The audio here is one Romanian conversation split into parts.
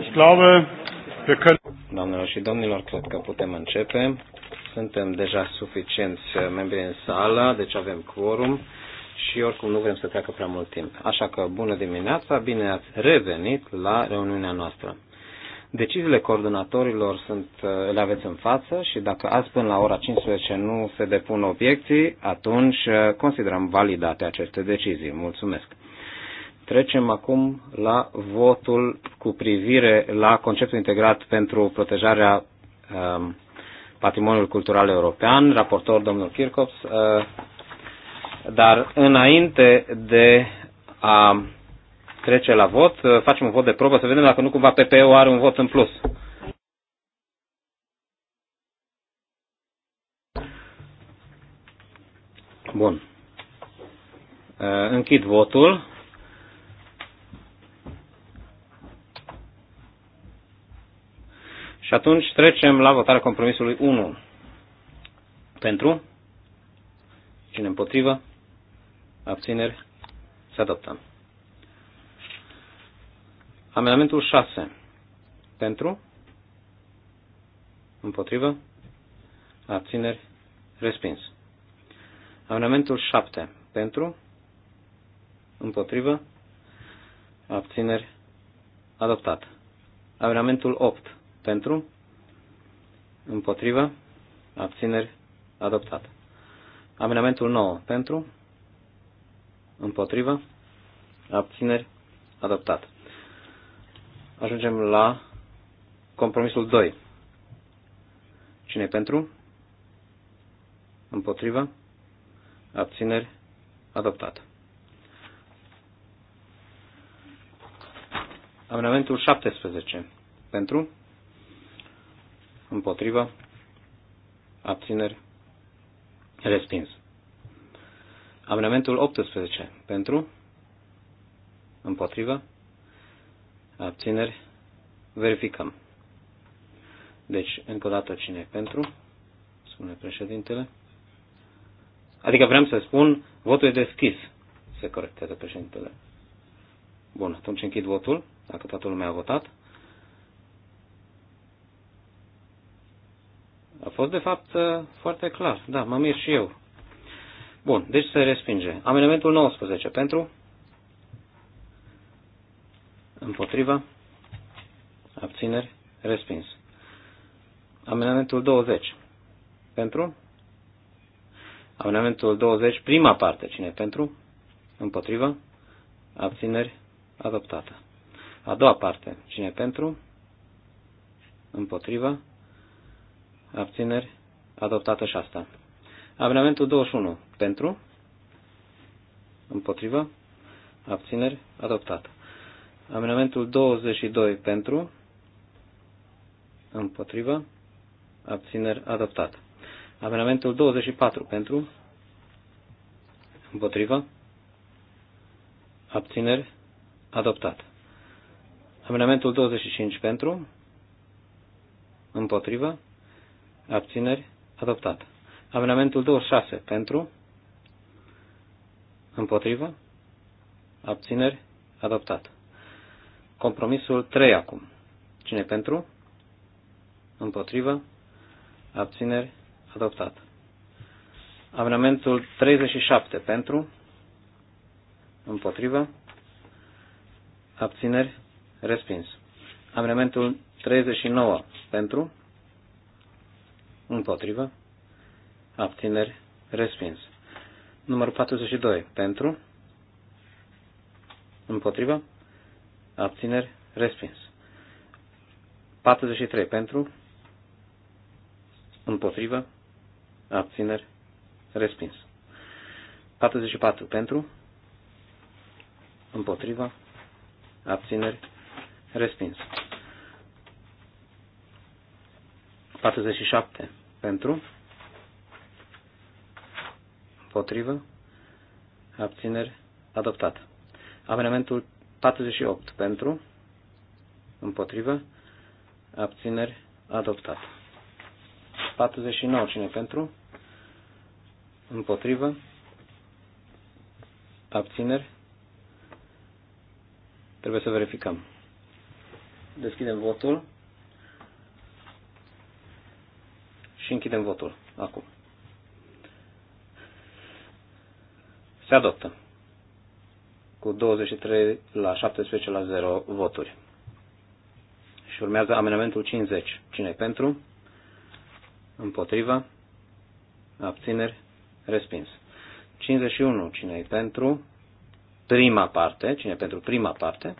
Ich glaube, wir können... Doamnelor și domnilor, cred că putem începe. Suntem deja suficienți uh, membri în sală, deci avem quorum și oricum nu vrem să treacă prea mult timp. Așa că bună dimineața, bine ați revenit la reuniunea noastră. Deciziile coordonatorilor sunt, uh, le aveți în față și dacă azi până la ora 15 nu se depun obiecții, atunci uh, considerăm validate aceste decizii. Mulțumesc! Trecem acum la votul cu privire la conceptul integrat pentru protejarea um, patrimoniului cultural european, raportor domnul Kirchhoffs. uh, dar înainte de a trece la vot, uh, facem un vot de probă să vedem dacă nu cumva PPO are un vot în plus. Bun. Uh, închid votul. Și atunci trecem la votarea compromisului 1. Pentru? Cine împotrivă? Abțineri? Se adoptă. Amendamentul 6. Pentru? Împotrivă? Abțineri? Respins. Amendamentul 7. Pentru? Împotrivă? Abțineri? Adoptat. Amendamentul 8 pentru, împotrivă, abțineri, adoptat. Amendamentul 9 pentru, împotrivă, abțineri, adoptat. Ajungem la compromisul 2. Cine pentru? Împotrivă, abțineri, adoptat. Amendamentul 17. Pentru? împotriva, abțineri, respins. Amendamentul 18 pentru, împotriva, abțineri, verificăm. Deci, încă o dată, cine e pentru? Spune președintele. Adică vrem să spun, votul e deschis, se corectează președintele. Bun, atunci închid votul, dacă toată lumea a votat. fost, de fapt, uh, foarte clar. Da, mă mir și eu. Bun, deci se respinge. Amendamentul 19 pentru, împotriva, abțineri, respins. Amendamentul 20 pentru, amendamentul 20, prima parte, cine pentru, împotriva, abțineri, adoptată. A doua parte, cine pentru, împotriva, abțineri, adoptată și asta. Amendamentul 21, pentru, împotrivă, abțineri, adoptată. Amendamentul 22, pentru, împotrivă, abțineri, adoptată. Amendamentul 24, pentru, împotrivă, abțineri, adoptat. Amendamentul 25 pentru, împotrivă, abțineri, adoptat. Amendamentul 26 pentru, împotrivă, abțineri, adoptat. Compromisul 3 acum. Cine pentru? Împotrivă, abțineri, adoptat. Amendamentul 37 pentru, împotrivă, abțineri, respins. Amendamentul 39 pentru, Împotrivă. Abțineri. Respins. Numărul 42. Pentru. Împotrivă. Abțineri. Respins. 43. Pentru. Împotrivă. Abțineri. Respins. 44. Pentru. Împotrivă. Abțineri. Respins. 47 pentru, potrivă, abțineri, adoptat. Amendamentul 48 pentru, împotrivă, abțineri, adoptat. 49 cine pentru, împotrivă, abțineri, trebuie să verificăm. Deschidem votul. Și închidem votul acum. Se adoptă. Cu 23 la 17 la 0 voturi. Și urmează amendamentul 50. Cine pentru? Împotriva? Abțineri? Respins. 51. Cine e pentru? Prima parte. Cine pentru prima parte?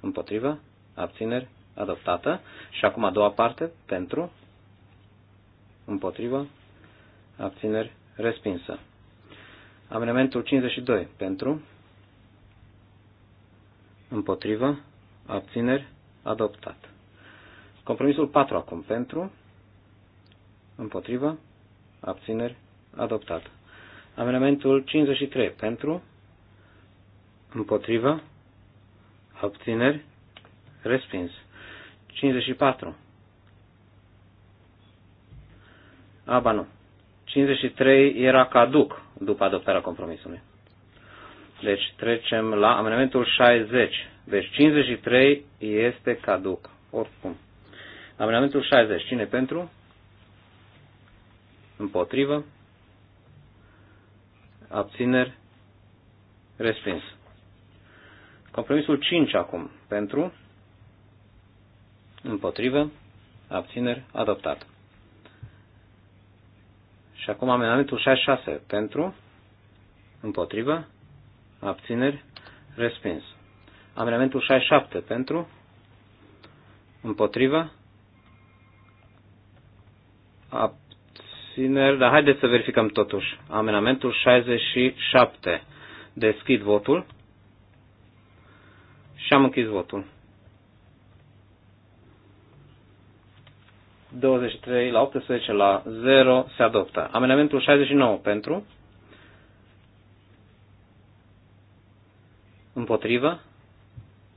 Împotriva? Abțineri? Adoptată. Și acum a doua parte. Pentru? împotrivă, abțineri, respinsă. Amendamentul 52 pentru, împotrivă, abțineri, adoptat. Compromisul 4 acum pentru, împotrivă, abțineri, adoptat. Amendamentul 53 pentru, împotrivă, abțineri, respins. 54 Aba nu. 53 era caduc după adoptarea compromisului. Deci trecem la amendamentul 60. Deci 53 este caduc. Oricum. Amendamentul 60. Cine pentru? Împotrivă. Abțineri. Respins. Compromisul 5 acum. Pentru. Împotrivă. Abțineri. Adoptat. Și acum amendamentul 66 pentru, împotrivă, abțineri, respins. Amendamentul 67 pentru, împotrivă, abțineri, dar haideți să verificăm totuși. Amendamentul 67. Deschid votul și am închis votul. 23 la 18 la 0 se adoptă. Amendamentul 69 pentru. Împotrivă.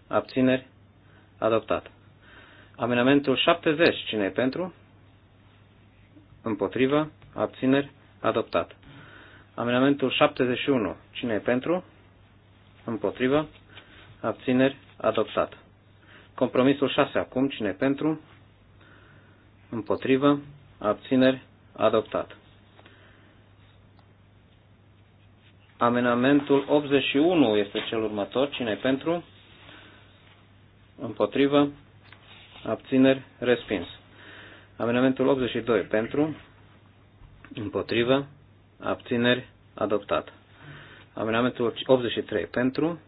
Abțineri. Adoptat. Amendamentul 70. Cine e pentru? Împotrivă. Abțineri. Adoptat. Amendamentul 71. Cine e pentru? Împotrivă. Abțineri. Adoptat. Compromisul 6 acum. Cine e pentru? împotrivă, abțineri, adoptat. Amenamentul 81 este cel următor. Cine pentru? Împotrivă, abțineri, respins. Amenamentul 82 pentru, împotrivă, abțineri, adoptat. Amenamentul 83 pentru,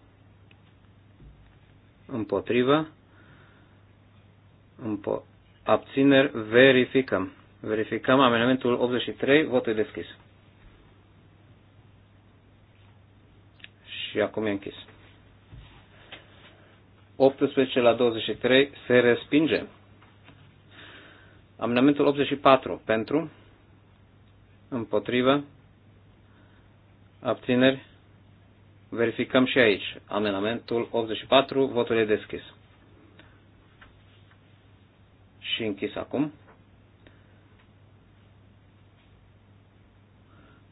împotrivă, împo, abțineri, verificăm. Verificăm amendamentul 83, votul deschis. Și acum e închis. 18 la 23 se respinge. Amendamentul 84 pentru, împotrivă, abțineri, verificăm și aici. Amendamentul 84, votul e deschis și închis acum.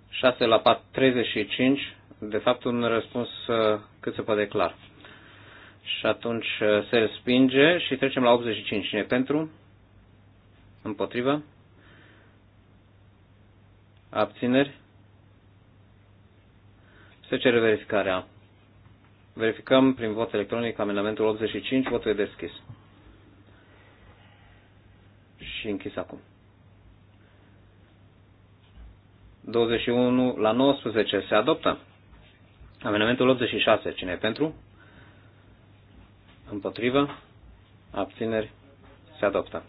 6 la 4, 35, de fapt un răspuns uh, cât se poate clar. Și atunci uh, se respinge și trecem la 85. Cine pentru? Împotrivă? Abțineri? Se cere verificarea. Verificăm prin vot electronic amendamentul 85. Votul e deschis și închis acum. 21 la 19 se adoptă. Amendamentul 86. Cine e pentru? Împotrivă? Abțineri? Se adoptă.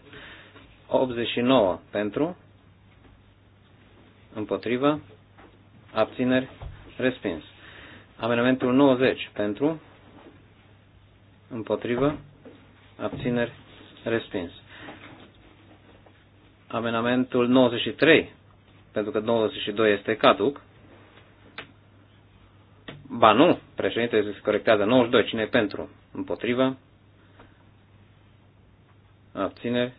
89 pentru? Împotrivă? Abțineri? Respins. Amendamentul 90 pentru? Împotrivă? Abțineri? Respins amenamentul 93, pentru că 92 este caduc. Ba nu, președintele se corectează 92, cine e pentru? Împotrivă? Abțineri?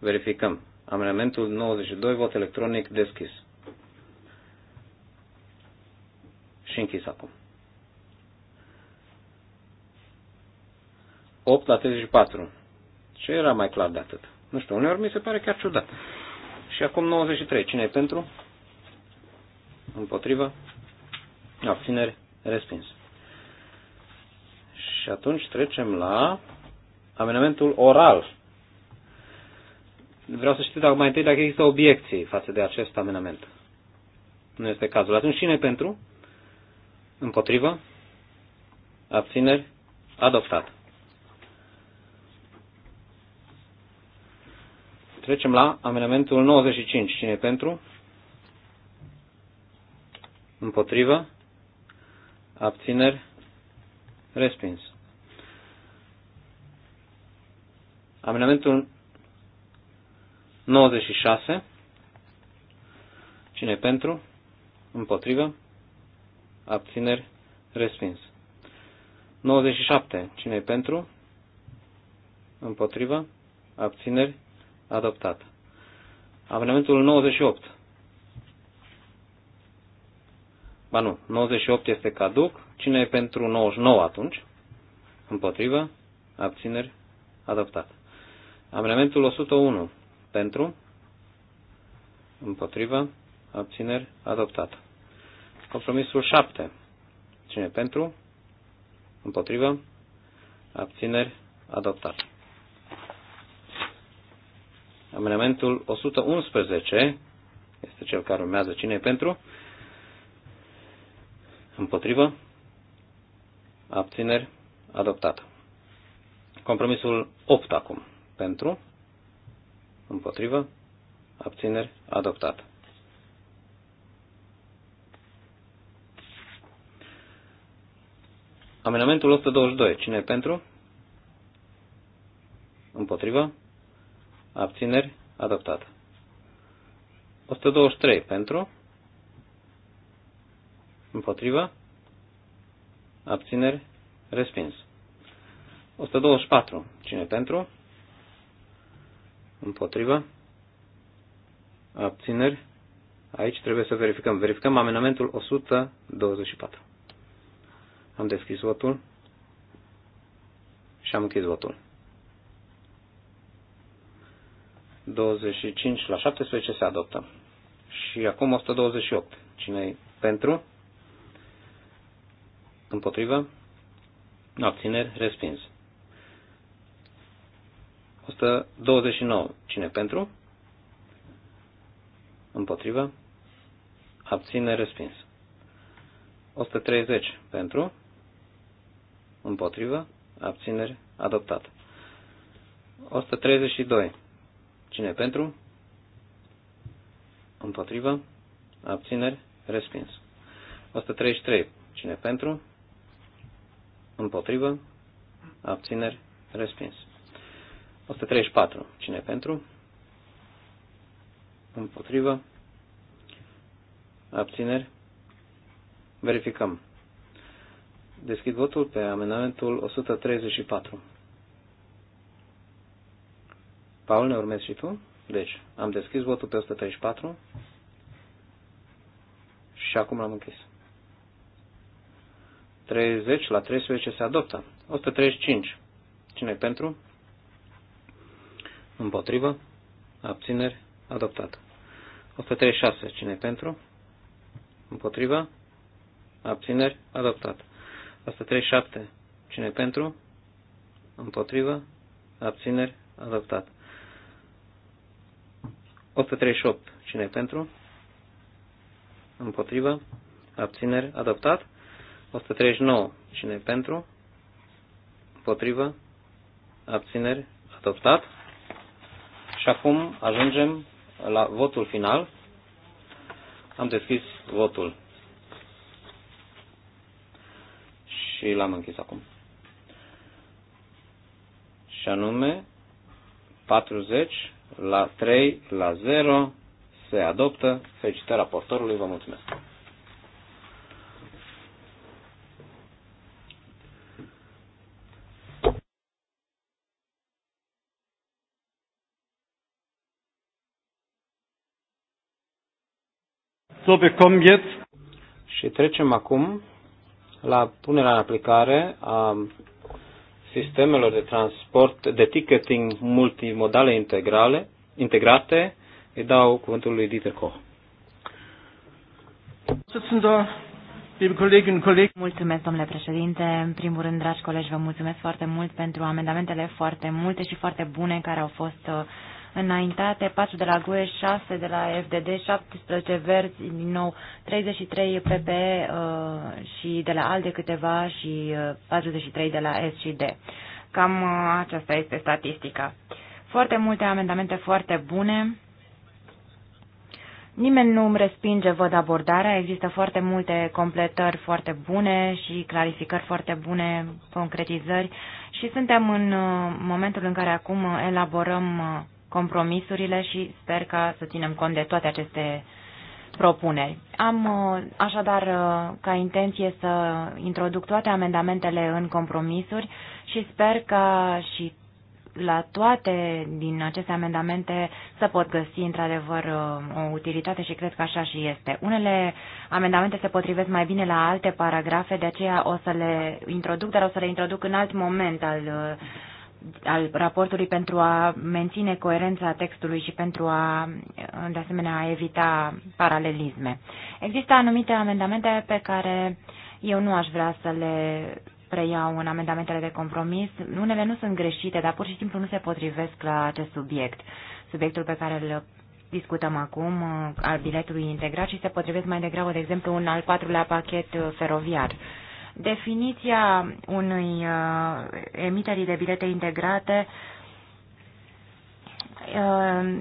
Verificăm. Amenamentul 92, vot electronic deschis. Și închis acum. 8 la 34. Ce era mai clar de atât? Nu știu, uneori mi se pare chiar ciudat. Și acum 93. Cine e pentru? Împotrivă? Abțineri? Respins. Și atunci trecem la amendamentul oral. Vreau să știu dacă mai întâi dacă există obiecții față de acest amendament. Nu este cazul. Atunci cine pentru? Împotrivă? Abțineri? Adoptat. Trecem la amendamentul 95. Cine pentru? Împotrivă? Abțineri? Respins. Amendamentul 96. Cine pentru? Împotrivă? Abțineri? Respins. 97. Cine pentru? Împotrivă? Abțineri? Adoptat. Amendamentul 98. Ba nu, 98 este caduc. Cine e pentru 99 atunci? Împotrivă? Abțineri? Adoptat. Amendamentul 101. Pentru? Împotrivă? Abțineri? Adoptat. Compromisul 7. Cine pentru? Împotrivă? Abțineri? Adoptat amenamentul 111 este cel care urmează. Cine e pentru? Împotrivă? Abțineri? Adoptat. Compromisul 8 acum. Pentru? Împotrivă? Abțineri? Adoptat. Amenamentul 122. Cine e pentru? Împotrivă? abțineri, adoptată. 123 pentru, împotriva, abțineri, respins. 124, cine pentru, împotriva, abțineri, aici trebuie să verificăm. Verificăm amenamentul 124. Am deschis votul și am închis votul. 25 la 17 se adoptă. Și acum 128. cine pentru? Împotrivă? Abțineri? Respins. 129. Cine pentru? Împotrivă? Abține respins. 130 pentru, împotrivă, abțineri, adoptat. 132 Cine pentru? Împotrivă? Abțineri? Respins. 133. Cine pentru? Împotrivă? Abțineri? Respins. 134. Cine pentru? Împotrivă? Abțineri? Verificăm. Deschid votul pe amendamentul 134. Paul, ne urmezi și tu? Deci, am deschis votul pe 134 și acum l-am închis. 30 la 13 se adoptă. 135. cine pentru? Împotrivă. Abțineri. Adoptat. 136. cine pentru? Împotrivă. Abțineri. Adoptat. 137. cine pentru? Împotrivă. Abțineri. Adoptat. 138. Cine pentru? Împotrivă. Abțineri. Adoptat. 139. Cine pentru? Împotrivă. Abțineri. Adoptat. Și acum ajungem la votul final. Am deschis votul. Și l-am închis acum. Și anume 40 la 3 la 0 se adoptă. Felicitări raportorului, vă mulțumesc. So, wir kommen jetzt. Și trecem acum la punerea în aplicare a sistemelor de transport, de ticketing multimodale integrale, integrate, îi dau cuvântul lui Dieter Koch. Mulțumesc, domnule președinte. În primul rând, dragi colegi, vă mulțumesc foarte mult pentru amendamentele foarte multe și foarte bune care au fost uh, înaintate, 4 de la GUE, 6 de la FDD, 17 verzi, din nou 33 PPE uh, și de la ALDE câteva și 43 uh, de la S și D. Cam uh, aceasta este statistica. Foarte multe amendamente foarte bune. Nimeni nu îmi respinge, văd abordarea, există foarte multe completări foarte bune și clarificări foarte bune, concretizări și suntem în momentul în care acum elaborăm compromisurile și sper ca să ținem cont de toate aceste propuneri. Am uh, așadar uh, ca intenție să introduc toate amendamentele în compromisuri și sper ca și la toate din aceste amendamente să pot găsi într-adevăr uh, o utilitate și cred că așa și este. Unele amendamente se potrivesc mai bine la alte paragrafe, de aceea o să le introduc, dar o să le introduc în alt moment al al raportului pentru a menține coerența textului și pentru a, de asemenea, a evita paralelisme. Există anumite amendamente pe care eu nu aș vrea să le preiau în amendamentele de compromis. Unele nu sunt greșite, dar pur și simplu nu se potrivesc la acest subiect. Subiectul pe care îl discutăm acum, al biletului integrat, și se potrivesc mai degrabă, de exemplu, un al patrulea pachet feroviar Definiția unui uh, emiterii de bilete integrate uh,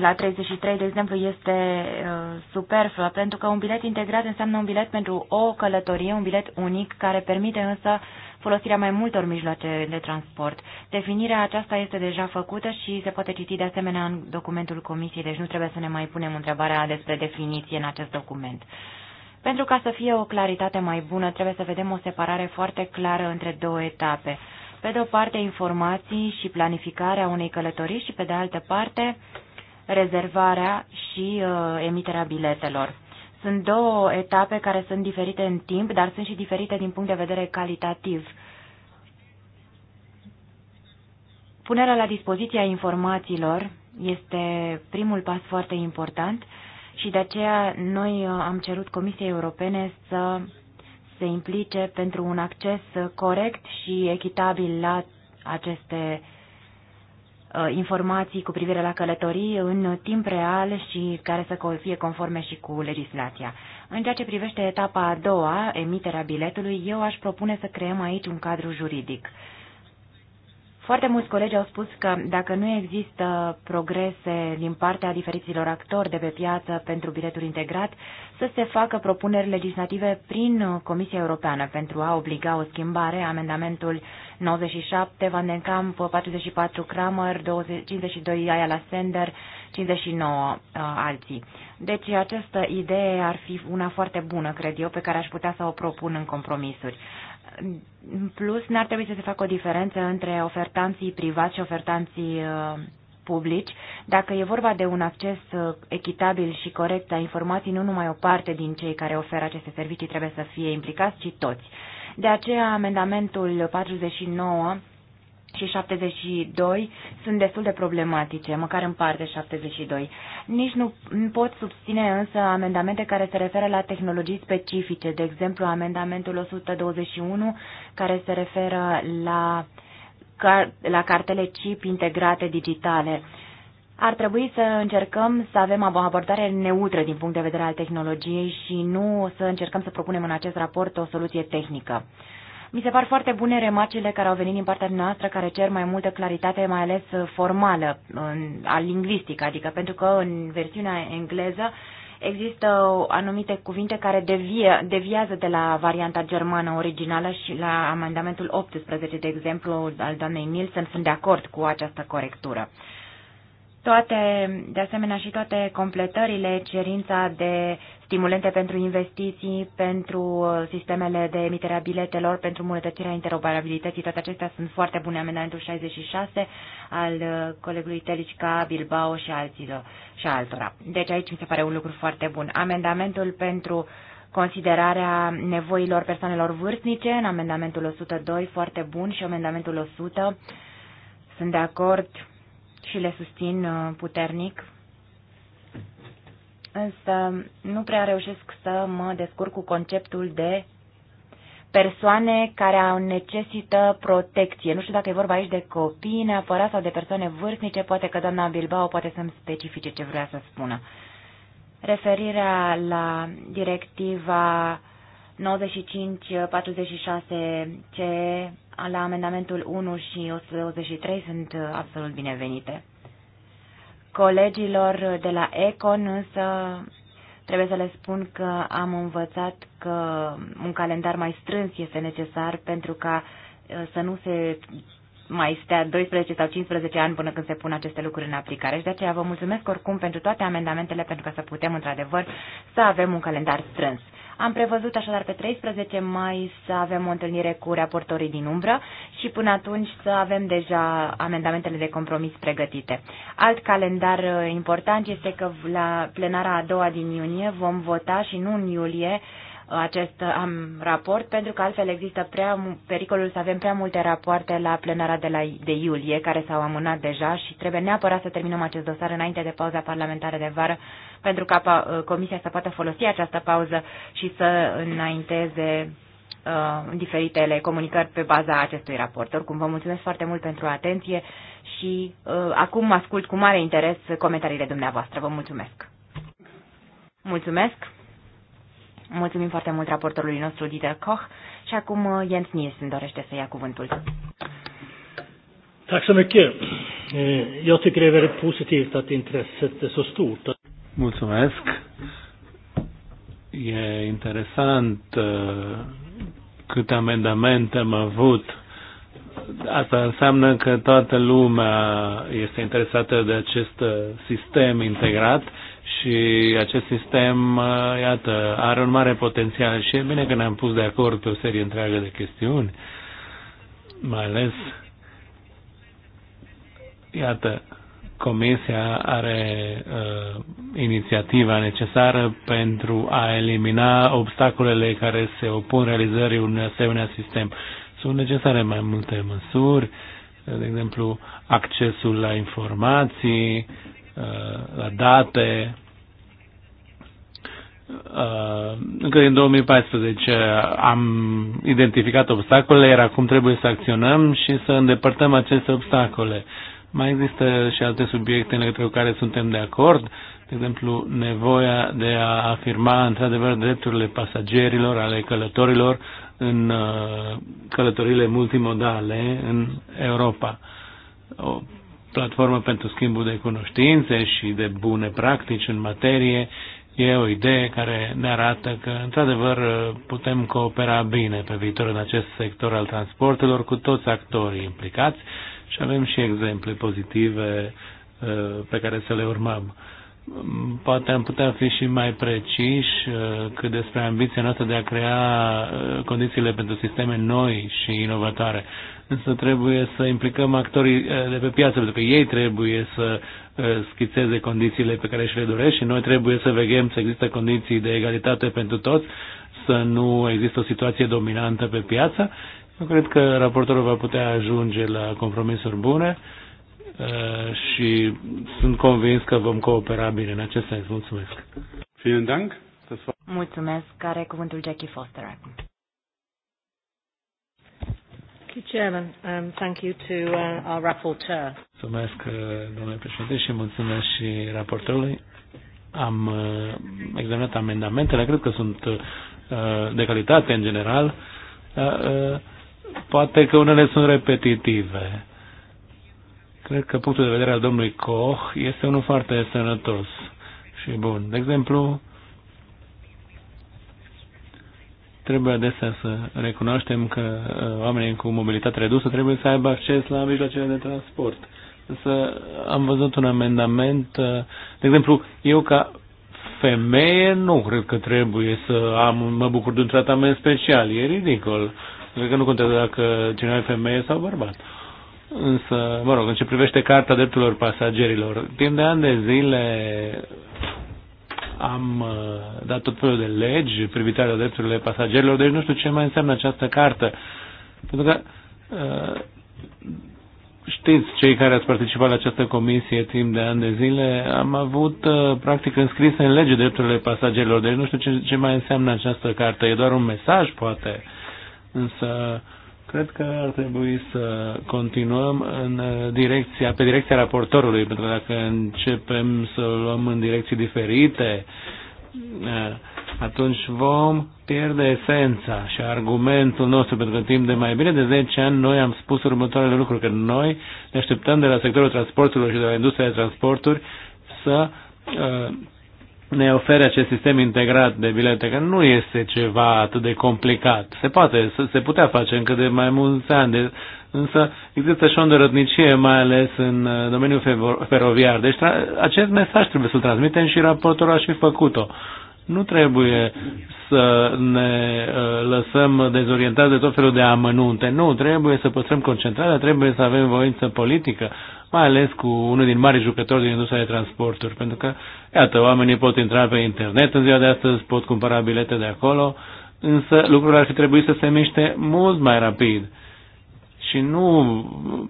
la 33, de exemplu, este uh, superfluă, pentru că un bilet integrat înseamnă un bilet pentru o călătorie, un bilet unic, care permite însă folosirea mai multor mijloace de transport. Definirea aceasta este deja făcută și se poate citi de asemenea în documentul Comisiei, deci nu trebuie să ne mai punem întrebarea despre definiție în acest document. Uh, pentru ca să fie o claritate mai bună, trebuie să vedem o separare foarte clară între două etape. Pe de o parte, informații și planificarea unei călătorii și, pe de altă parte, rezervarea și uh, emiterea biletelor. Sunt două etape care sunt diferite în timp, dar sunt și diferite din punct de vedere calitativ. Punerea la dispoziția informațiilor este primul pas foarte important și de aceea noi uh, am cerut Comisiei Europene să se implice pentru un acces uh, corect și echitabil la aceste uh, informații cu privire la călătorii în timp real și care să fie conforme și cu legislația. În ceea ce privește etapa a doua, emiterea biletului, eu aș propune să creăm aici un cadru juridic. Foarte mulți colegi au spus că dacă nu există progrese din partea diferiților actori de pe piață pentru biletul integrat, să se facă propuneri legislative prin Comisia Europeană pentru a obliga o schimbare, amendamentul 97, Van den Kamp, 44 Kramer, 52 Aia la Sender, 59 alții. Deci această idee ar fi una foarte bună, cred eu, pe care aș putea să o propun în compromisuri. În plus, n-ar trebui să se facă o diferență între ofertanții privați și ofertanții uh, publici. Dacă e vorba de un acces uh, echitabil și corect a informații, nu numai o parte din cei care oferă aceste servicii trebuie să fie implicați, ci toți. De aceea, amendamentul 49 și 72 sunt destul de problematice, măcar în parte 72. Nici nu pot susține însă amendamente care se referă la tehnologii specifice, de exemplu amendamentul 121 care se referă la, la cartele chip integrate digitale. Ar trebui să încercăm să avem o abordare neutră din punct de vedere al tehnologiei și nu să încercăm să propunem în acest raport o soluție tehnică. Mi se par foarte bune remarcile care au venit din partea noastră, care cer mai multă claritate, mai ales uh, formală, în, a lingvistică, adică pentru că în versiunea engleză există anumite cuvinte care devie, deviază de la varianta germană originală și la amendamentul 18, de exemplu, al doamnei Nielsen, sunt de acord cu această corectură. Toate, de asemenea și toate completările, cerința de stimulente pentru investiții, pentru uh, sistemele de emitere a biletelor, pentru îmbunătățirea interoperabilității. Toate acestea sunt foarte bune. Amendamentul 66 al uh, colegului Telicica, Bilbao și alților și altora. Deci aici mi se pare un lucru foarte bun. Amendamentul pentru considerarea nevoilor persoanelor vârstnice în amendamentul 102, foarte bun, și amendamentul 100. Sunt de acord și le susțin uh, puternic însă nu prea reușesc să mă descurc cu conceptul de persoane care au necesită protecție. Nu știu dacă e vorba aici de copii neapărat sau de persoane vârstnice, poate că doamna Bilbao poate să-mi specifice ce vrea să spună. Referirea la directiva 95-46C, la amendamentul 1 și 123 sunt absolut binevenite. Colegilor de la Econ însă trebuie să le spun că am învățat că un calendar mai strâns este necesar pentru ca ă, să nu se mai stea 12 sau 15 ani până când se pun aceste lucruri în aplicare și de aceea vă mulțumesc oricum pentru toate amendamentele pentru ca să putem într-adevăr să avem un calendar strâns. Am prevăzut așadar pe 13 mai să avem o întâlnire cu raportorii din umbră și până atunci să avem deja amendamentele de compromis pregătite. Alt calendar uh, important este că la plenara a doua din iunie vom vota și nu în iulie acest am, raport, pentru că altfel există prea pericolul să avem prea multe rapoarte la plenara de, la, de iulie, care s-au amânat deja și trebuie neapărat să terminăm acest dosar înainte de pauza parlamentară de vară, pentru ca pa, uh, Comisia să poată folosi această pauză și să înainteze uh, diferitele comunicări pe baza acestui raport. Oricum, vă mulțumesc foarte mult pentru atenție și uh, acum ascult cu mare interes comentariile dumneavoastră. Vă mulțumesc! Mulțumesc! Mulțumim foarte mult raportorului nostru, Dieter Koch, și acum uh, Jens Nielsen dorește să ia cuvântul. Eh, Mulțumesc. E interesant eh, câte amendamente am avut. Asta înseamnă că toată lumea este interesată de acest eh, sistem integrat și acest sistem, uh, iată, are un mare potențial și e bine că ne-am pus de acord pe o serie întreagă de chestiuni, mai ales, iată, Comisia are uh, inițiativa necesară pentru a elimina obstacolele care se opun realizării unui asemenea sistem. Sunt necesare mai multe măsuri, de exemplu, accesul la informații, uh, Uh, la date. Uh, încă din 2014 am identificat obstacole, iar acum trebuie să acționăm și să îndepărtăm aceste obstacole. Mai există și alte subiecte în legătură cu care suntem de acord, de exemplu, nevoia de a afirma într-adevăr drepturile pasagerilor, ale călătorilor în uh, călătorile multimodale în Europa. O platformă pentru schimbul de cunoștințe și de bune practici în materie e o idee care ne arată că, într-adevăr, putem coopera bine pe viitor în acest sector al transportelor cu toți actorii implicați și avem și exemple pozitive uh, pe care să le urmăm. Poate am putea fi și mai preciși uh, că despre ambiția noastră de a crea uh, condițiile pentru sisteme noi și inovatoare însă trebuie să implicăm actorii eh, de pe piață, pentru că ei trebuie să eh, schițeze condițiile pe care și le doresc și noi trebuie să vegem să există condiții de egalitate pentru toți, să nu există o situație dominantă pe piață. Eu cred că raportorul va putea ajunge la compromisuri bune eh, și sunt convins că vom coopera bine în acest sens. Mulțumesc! Mulțumesc! Care cuvântul Jackie Foster acum? you, Chairman. Um, thank you to uh, our rapporteur. Mulțumesc, uh, domnule președinte, și mulțumesc și raportorului. Am uh, examinat amendamentele, cred că sunt uh, de calitate în general. Uh, uh, poate că unele sunt repetitive. Cred că punctul de vedere al domnului Koch este unul foarte sănătos și bun. De exemplu, Trebuie adesea să recunoaștem că uh, oamenii cu mobilitate redusă trebuie să aibă acces la mijloacele de transport. Însă am văzut un amendament, uh, de exemplu, eu ca femeie nu cred că trebuie să am, mă bucur de un tratament special, e ridicol. Cred că nu contează dacă cineva e femeie sau bărbat. Însă, mă rog, în ce privește Carta Drepturilor Pasagerilor, timp de ani de zile am uh, dat tot felul de legi privitoare la drepturile pasagerilor, deci nu știu ce mai înseamnă această carte. Pentru că uh, știți, cei care ați participat la această comisie timp de ani de zile, am avut uh, practic înscrise în lege drepturile pasagerilor, deci nu știu ce, ce mai înseamnă această carte. E doar un mesaj, poate, însă Cred că ar trebui să continuăm în direcția, pe direcția raportorului, pentru că dacă începem să luăm în direcții diferite, atunci vom pierde esența și argumentul nostru, pentru că timp de mai bine de 10 ani noi am spus următoarele lucruri, că noi ne așteptăm de la sectorul transporturilor și de la industria de transporturi să uh, ne ofere acest sistem integrat de bilete, că nu este ceva atât de complicat. Se poate, se putea face încă de mai mulți ani, de, însă există și o îndărătnicie, mai ales în uh, domeniul feroviar. Deci acest mesaj trebuie să-l transmitem și raportorul a și făcut-o. Nu trebuie să ne uh, lăsăm dezorientați de tot felul de amănunte. Nu, trebuie să păstrăm concentrarea, trebuie să avem voință politică, mai ales cu unul din mari jucători din industria de transporturi, pentru că, iată, oamenii pot intra pe internet în ziua de astăzi, pot cumpăra bilete de acolo, însă lucrurile ar fi trebuit să se miște mult mai rapid și nu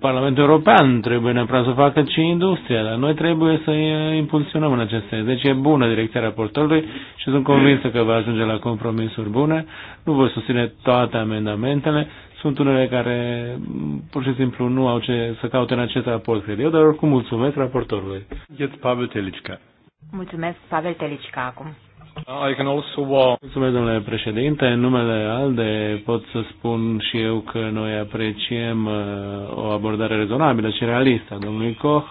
Parlamentul European trebuie neapărat să facă, ci industria. Dar noi trebuie să impulsionăm în acest sens. Deci e bună direcția raportorului și sunt convinsă că va ajunge la compromisuri bune. Nu voi susține toate amendamentele. Sunt unele care pur și simplu nu au ce să caute în acest raport, cred eu, dar oricum mulțumesc raportorului. Mulțumesc, Pavel Telicica acum. Uh, I can also, walk. Uh, Mulțumesc, domnule președinte. În numele ALDE pot să spun și eu că noi apreciem uh, o abordare rezonabilă și realistă a domnului Koch.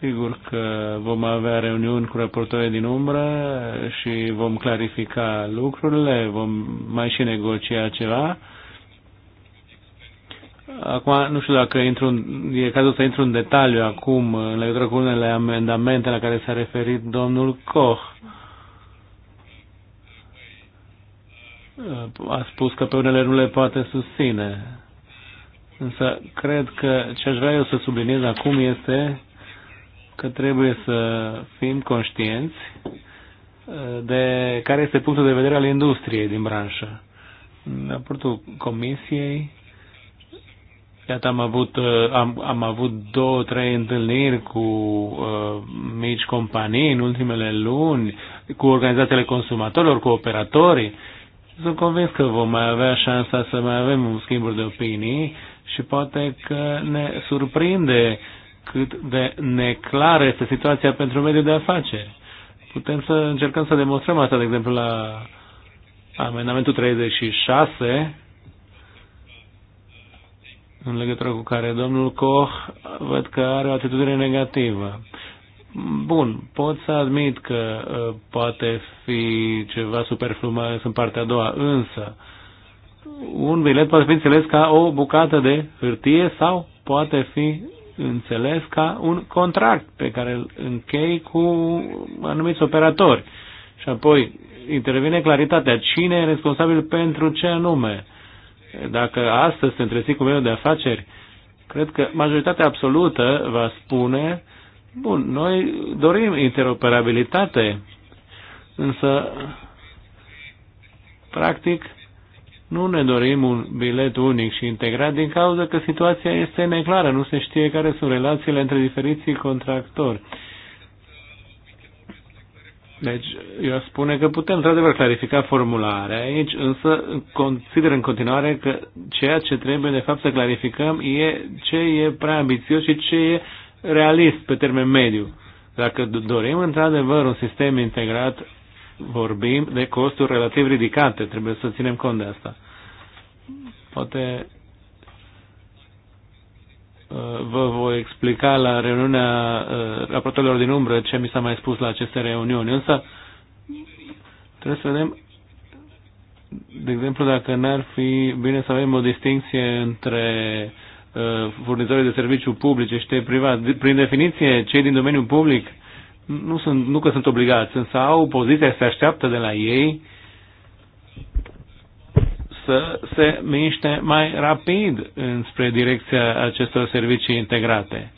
Sigur că vom avea reuniuni cu raportorii din umbră și vom clarifica lucrurile, vom mai și negocia ceva Acum, nu știu dacă intru în, e cazul să intru în detaliu acum în legătură cu unele amendamente la care s-a referit domnul Koch. A spus că pe unele nu le poate susține. Însă, cred că ce aș vrea eu să subliniez acum este că trebuie să fim conștienți uh, de care este punctul de vedere al industriei din branșă. În raportul Comisiei, Iată, am avut, uh, am, am avut două, trei întâlniri cu uh, mici companii în ultimele luni, cu organizațiile consumatorilor, cu operatorii. Sunt convins că vom mai avea șansa să mai avem un schimb de opinii și poate că ne surprinde cât de neclară este situația pentru mediul de afaceri. Putem să încercăm să demonstrăm asta, de exemplu, la amendamentul 36, în legătură cu care domnul Koch văd că are o atitudine negativă. Bun, pot să admit că uh, poate fi ceva superflu, mai ales în partea a doua, însă un bilet poate fi înțeles ca o bucată de hârtie sau poate fi înțeles ca un contract pe care îl închei cu anumiți operatori. Și apoi intervine claritatea cine e responsabil pentru ce anume dacă astăzi se întreții cu mediul de afaceri, cred că majoritatea absolută va spune, bun, noi dorim interoperabilitate, însă, practic, nu ne dorim un bilet unic și integrat din cauza că situația este neclară, nu se știe care sunt relațiile între diferiții contractori. Deci, eu spune că putem, într-adevăr, clarifica formularea aici, însă consider în continuare că ceea ce trebuie, de fapt, să clarificăm e ce e prea ambițios și ce e realist pe termen mediu. Dacă dorim, într-adevăr, un sistem integrat, vorbim de costuri relativ ridicate. Trebuie să ținem cont de asta. Poate vă voi explica la reuniunea uh, raportorilor din umbră ce mi s-a mai spus la aceste reuniuni, însă trebuie să vedem, de exemplu, dacă n-ar fi bine să avem o distinție între uh, furnizorii de serviciu publice și privat. Prin definiție, cei din domeniul public nu, sunt, nu că sunt obligați, însă au poziția, se așteaptă de la ei să se miște mai rapid înspre direcția acestor servicii integrate.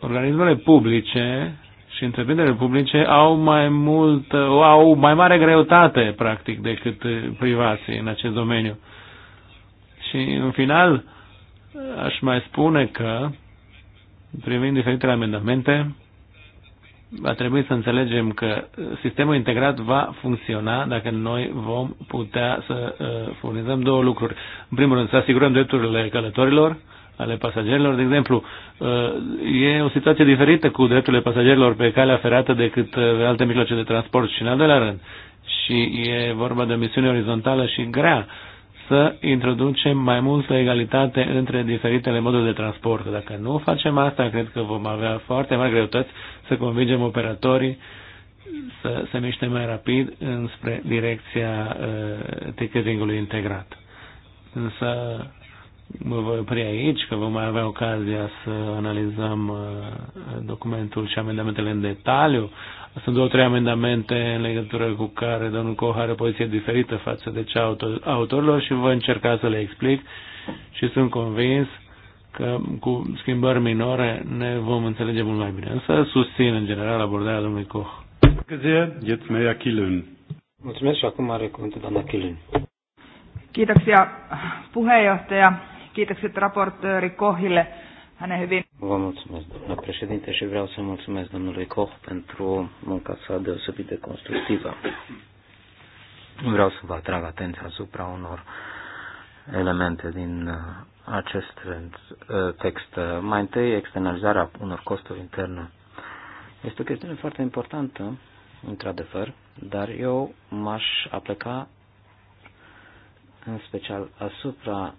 Organismele publice și întreprinderile publice au mai mult, au mai mare greutate, practic, decât privații în acest domeniu. Și, în final, aș mai spune că, privind diferitele amendamente, va trebui să înțelegem că uh, sistemul integrat va funcționa dacă noi vom putea să uh, furnizăm două lucruri. În primul rând, să asigurăm drepturile călătorilor, ale pasagerilor. De exemplu, uh, e o situație diferită cu drepturile pasagerilor pe calea ferată decât uh, alte mijloace de transport și în al doilea rând. Și e vorba de o misiune orizontală și grea să introducem mai multă egalitate între diferitele moduri de transport. Dacă nu facem asta, cred că vom avea foarte mari greutăți să convingem operatorii să se miște mai rapid înspre direcția uh, ticketingului integrat. Însă mă voi opri aici, că vom mai avea ocazia să analizăm uh, documentul și amendamentele în detaliu. Sunt două, trei amendamente în legătură cu care domnul Coh are o poziție diferită față de cea autorilor și voi încerca să le explic și sunt convins că cu schimbări minore ne vom înțelege mult mai bine. Însă susțin în general abordarea domnului Koch. Mulțumesc și acum are cuvântul doamna Kilin. Kiitoksia puheenjohtaja, kiitokset raportööri Kohille Hän hyvin... Vă mulțumesc, domnule președinte, și vreau să mulțumesc domnului Koch pentru munca sa deosebit de constructivă. Vreau să vă atrag atenția asupra unor elemente din uh, acest uh, text. Mai întâi, externalizarea unor costuri interne. Este o chestiune foarte importantă, într-adevăr, dar eu m-aș apleca în special asupra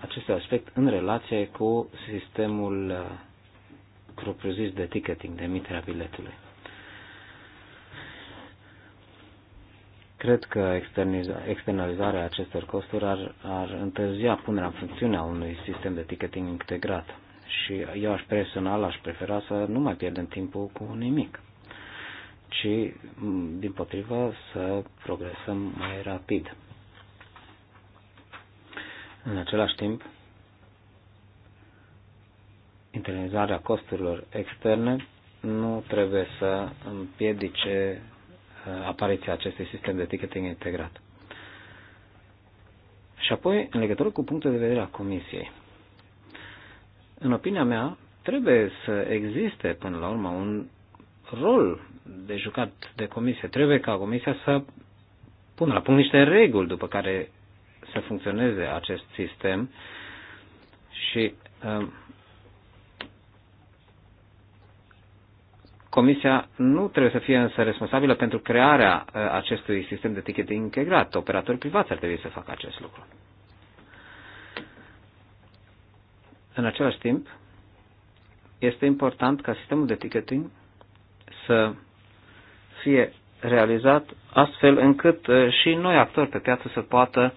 acestui aspect în relație cu sistemul propriu-zis de ticketing, de emiterea biletului. Cred că externalizarea acestor costuri ar, ar întârzia punerea în funcțiune a unui sistem de ticketing integrat. Și eu aș personal aș prefera să nu mai pierdem timpul cu nimic, ci din potrivă să progresăm mai rapid. În același timp, internalizarea costurilor externe nu trebuie să împiedice uh, apariția acestui sistem de ticketing integrat. Și apoi, în legătură cu punctul de vedere al Comisiei, în opinia mea, trebuie să existe, până la urmă, un rol de jucat de Comisie. Trebuie ca Comisia să pună la punct niște reguli după care să funcționeze acest sistem și um, Comisia nu trebuie să fie însă responsabilă pentru crearea uh, acestui sistem de ticket integrat. Operatorii privați ar trebui să facă acest lucru. În același timp, este important ca sistemul de ticketing să fie realizat astfel încât uh, și noi actori pe piață să poată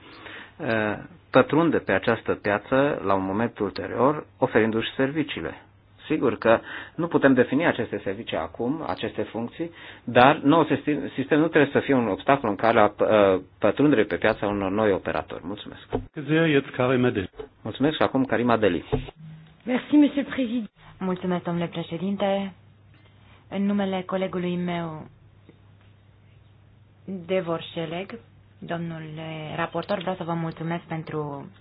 Uh, pătrunde pe această piață la un moment ulterior, oferindu-și serviciile. Sigur că nu putem defini aceste servicii acum, aceste funcții, dar nou sistem, nu trebuie să fie un obstacol în calea uh, pătrundere pe piața unor noi operatori. Mulțumesc. Mulțumesc și acum Karim Adeli. Merci, Monsieur Président. Mulțumesc, domnule președinte. În numele colegului meu, Devor Șeleg, Domnule raportor, vreau să vă mulțumesc pentru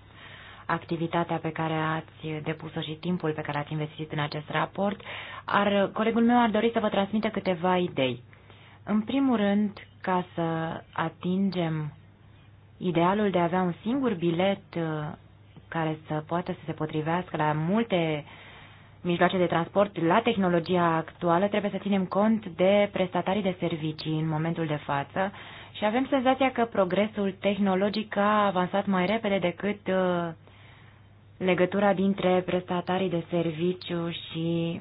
activitatea pe care ați depus-o și timpul pe care ați investit în acest raport. Ar, colegul meu ar dori să vă transmită câteva idei. În primul rând, ca să atingem idealul de a avea un singur bilet uh, care să poată să se potrivească la multe mijloace de transport, la tehnologia actuală, trebuie să ținem cont de prestatarii de servicii în momentul de față și avem senzația că progresul tehnologic a avansat mai repede decât uh, legătura dintre prestatarii de serviciu și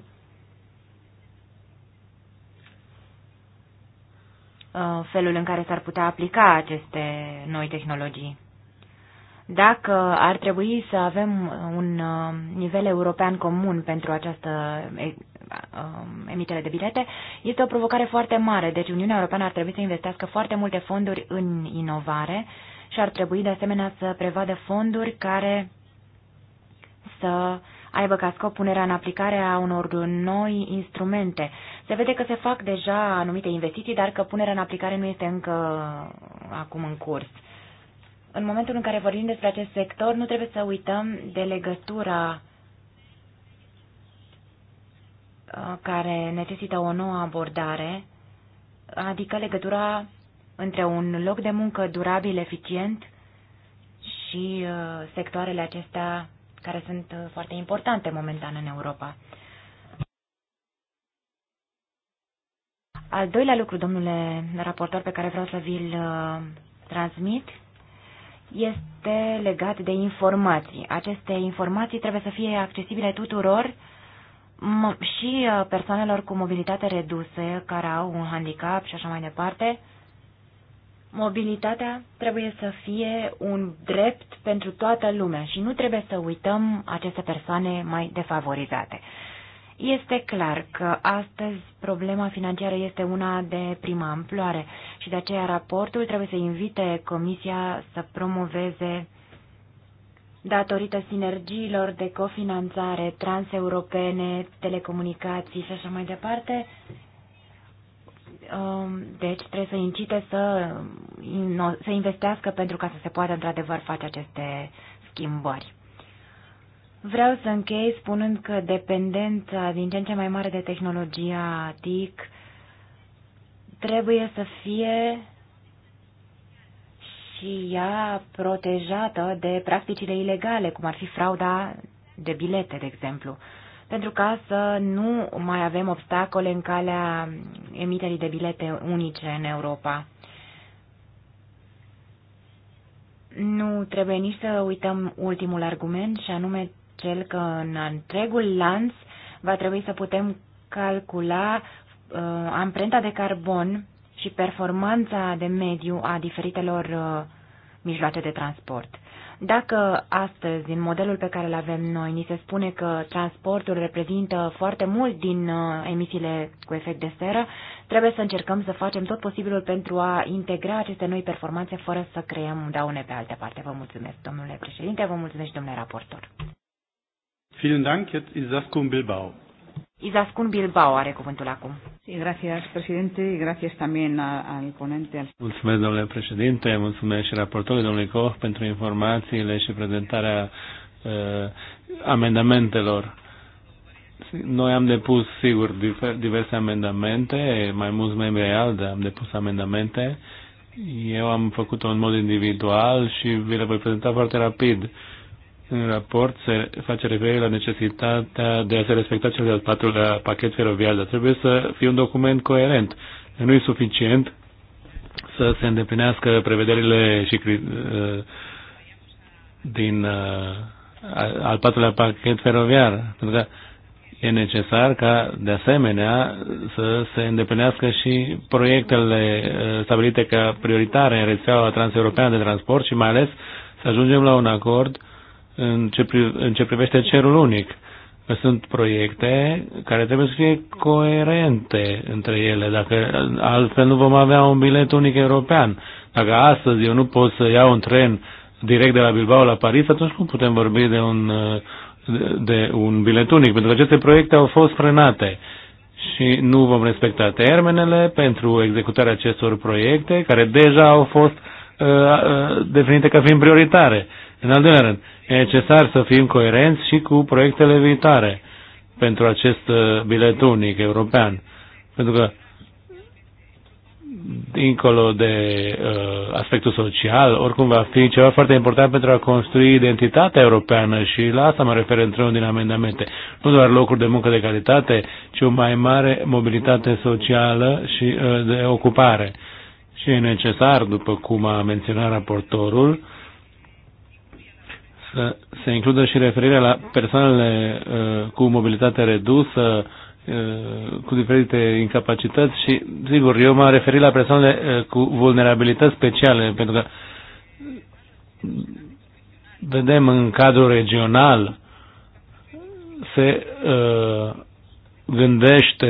uh, felul în care s-ar putea aplica aceste noi tehnologii. Dacă ar trebui să avem un uh, nivel european comun pentru această Um, emitere de bilete, este o provocare foarte mare. Deci Uniunea Europeană ar trebui să investească foarte multe fonduri în inovare și ar trebui de asemenea să prevadă fonduri care să aibă ca scop punerea în aplicare a unor noi instrumente. Se vede că se fac deja anumite investiții, dar că punerea în aplicare nu este încă acum în curs. În momentul în care vorbim despre acest sector, nu trebuie să uităm de legătura Uh, care necesită o nouă abordare, adică legătura între un loc de muncă durabil, eficient și uh, sectoarele acestea care sunt uh, foarte importante momentan în Europa. Al doilea lucru, domnule raportor, pe care vreau să vi-l transmit, este legat de informații. Aceste informații trebuie să fie accesibile tuturor uh, și uh, persoanelor cu mobilitate redusă, care au un handicap și așa mai departe, mobilitatea trebuie să fie un drept pentru toată lumea și nu trebuie să uităm aceste persoane mai defavorizate. Este clar că astăzi problema financiară este una de prima amploare și de aceea raportul trebuie să invite Comisia să promoveze datorită sinergiilor de cofinanțare transeuropene, telecomunicații și așa mai departe. Um, deci trebuie să incite să, să investească pentru ca să se poată într-adevăr face aceste schimbări. Vreau să închei spunând că dependența din ce în ce mai mare de tehnologia TIC trebuie să fie și ea protejată de practicile ilegale, cum ar fi frauda de bilete, de exemplu, pentru ca să nu mai avem obstacole în calea emiterii de bilete unice în Europa. Nu trebuie nici să uităm ultimul argument, și anume cel că în întregul lanț va trebui să putem calcula uh, amprenta de carbon și performanța de mediu a diferitelor uh, mijloace de transport. Dacă astăzi, în modelul pe care îl avem noi, ni se spune că transportul reprezintă foarte mult din uh, emisiile cu efect de seră, trebuie să încercăm să facem tot posibilul pentru a integra aceste noi performanțe fără să creăm daune pe alte parte. Vă mulțumesc, domnule președinte, vă mulțumesc, domnule raportor. Vielen Dank, jetzt ist Bilbao. Izaskun Bilbao are cuvântul acum. Sí, gracias, y gracias también al ponente. Mulțumesc, domnule președinte, mulțumesc și raportorului, domnului Koch, pentru informațiile și prezentarea uh, amendamentelor. Noi am depus, sigur, diverse amendamente, mai mulți membri ai ALDE am depus amendamente. Eu am făcut-o în mod individual și vi le voi prezenta foarte rapid. Uh, în raport se face referire la necesitatea de a se respecta cel de-al patrulea pachet feroviar, dar trebuie să fie un document coerent. Nu e suficient să se îndeplinească prevederile și uh, din uh, al patrulea pachet feroviar, pentru că e necesar ca, de asemenea, să se îndeplinească și proiectele uh, stabilite ca prioritare în rețeaua transeuropeană de transport și mai ales să ajungem la un acord în ce, pri, în ce privește cerul unic. Sunt proiecte care trebuie să fie coerente între ele, dacă altfel nu vom avea un bilet unic european. Dacă astăzi eu nu pot să iau un tren direct de la Bilbao la Paris, atunci cum putem vorbi de un, de un bilet unic? Pentru că aceste proiecte au fost frânate și nu vom respecta termenele pentru executarea acestor proiecte, care deja au fost uh, uh, definite ca fiind prioritare. În al doilea rând, E necesar să fim coerenți și cu proiectele viitoare pentru acest uh, bilet unic european. Pentru că, dincolo de uh, aspectul social, oricum va fi ceva foarte important pentru a construi identitatea europeană și la asta mă refer într-un din amendamente. Nu doar locuri de muncă de calitate, ci o mai mare mobilitate socială și uh, de ocupare. Și e necesar, după cum a menționat raportorul, uh, să se includă și referirea la persoanele uh, cu mobilitate redusă, uh, cu diferite incapacități și, sigur, eu m-am referit la persoanele uh, cu vulnerabilități speciale, pentru că vedem în cadrul regional se uh, gândește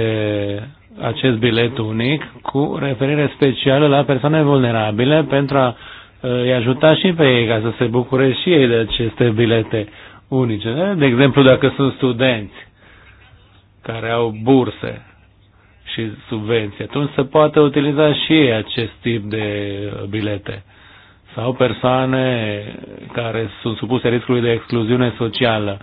acest bilet unic cu referire specială la persoane vulnerabile pentru a îi ajuta și pe ei ca să se bucure și ei de aceste bilete unice. De exemplu, dacă sunt studenți care au burse și subvenții, atunci se poate utiliza și ei acest tip de bilete. Sau persoane care sunt supuse riscului de excluziune socială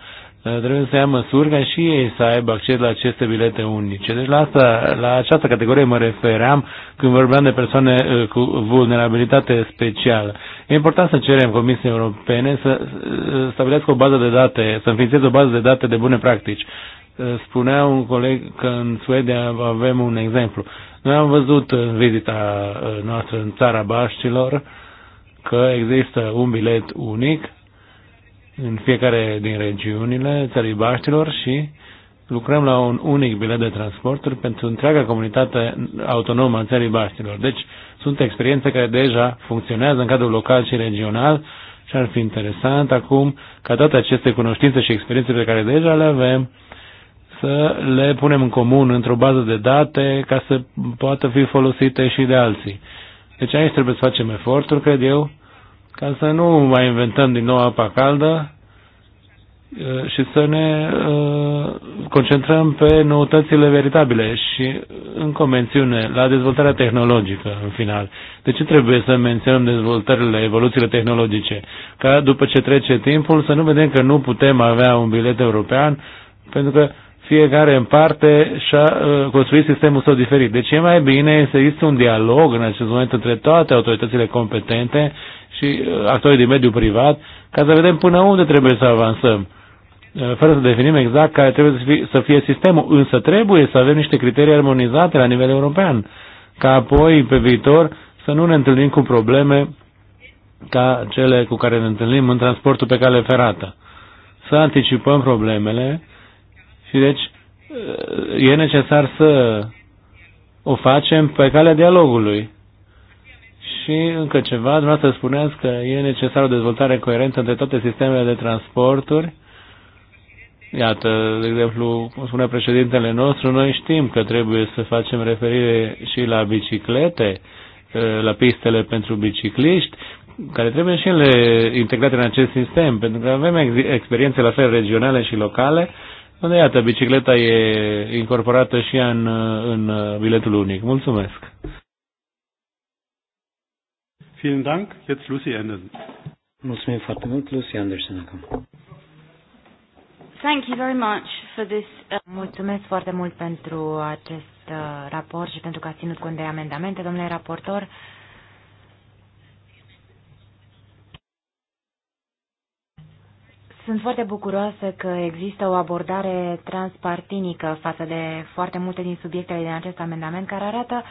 Eh, trebuie să ia măsuri ca și ei să aibă acces la aceste bilete unice. Deci la, asta, la această categorie mă refeream când vorbeam de persoane eh, cu vulnerabilitate specială. E important să cerem Comisiei Europene să eh, stabilească o bază de date, să înființeze o bază de date de bune practici. Spunea un coleg că în Suedia avem un exemplu. Noi am văzut în vizita noastră în țara Baștilor că există un bilet unic în fiecare din regiunile țării Baștilor și lucrăm la un unic bilet de transporturi pentru întreaga comunitate autonomă a țării Baștilor. Deci sunt experiențe care deja funcționează în cadrul local și regional și ar fi interesant acum ca toate aceste cunoștințe și experiențe pe care deja le avem să le punem în comun într-o bază de date ca să poată fi folosite și de alții. Deci aici trebuie să facem eforturi, cred eu, ca să nu mai inventăm din nou apa caldă și să ne concentrăm pe noutățile veritabile și în convențiune la dezvoltarea tehnologică în final. De ce trebuie să menționăm dezvoltările, evoluțiile tehnologice? Ca după ce trece timpul să nu vedem că nu putem avea un bilet european pentru că fiecare în parte și-a construit sistemul său diferit. Deci e mai bine să există un dialog în acest moment între toate autoritățile competente și uh, actorii din mediul privat, ca să vedem până unde trebuie să avansăm, uh, fără să definim exact care trebuie să fie, să fie sistemul, însă trebuie să avem niște criterii armonizate la nivel european, ca apoi, pe viitor, să nu ne întâlnim cu probleme ca cele cu care ne întâlnim în transportul pe cale ferată. Să anticipăm problemele și deci uh, e necesar să o facem pe calea dialogului. Și încă ceva, să spuneați că e necesară o dezvoltare coerentă între toate sistemele de transporturi. Iată, de exemplu, cum spune președintele nostru, noi știm că trebuie să facem referire și la biciclete, eh, la pistele pentru bicicliști, care trebuie și ele integrate în acest sistem, pentru că avem experiențe la fel regionale și locale, unde, iată, bicicleta e incorporată și în, în biletul unic. Mulțumesc! Vielen Dank. Jetzt Lucy Anderson. Mulțumim foarte mult, Lucy Anderson acum. Thank you very much for this. Uh, Mulțumesc foarte mult pentru acest uh, raport și pentru că ați ținut cont de amendamente, domnule raportor. Sunt foarte bucuroasă că există o abordare transpartinică față de foarte multe din subiectele din acest amendament care arată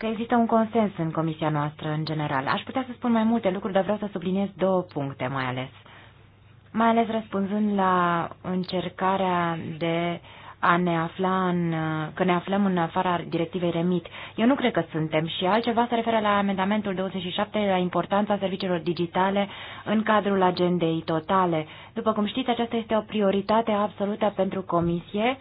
că există un consens în comisia noastră în general. Aș putea să spun mai multe lucruri, dar vreau să subliniez două puncte mai ales. Mai ales răspunzând la încercarea de a ne afla în, că ne aflăm în afara directivei REMIT. Eu nu cred că suntem și altceva se referă la amendamentul 27, la importanța serviciilor digitale în cadrul agendei totale. După cum știți, aceasta este o prioritate absolută pentru Comisie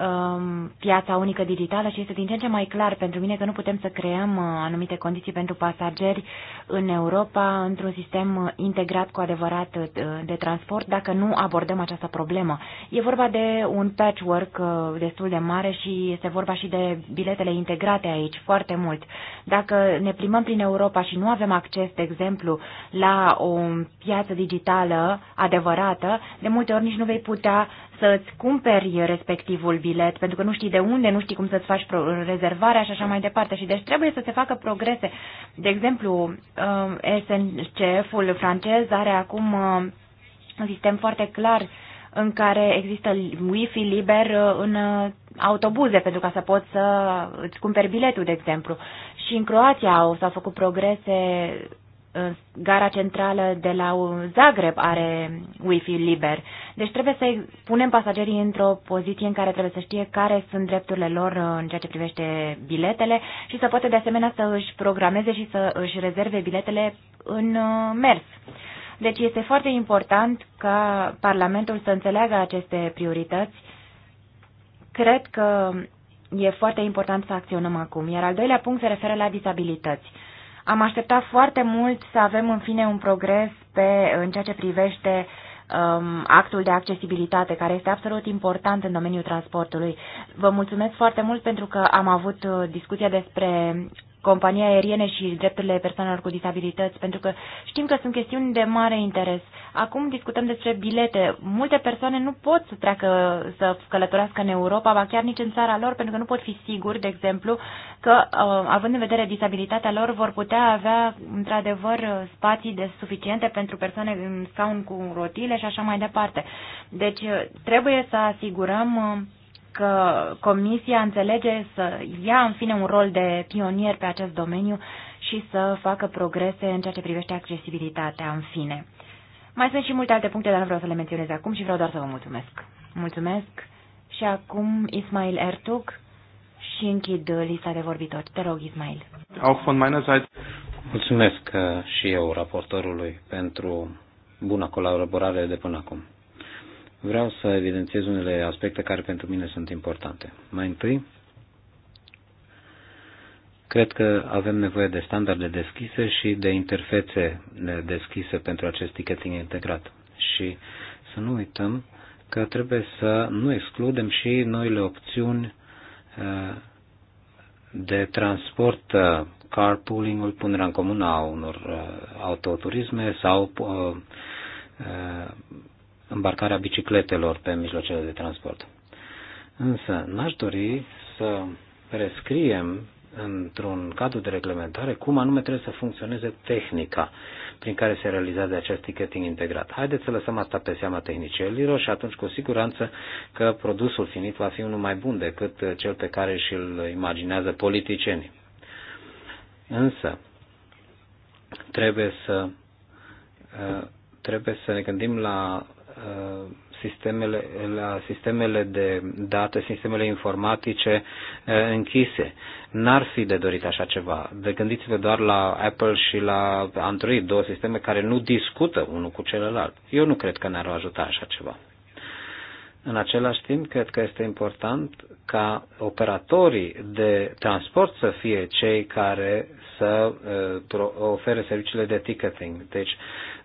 Um, piața unică digitală și este din ce în ce mai clar pentru mine că nu putem să creăm uh, anumite condiții pentru pasageri în Europa într-un sistem uh, integrat cu adevărat uh, de transport dacă nu abordăm această problemă. E vorba de un patchwork destul de mare și este vorba și de biletele integrate aici foarte mult. Dacă ne plimbăm prin Europa și nu avem acces, de exemplu, la o piață digitală adevărată, de multe ori nici nu vei putea să-ți cumperi respectivul bilet, pentru că nu știi de unde, nu știi cum să-ți faci rezervarea și așa mai departe. Și deci trebuie să se facă progrese. De exemplu, uh, SNCF-ul francez are acum uh, un sistem foarte clar în care există wifi liber uh, în autobuze pentru ca să poți să îți cumperi biletul, de exemplu. Și în Croația s-au făcut progrese Uh, gara centrală de la Zagreb are wifi liber. Deci trebuie să punem pasagerii într-o poziție în care trebuie să știe care sunt drepturile lor uh, în ceea ce privește biletele și să poată de asemenea să își programeze și să își rezerve biletele în uh, mers. Deci este foarte important ca Parlamentul să înțeleagă aceste priorități. Cred că e foarte important să acționăm acum. Iar al doilea punct se referă la disabilități. Am așteptat foarte mult să avem în fine un progres pe, în ceea ce privește um, actul de accesibilitate, care este absolut important în domeniul transportului. Vă mulțumesc foarte mult pentru că am avut uh, discuția despre companii aeriene și drepturile persoanelor cu disabilități, pentru că știm că sunt chestiuni de mare interes. Acum discutăm despre bilete. Multe persoane nu pot să treacă să călătorească în Europa, ba chiar nici în țara lor, pentru că nu pot fi siguri, de exemplu, că, uh, având în vedere disabilitatea lor, vor putea avea, într-adevăr, spații de suficiente pentru persoane în scaun cu rotile și așa mai departe. Deci, trebuie să asigurăm uh, că Comisia înțelege să ia în fine un rol de pionier pe acest domeniu și să facă progrese în ceea ce privește accesibilitatea în fine. Mai sunt și multe alte puncte, dar nu vreau să le menționez acum și vreau doar să vă mulțumesc. Mulțumesc și acum Ismail Ertug și închid lista de vorbitori. Te rog, Ismail. Auch von meiner Seite. Mulțumesc uh, și eu raportorului pentru bună colaborare de până acum vreau să evidențiez unele aspecte care pentru mine sunt importante. Mai întâi, cred că avem nevoie de standarde deschise și de interfețe deschise pentru acest ticketing integrat. Și să nu uităm că trebuie să nu excludem și noile opțiuni uh, de transport, uh, carpooling-ul, punerea în comun a unor uh, autoturisme sau îmbarcarea bicicletelor pe mijloacele de transport. Însă, n-aș dori să prescriem într-un cadru de reglementare cum anume trebuie să funcționeze tehnica prin care se realizează acest ticketing integrat. Haideți să lăsăm asta pe seama tehnicienilor și atunci cu siguranță că produsul finit va fi unul mai bun decât cel pe care și-l imaginează politicienii. Însă, trebuie să trebuie să ne gândim la Uh, sistemele, la sistemele de date, sistemele informatice uh, închise. N-ar fi de dorit așa ceva. De gândiți-vă doar la Apple și la Android, două sisteme care nu discută unul cu celălalt. Eu nu cred că ne-ar ajuta așa ceva. În același timp, cred că este important ca operatorii de transport să fie cei care să uh, ofere serviciile de ticketing. Deci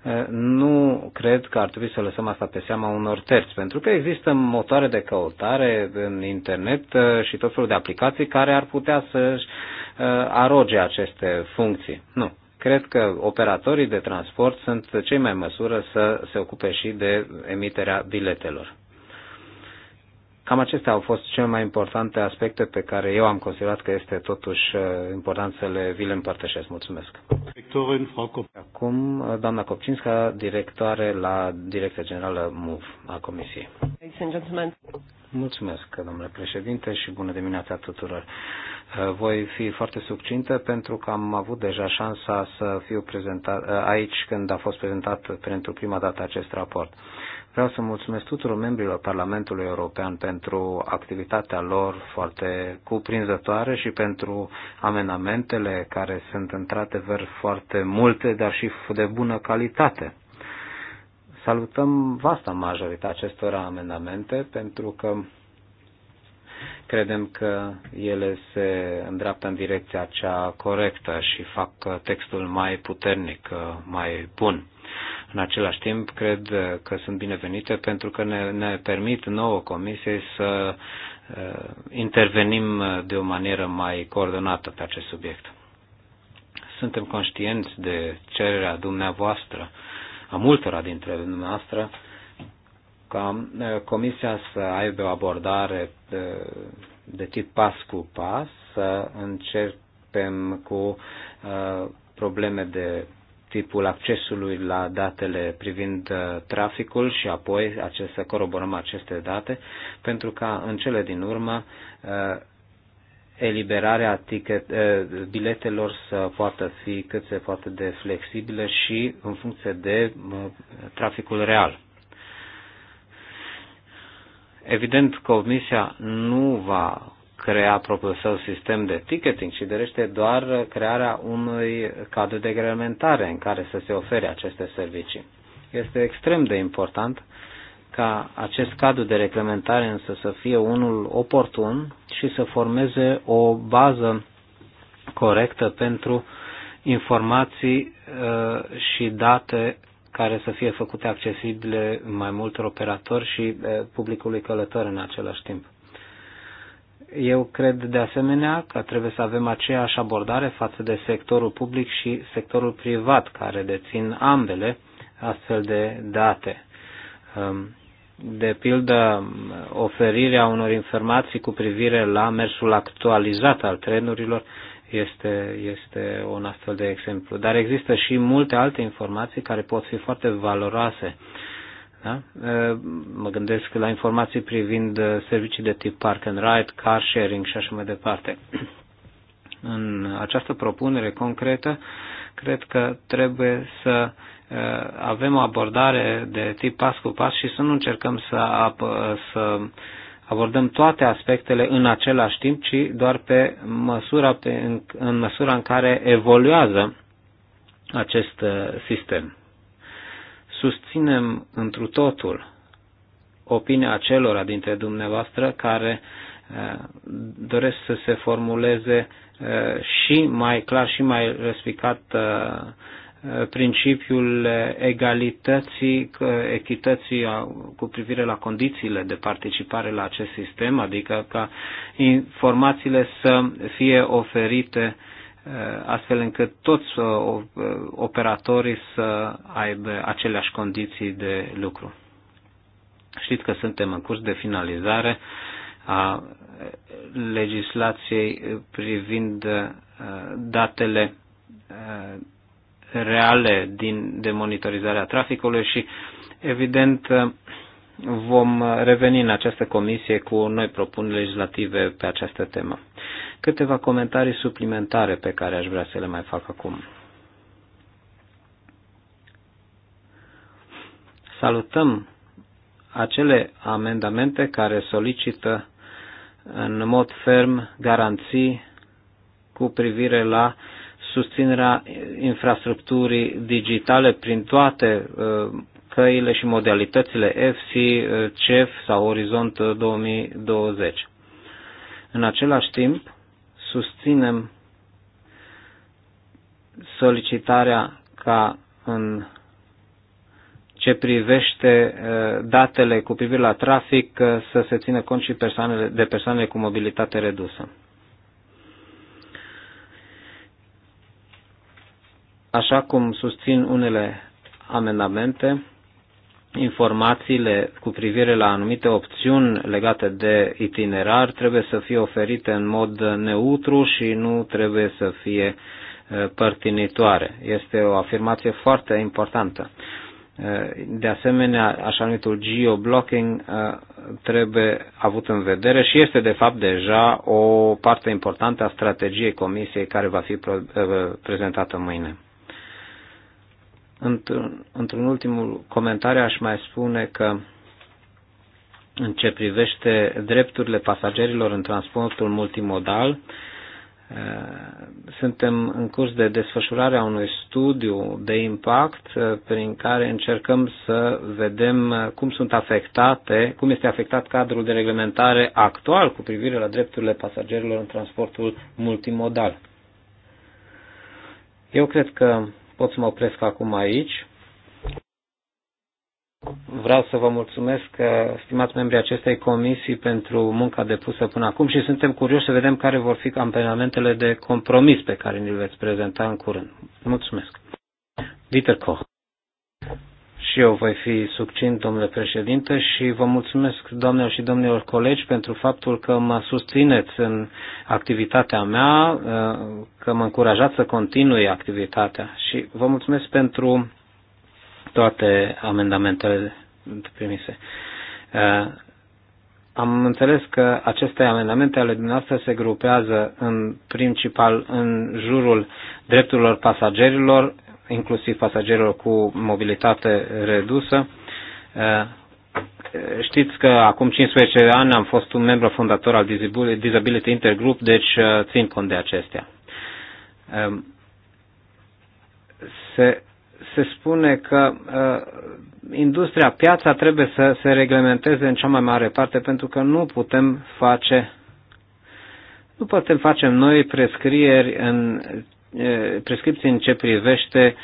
uh, nu cred că ar trebui să lăsăm asta pe seama unor terți, pentru că există motoare de căutare în internet uh, și tot felul de aplicații care ar putea să aroge aceste funcții. Nu. Cred că operatorii de transport sunt cei mai măsură să se ocupe și de emiterea biletelor. Cam acestea au fost cele mai importante aspecte pe care eu am considerat că este totuși uh, important să le vi le împărtășesc. Mulțumesc. Acum, uh, doamna Copcinska, directoare la Direcția Generală MUV a Comisiei. Mulțumesc, domnule președinte, și bună dimineața tuturor. Uh, voi fi foarte succintă pentru că am avut deja șansa să fiu prezentat aici când a fost prezentat pentru prima dată acest raport. Vreau să mulțumesc tuturor membrilor Parlamentului European pentru activitatea lor foarte cuprinzătoare și pentru amenamentele care sunt într-adevăr foarte multe, dar și de bună calitate. Salutăm vasta majoritatea acestor amendamente pentru că credem că ele se îndreaptă în direcția cea corectă și fac textul mai puternic, mai bun. În același timp, cred că sunt binevenite pentru că ne, ne permit nouă comisiei să uh, intervenim de o manieră mai coordonată pe acest subiect. Suntem conștienți de cererea dumneavoastră, a multora dintre dumneavoastră, ca uh, Comisia să aibă o abordare de, uh, de tip pas cu pas, să începem cu uh, probleme de tipul accesului la datele privind uh, traficul și apoi acest, să coroborăm aceste date, pentru ca în cele din urmă uh, eliberarea ticket, uh, biletelor să poată fi cât se poate de flexibilă și în funcție de traficul real. Evident, Comisia nu va crea propriul său sistem de ticketing, ci dorește doar crearea unui cadru de reglementare în care să se ofere aceste servicii. Este extrem de important ca acest cadru de reglementare însă să fie unul oportun și să formeze o bază corectă pentru informații uh, și date care să fie făcute accesibile mai multor operatori și uh, publicului călător în același timp. Eu cred de asemenea că trebuie să avem aceeași abordare față de sectorul public și sectorul privat, care dețin ambele astfel de date. Um, de pildă, oferirea unor informații cu privire la mersul actualizat al trenurilor este, este un astfel de exemplu. Dar există și multe alte informații care pot fi foarte valoroase da? Mă gândesc la informații privind servicii de tip park and ride, car sharing și așa mai departe. În această propunere concretă, cred că trebuie să avem o abordare de tip pas cu pas și să nu încercăm să, ap- să abordăm toate aspectele în același timp, ci doar pe măsura, pe, în, în măsura în care evoluează acest sistem susținem întru totul opinia acelora dintre dumneavoastră care eh, doresc să se formuleze eh, și mai clar și mai răspicat eh, principiul egalității, echității cu privire la condițiile de participare la acest sistem, adică ca informațiile să fie oferite Uh, astfel încât toți uh, uh, operatorii să aibă aceleași condiții de lucru. Știți că suntem în curs de finalizare a legislației privind datele reale din, de monitorizare a traficului și, evident, vom reveni în această comisie cu noi propuneri legislative pe această temă câteva comentarii suplimentare pe care aș vrea să le mai fac acum. Salutăm acele amendamente care solicită în mod ferm garanții cu privire la susținerea infrastructurii digitale prin toate uh, căile și modalitățile FC, uh, CEF sau Orizont 2020. În același timp, susținem solicitarea ca în ce privește datele cu privire la trafic să se țină cont și persoanele, de persoanele cu mobilitate redusă. Așa cum susțin unele amendamente, informațiile cu privire la anumite opțiuni legate de itinerar trebuie să fie oferite în mod neutru și nu trebuie să fie uh, părtinitoare. Este o afirmație foarte importantă. Uh, de asemenea, așa numitul geoblocking uh, trebuie avut în vedere și este de fapt deja o parte importantă a strategiei Comisiei care va fi prezentată mâine. Într-un ultimul comentariu aș mai spune că în ce privește drepturile pasagerilor în transportul multimodal, eh, suntem în curs de desfășurare a unui studiu de impact eh, prin care încercăm să vedem eh, cum sunt afectate, cum este afectat cadrul de reglementare actual cu privire la drepturile pasagerilor în transportul multimodal. Eu cred că Pot să mă opresc acum aici. Vreau să vă mulțumesc, uh, stimați membrii acestei comisii, pentru munca depusă până acum și suntem curioși să vedem care vor fi ampenamentele de compromis pe care ni le veți prezenta în curând. Mulțumesc. Dieter Koch și eu voi fi succint, domnule președinte, și vă mulțumesc, doamnelor și domnilor colegi, pentru faptul că mă susțineți în activitatea mea, uh, că mă încurajați să continui activitatea și vă mulțumesc pentru toate amendamentele primise. Uh, am înțeles că aceste amendamente ale dumneavoastră se grupează în principal în jurul drepturilor pasagerilor, inclusiv pasagerilor cu mobilitate redusă. Eh, știți că acum 15 ani am fost un membru fondator al Disability Intergroup, deci eh, țin cont de acestea. Eh, se, se spune că industria, piața trebuie să se reglementeze în cea mai mare parte pentru că nu putem face nu putem face noi prescrieri în prescripții în ce privește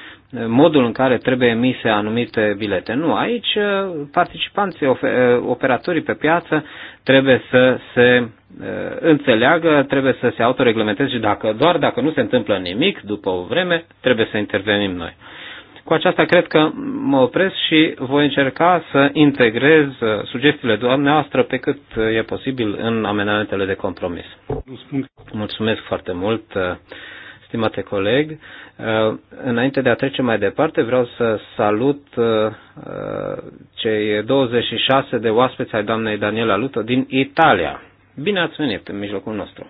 modul în care trebuie emise anumite bilete. Nu, aici participanții, operatorii pe piață trebuie să se înțeleagă, trebuie să se autoreglementeze și dacă, doar dacă nu se întâmplă nimic după o vreme, trebuie să intervenim noi. Cu aceasta cred că mă opresc și voi încerca să integrez sugestiile dumneavoastră pe cât e posibil în amendamentele de compromis. Mulțumesc foarte mult, Stimate coleg, uh, înainte de a trece mai departe, vreau să salut uh, uh, cei 26 de oaspeți ai doamnei Daniela Luto din Italia. Bine ați venit în mijlocul nostru.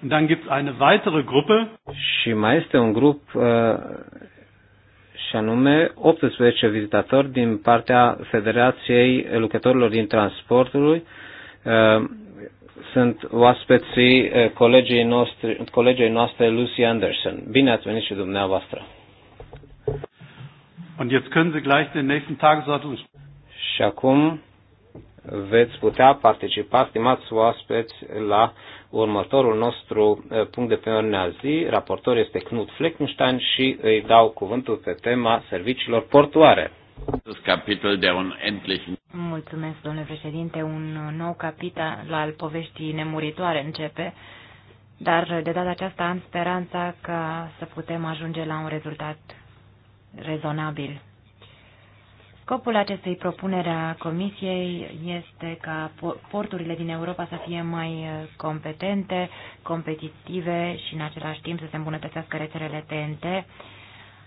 Dann gibt's eine weitere Gruppe. Și mai este un grup și anume 18 vizitatori din partea Federației Lucrătorilor din Transportului sunt oaspeții eh, colegii noastre, colegii noastre Lucy Anderson. Bine ați venit și dumneavoastră. Und jetzt können Sie gleich den nächsten Tagesordnungspunkt. Și acum veți putea participa, stimați oaspeți, la următorul nostru eh, punct de pe ordinea zi. Raportor este Knut Fleckenstein și îi dau cuvântul pe tema serviciilor portoare. Mulțumesc, domnule președinte. Un nou capitol al poveștii nemuritoare începe, dar de data aceasta am speranța că să putem ajunge la un rezultat rezonabil. Scopul acestei propuneri a Comisiei este ca porturile din Europa să fie mai uh, competente, competitive și în același timp să se îmbunătățească rețelele TNT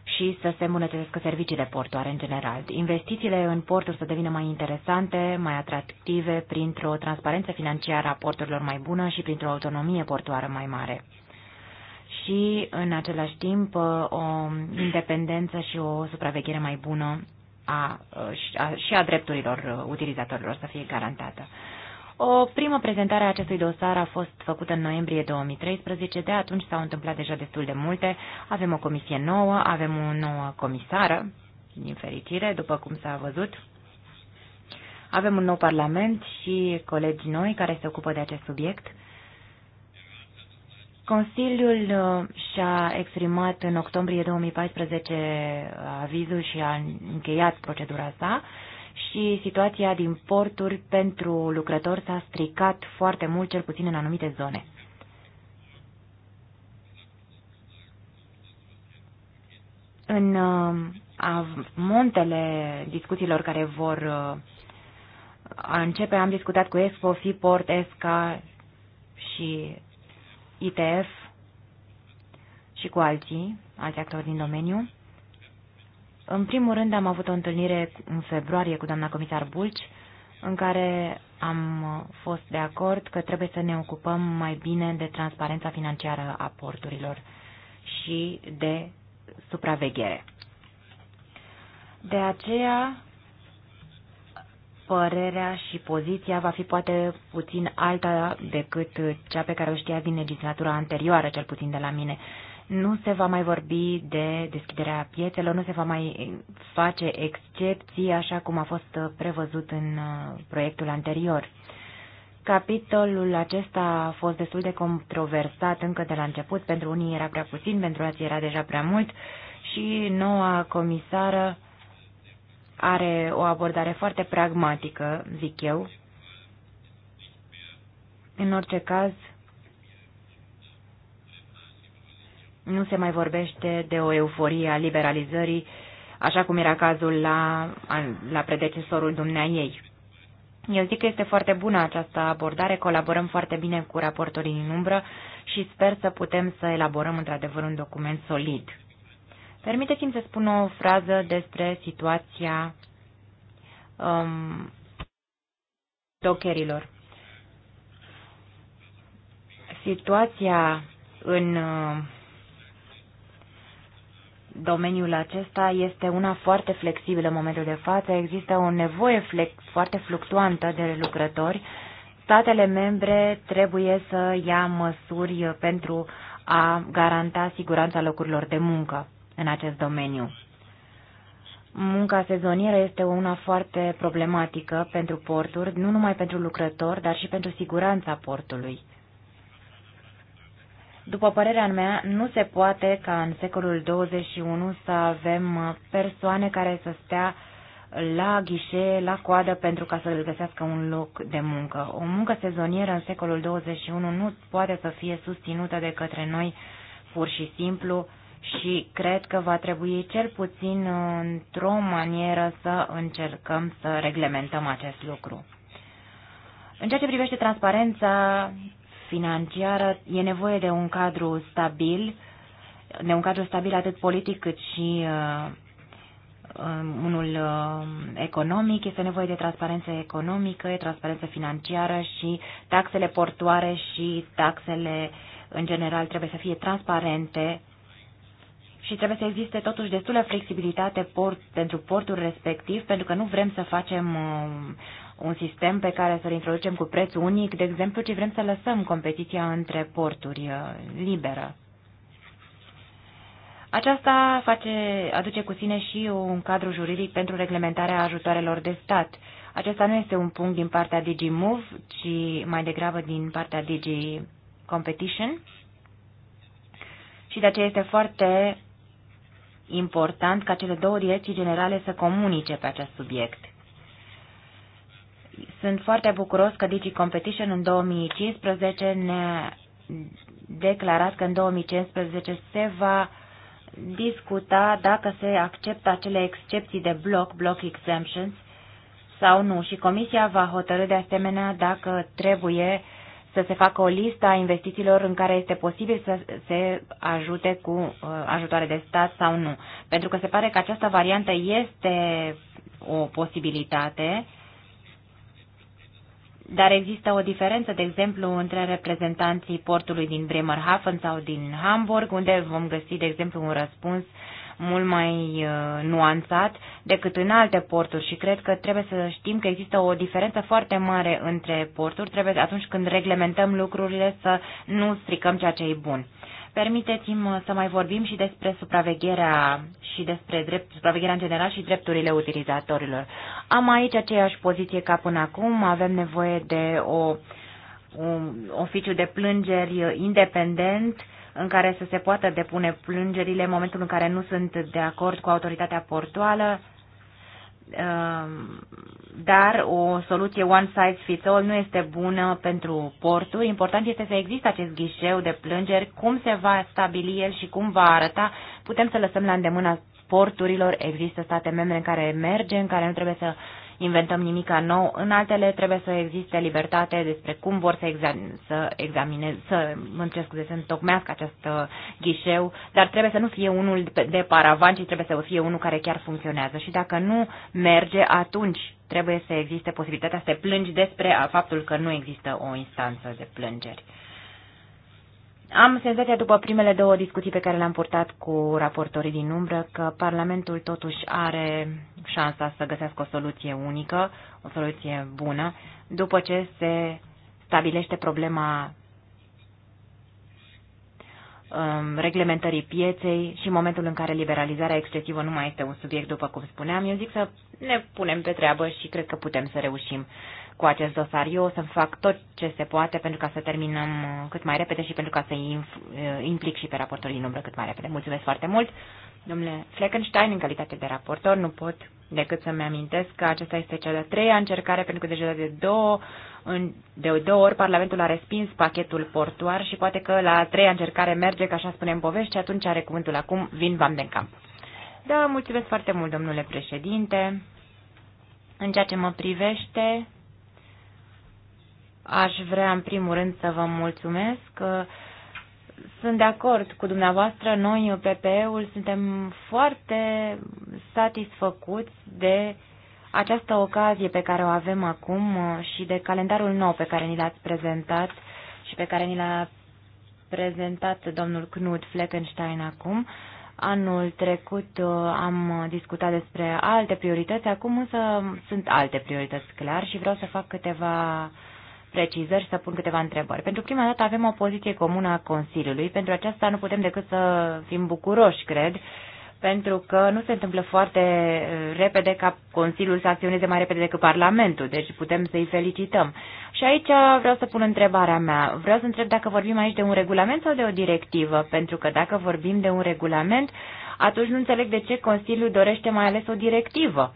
și să se îmbunătățească serviciile portoare în general. Investițiile în porturi să devină mai interesante, mai atractive, printr-o transparență financiară a porturilor mai bună și printr-o autonomie portoară mai mare. Și, în același timp, o independență și o supraveghere mai bună a, a, și a drepturilor utilizatorilor să fie garantată. O primă prezentare a acestui dosar a fost făcută în noiembrie 2013, de atunci s-au întâmplat deja destul de multe. Avem o comisie nouă, avem o nouă comisară, din fericire, după cum s-a văzut. Avem un nou parlament și colegi noi care se ocupă de acest subiect. Consiliul uh, și-a exprimat în octombrie 2014 uh, avizul și a încheiat procedura sa și situația din porturi pentru lucrători s-a stricat foarte mult, cel puțin în anumite zone. În uh, a, montele discuțiilor care vor a uh, începe, am discutat cu ESPO, FIPORT, ESCA și ITF și cu alții, alți actori din domeniu. În primul rând am avut o întâlnire în februarie cu doamna comisar Bulci, în care am fost de acord că trebuie să ne ocupăm mai bine de transparența financiară a porturilor și de supraveghere. De aceea, părerea și poziția va fi poate puțin alta decât cea pe care o știa din legislatura anterioară, cel puțin de la mine nu se va mai vorbi de deschiderea piețelor, nu se va mai face excepții așa cum a fost prevăzut în uh, proiectul anterior. Capitolul acesta a fost destul de controversat încă de la început, pentru unii era prea puțin, pentru alții era deja prea mult și noua comisară are o abordare foarte pragmatică, zic eu. În orice caz, Nu se mai vorbește de o euforie a liberalizării, așa cum era cazul la, la predecesorul ei. Eu zic că este foarte bună această abordare, colaborăm foarte bine cu raportorii din umbră și sper să putem să elaborăm într-adevăr un document solid. Permiteți-mi să spun o frază despre situația um, tokerilor. Situația în uh, domeniul acesta este una foarte flexibilă în momentul de față. Există o nevoie foarte fluctuantă de lucrători. Statele membre trebuie să ia măsuri pentru a garanta siguranța locurilor de muncă în acest domeniu. Munca sezonieră este una foarte problematică pentru porturi, nu numai pentru lucrători, dar și pentru siguranța portului. După părerea mea, nu se poate ca în secolul 21 să avem uh, persoane care să stea la ghișe, la coadă pentru ca să îl găsească un loc de muncă. O muncă sezonieră în secolul 21 nu poate să fie susținută de către noi pur și simplu și cred că va trebui cel puțin uh, într-o manieră să încercăm să reglementăm acest lucru. În ceea ce privește transparența, financiară, e nevoie de un cadru stabil, de un cadru stabil atât politic cât și uh, um, unul uh, economic, este nevoie de transparență economică, de transparență financiară și taxele portoare și taxele în general trebuie să fie transparente și trebuie să existe totuși destulă flexibilitate port, pentru portul respectiv, pentru că nu vrem să facem uh, un sistem pe care să-l introducem cu preț unic, de exemplu, ci vrem să lăsăm competiția între porturi uh, liberă. Aceasta face, aduce cu sine și un cadru juridic pentru reglementarea ajutoarelor de stat. Acesta nu este un punct din partea DigiMove, ci mai degrabă din partea DigiCompetition. Competition. Și de aceea este foarte important ca cele două direcții generale să comunice pe acest subiect. Sunt foarte bucuros că Digi Competition în 2015 ne-a declarat că în 2015 se va discuta dacă se acceptă acele excepții de bloc, block exemptions, sau nu. Și Comisia va hotărâ de asemenea dacă trebuie să se facă o listă a investițiilor în care este posibil să se ajute cu uh, ajutoare de stat sau nu. Pentru că se pare că această variantă este o posibilitate dar există o diferență, de exemplu, între reprezentanții portului din Bremerhaven sau din Hamburg, unde vom găsi, de exemplu, un răspuns mult mai uh, nuanțat decât în alte porturi și cred că trebuie să știm că există o diferență foarte mare între porturi. Trebuie atunci când reglementăm lucrurile să nu stricăm ceea ce e bun. Permiteți-mi uh, să mai vorbim și despre supravegherea și despre drept, supravegherea în general și drepturile utilizatorilor. Am aici aceeași poziție ca până acum, avem nevoie de o, un oficiu de plângeri independent în care să se poată depune plângerile în momentul în care nu sunt de acord cu autoritatea portuală, Um, dar o soluție one size fits all nu este bună pentru porturi. Important este să existe acest ghișeu de plângeri, cum se va stabili el și cum va arăta. Putem să lăsăm la îndemâna porturilor, există state membre în care merge, în care nu trebuie să inventăm nimic nou, în altele trebuie să existe libertate despre cum vor să, exam- să examinez, să, mă cer scuze, să întocmească acest uh, ghișeu, dar trebuie să nu fie unul de paravan, ci trebuie să fie unul care chiar funcționează. Și dacă nu merge, atunci trebuie să existe posibilitatea să te plângi despre faptul că nu există o instanță de plângeri. Am senzația după primele două discuții pe care le-am purtat cu raportorii din umbră că Parlamentul totuși are șansa să găsească o soluție unică, o soluție bună, după ce se stabilește problema um, reglementării pieței și momentul în care liberalizarea excesivă nu mai este un subiect, după cum spuneam, eu zic să ne punem pe treabă și cred că putem să reușim cu acest dosar. Eu o să fac tot ce se poate pentru ca să terminăm uh, cât mai repede și pentru ca să uh, implic și pe raportorii din umbră cât mai repede. Mulțumesc foarte mult! Domnule Fleckenstein, în calitate de raportor, nu pot decât să-mi amintesc că acesta este cea de-a treia încercare, pentru că deja de două, în, de două ori Parlamentul a respins pachetul portuar și poate că la a treia încercare merge, ca așa spunem povești, și atunci are cuvântul acum, vin Van de Camp. Da, mulțumesc foarte mult, domnule președinte. În ceea ce mă privește, Aș vrea, în primul rând, să vă mulțumesc. Sunt de acord cu dumneavoastră. Noi, PPE-ul, suntem foarte satisfăcuți de această ocazie pe care o avem acum și de calendarul nou pe care ni l-ați prezentat și pe care ni l-a prezentat domnul Knut Fleckenstein acum. Anul trecut uh, am discutat despre alte priorități, acum însă sunt alte priorități, clar, și vreau să fac câteva precizări, să pun câteva întrebări. Pentru prima dată avem o poziție comună a Consiliului. Pentru aceasta nu putem decât să fim bucuroși, cred, pentru că nu se întâmplă foarte uh, repede ca Consiliul să acționeze mai repede decât Parlamentul, deci putem să-i felicităm. Și aici vreau să pun întrebarea mea. Vreau să întreb dacă vorbim aici de un regulament sau de o directivă, pentru că dacă vorbim de un regulament, atunci nu înțeleg de ce Consiliul dorește mai ales o directivă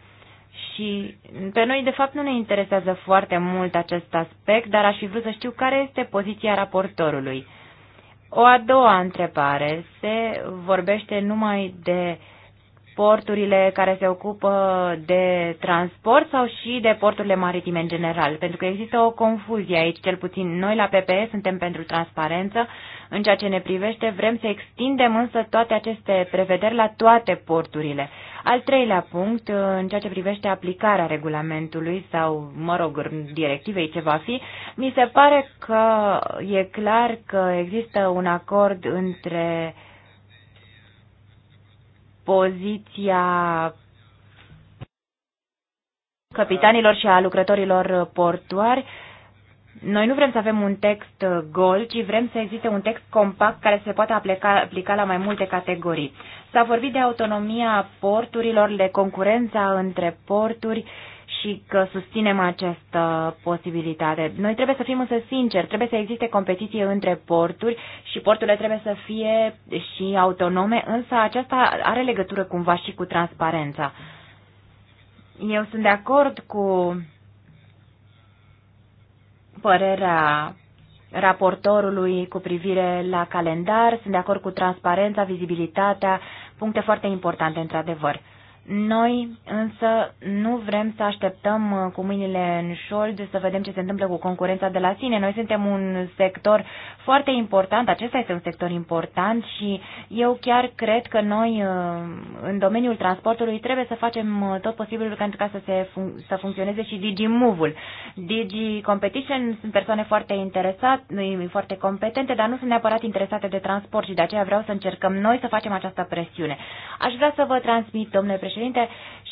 și pe noi, de fapt, nu ne interesează foarte mult acest aspect, dar aș fi vrut să știu care este poziția raportorului. O a doua întrebare. Se vorbește numai de uh, porturile care se ocupă de transport sau și de porturile maritime în general? Pentru că există o confuzie aici, cel puțin noi la PPE suntem pentru transparență. În ceea ce ne privește, vrem să extindem însă toate aceste prevederi la toate porturile. Al treilea punct, în ceea ce privește aplicarea regulamentului sau, mă rog, directivei ce va fi, mi se pare că e clar că există un acord între uh, poziția capitanilor și a lucrătorilor portuari. Noi nu vrem să avem un text gol, ci vrem să existe un text compact care se poate aplica, aplica la mai multe categorii. S-a vorbit de autonomia porturilor, de concurența între porturi și că susținem această posibilitate. Noi trebuie să fim însă sinceri, trebuie să existe competiție între porturi și porturile trebuie să fie și autonome, însă aceasta are legătură cumva și cu transparența. Eu sunt de acord cu părerea raportorului cu privire la calendar, sunt de acord cu transparența, vizibilitatea, puncte foarte importante într-adevăr. Noi însă nu vrem să așteptăm uh, cu mâinile în șold să vedem ce se întâmplă cu concurența de la sine. Noi suntem un sector foarte important, acesta este un sector important și eu chiar cred că noi uh, în domeniul transportului trebuie să facem uh, tot posibilul pentru ca să, se fun- să funcționeze și DigiMove-ul. Digi Competition sunt persoane foarte interesate, foarte competente, dar nu sunt neapărat interesate de transport și de aceea vreau să încercăm noi să facem această presiune. Aș vrea să vă transmit, domnule președinte, președinte,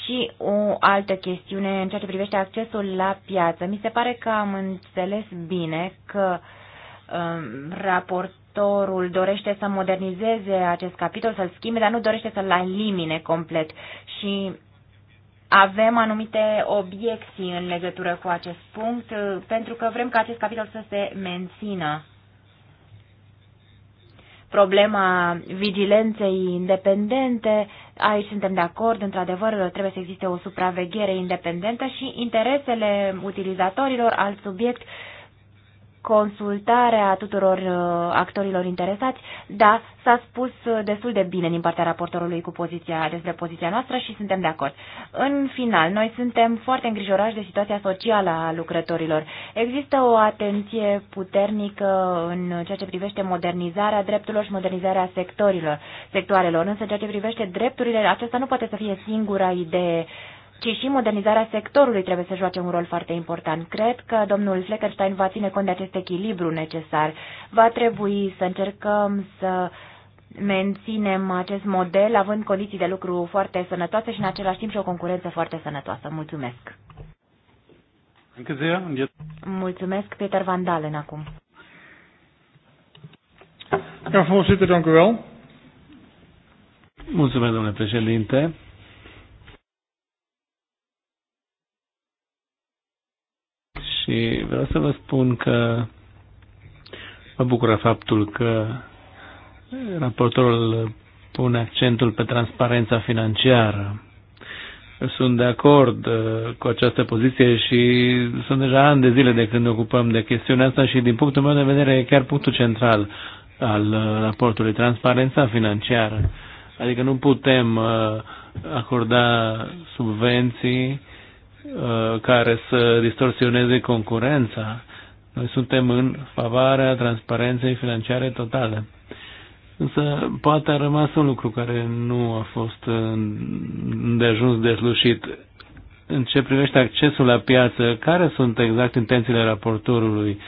și o altă chestiune în ceea ce privește accesul la piață. Mi se pare că am înțeles bine că um, raportorul dorește să modernizeze acest capitol, să-l schimbe, dar nu dorește să-l elimine complet. Și avem anumite obiecții în legătură cu acest punct, pentru că vrem ca acest capitol să se mențină. Problema vigilenței independente Aici suntem de acord, într-adevăr, trebuie să existe o supraveghere independentă și interesele utilizatorilor, alt subiect, consultarea tuturor uh, actorilor interesați, da, s-a spus uh, destul de bine din partea raportorului cu poziția, despre poziția noastră și suntem de acord. În final, noi suntem foarte îngrijorați de situația socială a lucrătorilor. Există o atenție puternică în ceea ce privește modernizarea drepturilor și modernizarea sectorilor, sectoarelor, însă în ceea ce privește drepturile, aceasta nu poate să fie singura idee uh, ci și modernizarea sectorului trebuie să joace un rol foarte important. Cred că domnul Fleckerstein va ține cont de acest echilibru necesar. Va trebui să încercăm să menținem acest model, având condiții de lucru foarte sănătoase și în același timp și o concurență foarte sănătoasă. Mulțumesc! Mulțumesc, Peter Van Dalen, acum. Ja, voorzitter, dank u wel. Mulțumesc, domnule președinte. Și vreau să vă spun că mă bucură faptul că raportorul pune accentul pe transparența financiară. Eu sunt de acord uh, cu această poziție și sunt deja ani de zile de când ne ocupăm de chestiunea asta și din punctul meu de vedere e chiar punctul central al uh, raportului, transparența financiară. Adică nu putem uh, acorda subvenții Uh, care să distorsioneze concurența. Noi suntem în favoarea transparenței financiare totale. Însă poate a rămas un lucru care nu a fost uh, de ajuns deslușit. În ce privește accesul la piață, care sunt exact intențiile raportorului?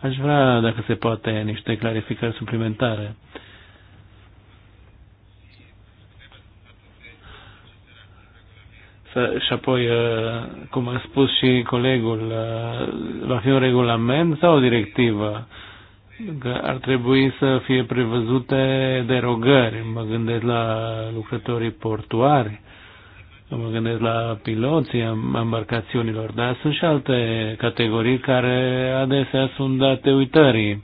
Aș vrea, dacă se poate, niște clarificări suplimentare. Uh, și apoi, uh, cum a spus și colegul, uh, va fi un regulament sau o directivă? Că ar trebui să fie prevăzute derogări. Mă gândesc la lucrătorii portuari, mă gândesc la piloții embarcațiunilor, dar sunt și alte categorii care adesea sunt date uitării.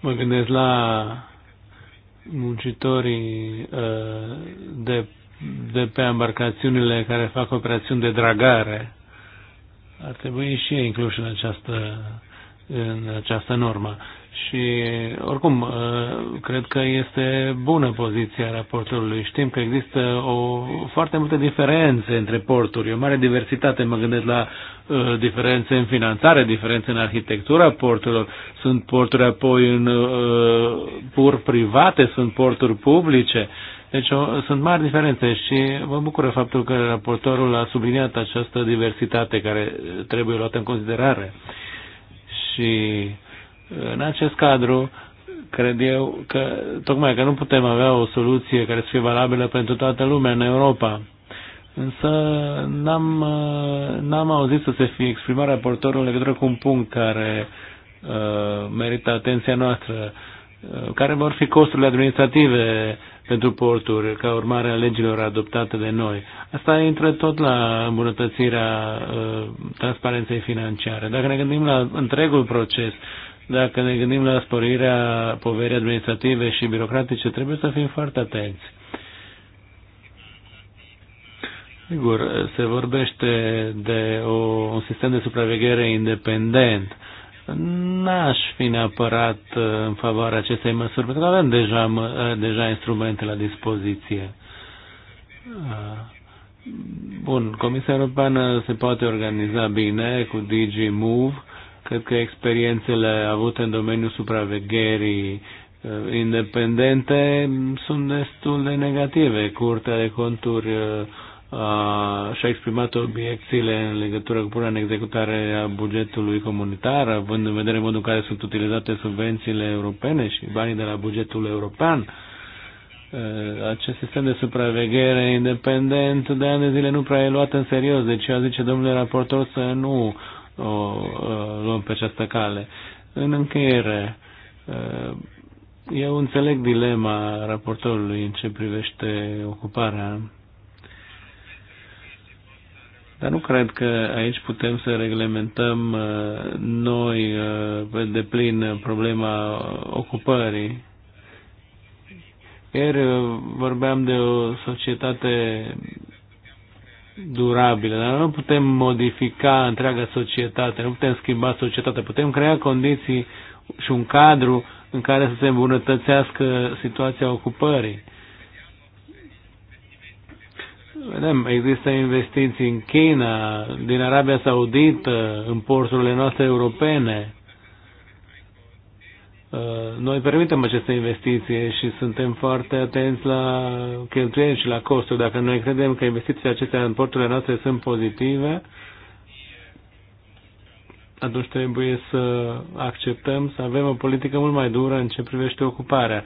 Mă gândesc la muncitorii uh, de, de pe embarcațiunile care fac operațiuni de dragare. Ar trebui și ei incluși în această, în această normă. Și, oricum, uh, cred că este bună poziția raportorului. Știm că există o, foarte multe diferențe între porturi, o mare diversitate. Mă gândesc la uh, diferențe în finanțare, diferențe în arhitectura porturilor. Sunt porturi apoi în uh, pur private, sunt porturi publice. Deci o, sunt mari diferențe și mă bucură faptul că raportorul a subliniat această diversitate care trebuie luată în considerare. Și în acest cadru, cred eu că tocmai că nu putem avea o soluție care să fie valabilă pentru toată lumea în Europa. Însă n-am, n-am auzit să se fie exprimat raportorul în legătură cu un punct care uh, merită atenția noastră. Uh, care vor fi costurile administrative pentru porturi ca urmare a legilor adoptate de noi? Asta intră tot la îmbunătățirea uh, transparenței financiare. Dacă ne gândim la întregul proces, uh, dacă ne gândim la sporirea poverii administrative și birocratice, trebuie să fim foarte atenți. Sigur, se vorbește de o, un sistem de supraveghere independent. N-aș fi neapărat uh, în favoarea acestei măsuri, pentru că avem deja, uh, deja instrumente la dispoziție. Uh, bun, Comisia Europeană se poate organiza bine cu DG Move Cred că experiențele avute în domeniul supravegherii uh, independente sunt destul de negative. Curtea de conturi uh, și-a exprimat obiecțiile în legătură cu punerea în executare a bugetului comunitar, având în vedere modul în care sunt utilizate subvențiile europene și banii de la bugetul european. Uh, acest sistem de supraveghere independent de ani de zile nu prea e luat în serios, deci eu zice domnule raportor să nu o luăm pe această cale. În încheiere, eu înțeleg dilema raportorului în ce privește ocuparea, dar nu cred că aici putem să reglementăm noi pe de deplin problema ocupării. Ieri vorbeam de o societate durabilă, dar nu putem modifica întreaga societate, nu putem schimba societatea, putem crea condiții și un cadru în care să se îmbunătățească situația ocupării. Vedem, există investiții în China, din Arabia Saudită, în porturile noastre europene. Uh, noi permitem aceste investiții și suntem foarte atenți la cheltuieli și la costuri. Dacă noi credem că investițiile acestea în porturile noastre sunt pozitive, atunci trebuie să acceptăm să avem o politică mult mai dură în ce privește ocuparea.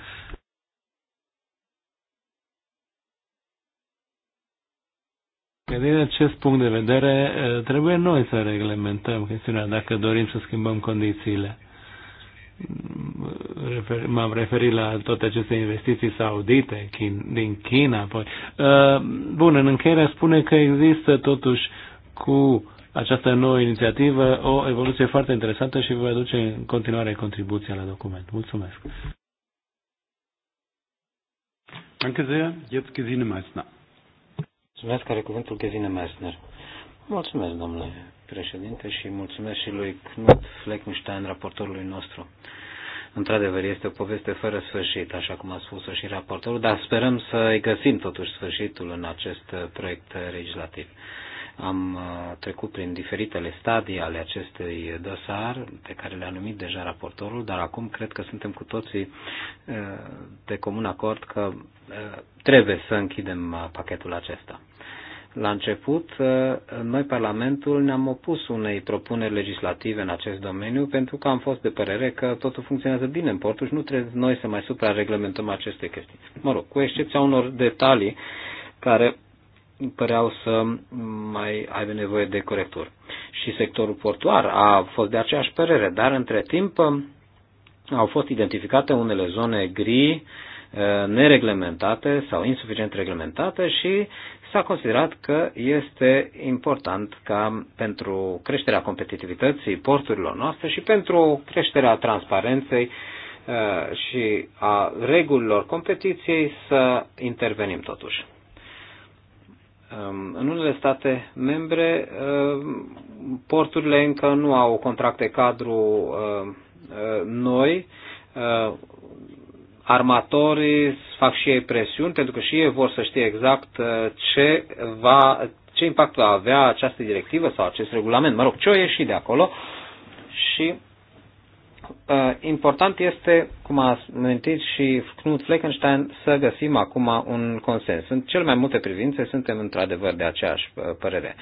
din acest punct de vedere uh, trebuie noi să reglementăm chestiunea dacă dorim să schimbăm condițiile refer, m-am referit la toate aceste investiții saudite chin, din China. Apoi. Uh, bun, în încheiere spune că există totuși cu această nouă inițiativă o evoluție foarte interesantă și vă aduce în continuare contribuția la document. Mulțumesc! Danke sehr. Jetzt Gesine Meissner. Mulțumesc, care cuvântul Gesine Meissner. Mulțumesc, domnule președinte, și mulțumesc și lui Knut Fleckenstein, raportorului nostru. Într-adevăr, este o poveste fără sfârșit, așa cum a spus-o și raportorul, dar sperăm să-i găsim totuși sfârșitul în acest proiect legislativ. Am uh, trecut prin diferitele stadii ale acestui dosar, pe care le-a numit deja raportorul, dar acum cred că suntem cu toții uh, de comun acord că uh, trebuie să închidem pachetul acesta. La început, uh, noi, Parlamentul, ne-am opus unei propuneri legislative în acest domeniu pentru că am fost de părere că totul funcționează bine în portul și nu trebuie noi să mai suprareglementăm aceste chestii. Mă rog, cu excepția unor detalii care păreau să mai aibă nevoie de corecturi. Și sectorul portuar a fost de aceeași părere, dar între timp uh, au fost identificate unele zone gri, uh, nereglementate sau insuficient reglementate și s-a considerat că este important ca pentru creșterea competitivității porturilor noastre și pentru creșterea transparenței uh, și a regulilor competiției să intervenim totuși. Um, în unele state membre, um, porturile încă nu au contracte cadru uh, uh, noi, armatorii fac și ei presiuni, pentru că și ei vor să știe exact uh, ce, va, ce impact va avea această directivă sau acest regulament, mă rog, ce o ieși de acolo. Și uh, important este, cum a mintit și Knut Fleckenstein, să găsim acum un consens. În cel mai multe privințe suntem într-adevăr de aceeași uh, părere.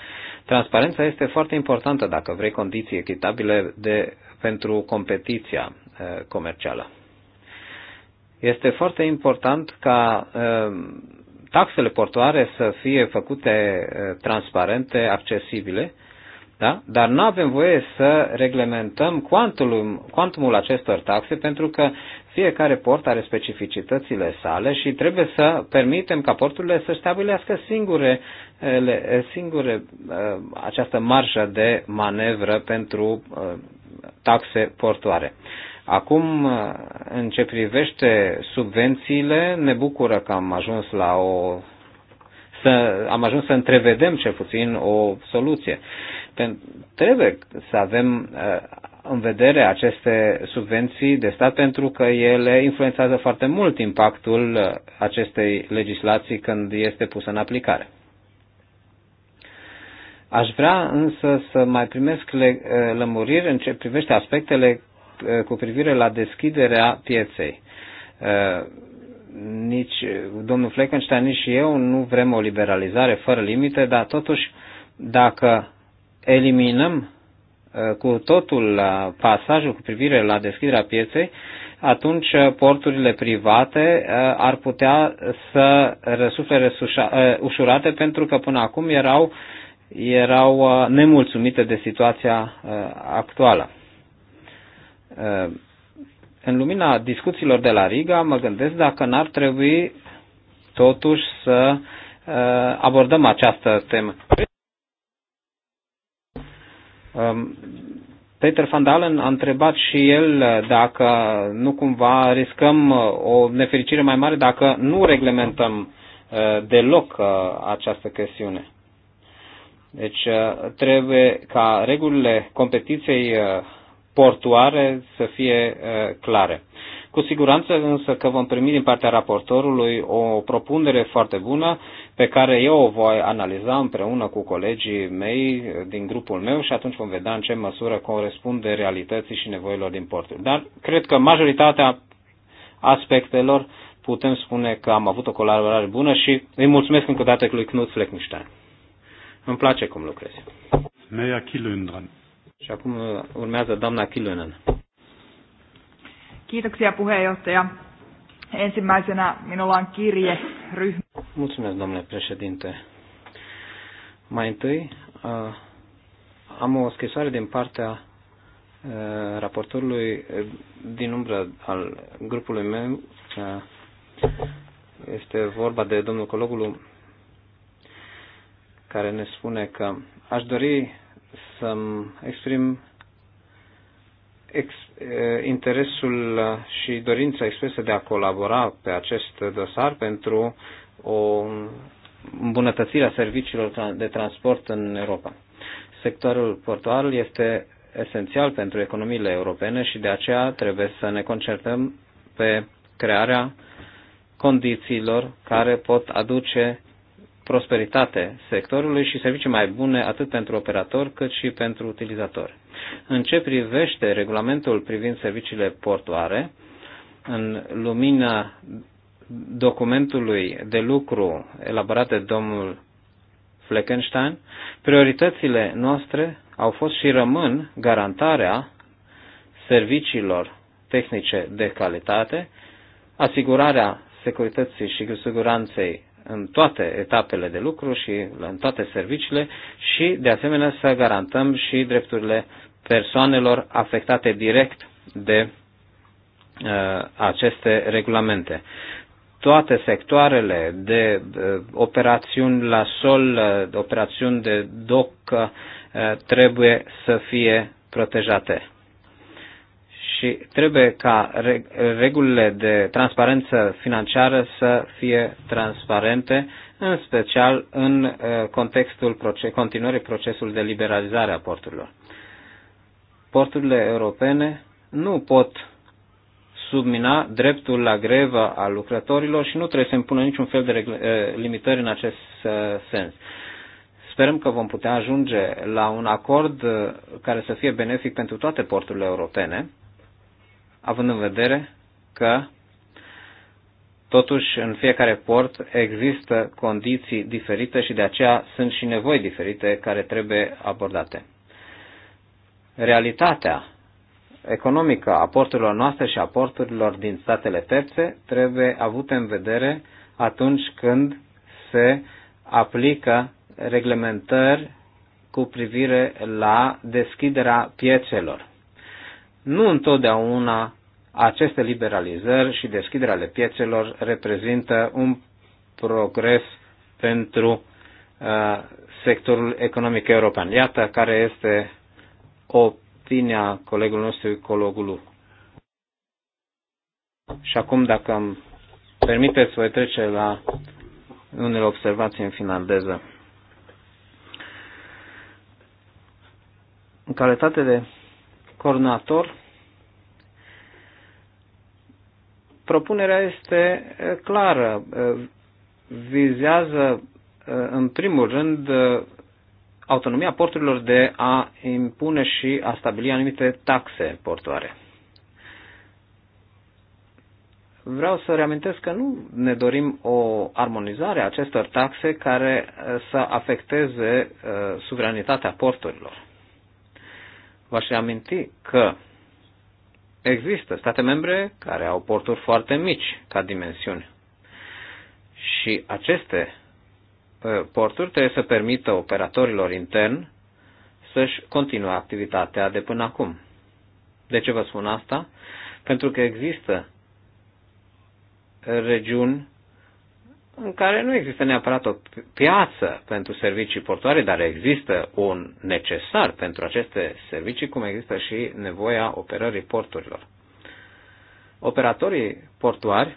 Transparența este foarte importantă dacă vrei condiții echitabile de, pentru competiția uh, comercială. Este foarte important ca ă, taxele portoare să fie făcute ă, transparente, accesibile, da? dar nu avem voie să reglementăm quantumul, quantumul acestor taxe pentru că fiecare port are specificitățile sale și trebuie să permitem ca porturile să stabilească singure, singure ă, această marjă de manevră pentru taxe portoare. Acum, în ce privește subvențiile, ne bucură că am ajuns la o să, am ajuns să întrevedem cel puțin o soluție. Trebuie să avem uh, în vedere aceste subvenții de stat pentru că ele influențează foarte mult impactul uh, acestei legislații când este pusă în aplicare. Aș vrea însă să mai primesc uh, lămuriri în ce privește aspectele Eh, cu privire la deschiderea pieței. Eh, nici domnul Fleckenstein, nici eu nu vrem o liberalizare fără limite, dar totuși dacă eliminăm eh, cu totul pasajul cu privire la deschiderea pieței, atunci porturile private ar putea să răsufle ușurate pentru că până acum erau, erau nemulțumite de situația actuală. Uh, în lumina discuțiilor de la Riga, mă gândesc dacă n-ar trebui totuși să uh, abordăm această temă. Um, Peter van Dalen a întrebat și el dacă nu cumva riscăm uh, o nefericire mai mare dacă nu reglementăm deloc această chestiune. Deci trebuie ca regulile competiției portoare să fie clare. Cu siguranță însă că vom primi din partea raportorului o propunere foarte bună pe care eu o voi analiza împreună cu colegii mei din grupul meu și atunci vom vedea în ce măsură corespunde realității și nevoilor din portul. Dar cred că majoritatea aspectelor putem spune că am avut o colaborare bună și îi mulțumesc încă o dată lui Knut Fleckenstein. Îmi place cum lucrez. Meia Kilundran. Și acum uh, urmează doamna Kilönen. Kiitoksia puheenjohtaja. Ensimmäisenä minulla on kirje ryhmä. Mulțumesc, domnule președinte. Mai întâi, uh, am o scrisoare din partea uh, raportorului din umbră al grupului meu. Este vorba de domnul Cologulu care ne spune că aș dori să-mi exprim ex, eh, interesul și dorința expresă de a colabora pe acest dosar pentru o îmbunătățire a serviciilor de transport în Europa. Sectorul portual este esențial pentru economiile europene și de aceea trebuie să ne concertăm pe crearea condițiilor care pot aduce prosperitate sectorului și servicii mai bune atât pentru operator cât și pentru utilizator. În ce privește regulamentul privind serviciile portoare, în lumina documentului de lucru elaborat de domnul Fleckenstein, prioritățile noastre au fost și rămân garantarea serviciilor tehnice de calitate, asigurarea securității și siguranței în toate etapele de lucru și în toate serviciile și, de asemenea, să garantăm și drepturile persoanelor afectate direct de uh, aceste regulamente. Toate sectoarele de uh, operațiuni la sol, uh, de operațiuni de doc, uh, trebuie să fie protejate și trebuie ca regulile de transparență financiară să fie transparente, în special în uh, contextul continuării procesului de liberalizare a porturilor. Porturile europene nu pot submina dreptul la grevă a lucrătorilor și nu trebuie să impună niciun fel de uh, limitări în acest uh, sens. Sperăm că vom putea ajunge la un acord care să fie benefic pentru toate porturile europene având în vedere că Totuși, în fiecare port există condiții diferite și de aceea sunt și nevoi diferite care trebuie abordate. Realitatea economică a porturilor noastre și a porturilor din statele terțe trebuie avută în vedere atunci când se aplică reglementări cu privire la deschiderea piețelor nu întotdeauna aceste liberalizări și deschiderea ale piețelor reprezintă un progres pentru uh, sectorul economic european. Iată care este opinia colegului nostru, Cologulu. Și acum, dacă îmi permiteți, voi trece la unele observații în finlandeză. În calitate de coordonator. Propunerea este clară. Vizează, în primul rând, autonomia porturilor de a impune și a stabili anumite taxe portoare. Vreau să reamintesc că nu ne dorim o armonizare a acestor taxe care să afecteze suveranitatea porturilor v-aș aminti că există state membre care au porturi foarte mici ca dimensiune Și aceste ă, porturi trebuie să permită operatorilor intern să-și continue activitatea de până acum. De ce vă spun asta? Pentru că există regiuni în care nu există neapărat o piață pentru servicii portoare, dar există un necesar pentru aceste servicii, cum există și nevoia operării porturilor. Operatorii portuari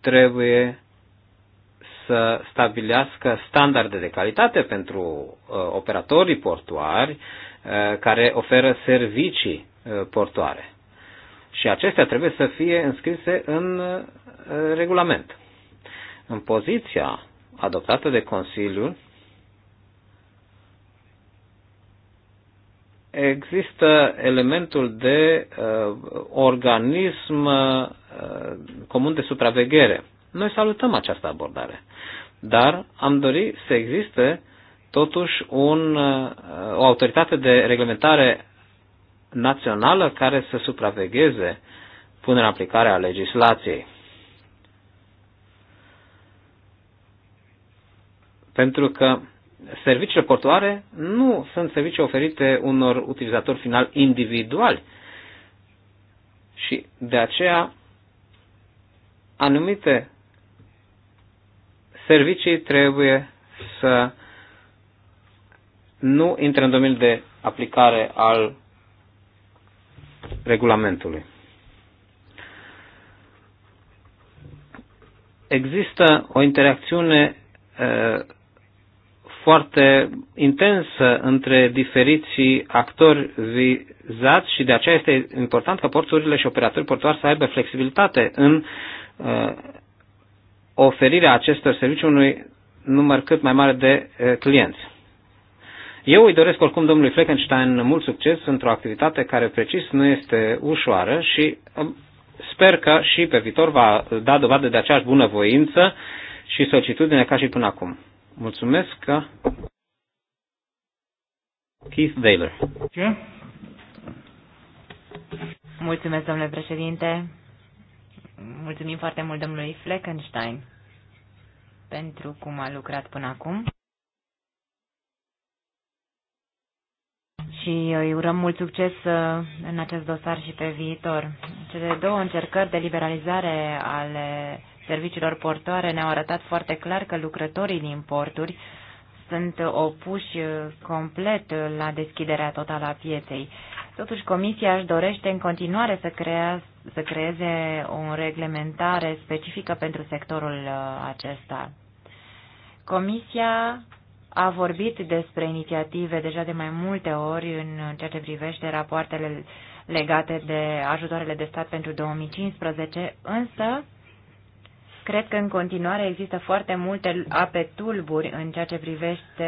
trebuie să stabilească standarde de calitate pentru uh, operatorii portuari uh, care oferă servicii uh, portoare. Și acestea trebuie să fie înscrise în uh, regulament. În poziția adoptată de Consiliu există elementul de uh, organism uh, comun de supraveghere. Noi salutăm această abordare, dar am dorit să existe totuși un, uh, o autoritate de reglementare națională care să supravegheze punerea în aplicare a legislației. Pentru că serviciile portoare nu sunt servicii oferite unor utilizatori final individuali. Și de aceea anumite servicii trebuie să nu intre în domeniul de aplicare al regulamentului. Există o interacțiune foarte intensă între diferiții actori vizați și de aceea este important că porturile și operatorii portuari să aibă flexibilitate în uh, oferirea acestor servicii unui număr cât mai mare de uh, clienți. Eu îi doresc oricum domnului Fleckenstein mult succes într-o activitate care precis nu este ușoară și um, sper că și pe viitor va da dovadă de aceeași bunăvoință și solicitudine ca și până acum. Mulțumesc că... Keith Daler. Ce? Mulțumesc, domnule președinte. Mulțumim foarte mult domnului Fleckenstein pentru cum a lucrat până acum. și îi urăm mult succes uh, în acest dosar și pe viitor. Cele două încercări de liberalizare ale serviciilor portoare ne-au arătat foarte clar că lucrătorii din porturi sunt opuși uh, complet la deschiderea totală a pieței. Totuși, Comisia își dorește în continuare să, crea, să creeze o reglementare specifică pentru sectorul uh, acesta. Comisia a vorbit despre inițiative deja de mai multe ori în ceea ce privește rapoartele legate de ajutoarele de stat pentru 2015, însă cred că în continuare există foarte multe ape tulburi în ceea ce privește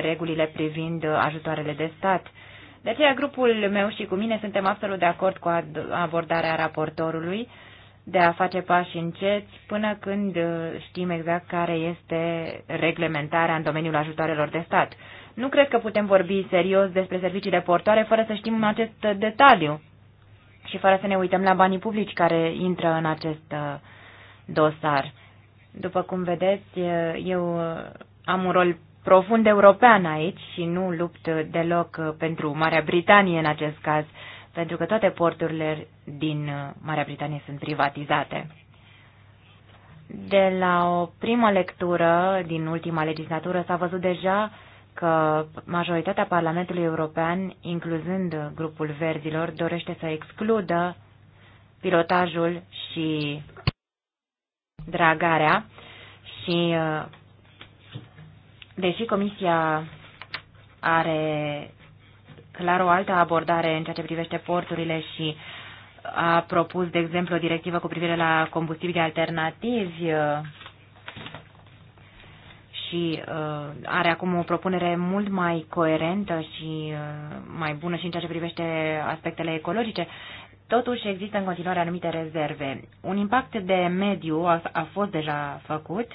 regulile privind ajutoarele de stat. De aceea grupul meu și cu mine suntem absolut de acord cu abordarea raportorului de a face pași înceți până când uh, știm exact care este reglementarea în domeniul ajutoarelor de stat. Nu cred că putem vorbi serios despre serviciile portoare fără să știm acest detaliu și fără să ne uităm la banii publici care intră în acest uh, dosar. După cum vedeți, uh, eu am un rol profund european aici și nu lupt deloc pentru Marea Britanie în acest caz pentru că toate porturile din uh, Marea Britanie sunt privatizate. De la o primă lectură din ultima legislatură s-a văzut deja că majoritatea Parlamentului European, incluzând grupul verzilor, dorește să excludă pilotajul și dragarea și uh, deși Comisia are clar o altă abordare în ceea ce privește porturile și a propus, de exemplu, o directivă cu privire la combustibili alternativi uh, și uh, are acum o propunere mult mai coerentă și uh, mai bună și în ceea ce privește aspectele ecologice. Totuși există în continuare anumite rezerve. Un impact de mediu a, a fost deja făcut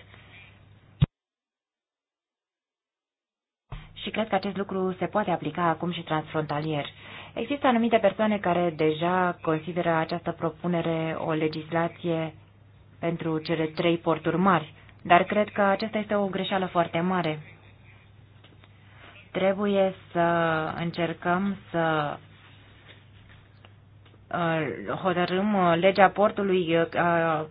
și cred că acest lucru se poate aplica acum și transfrontalier. Există anumite persoane care deja consideră această propunere o legislație pentru cele trei porturi mari, dar cred că aceasta este o greșeală foarte mare. Trebuie să încercăm să Uh, hotărâm uh, legea portului uh,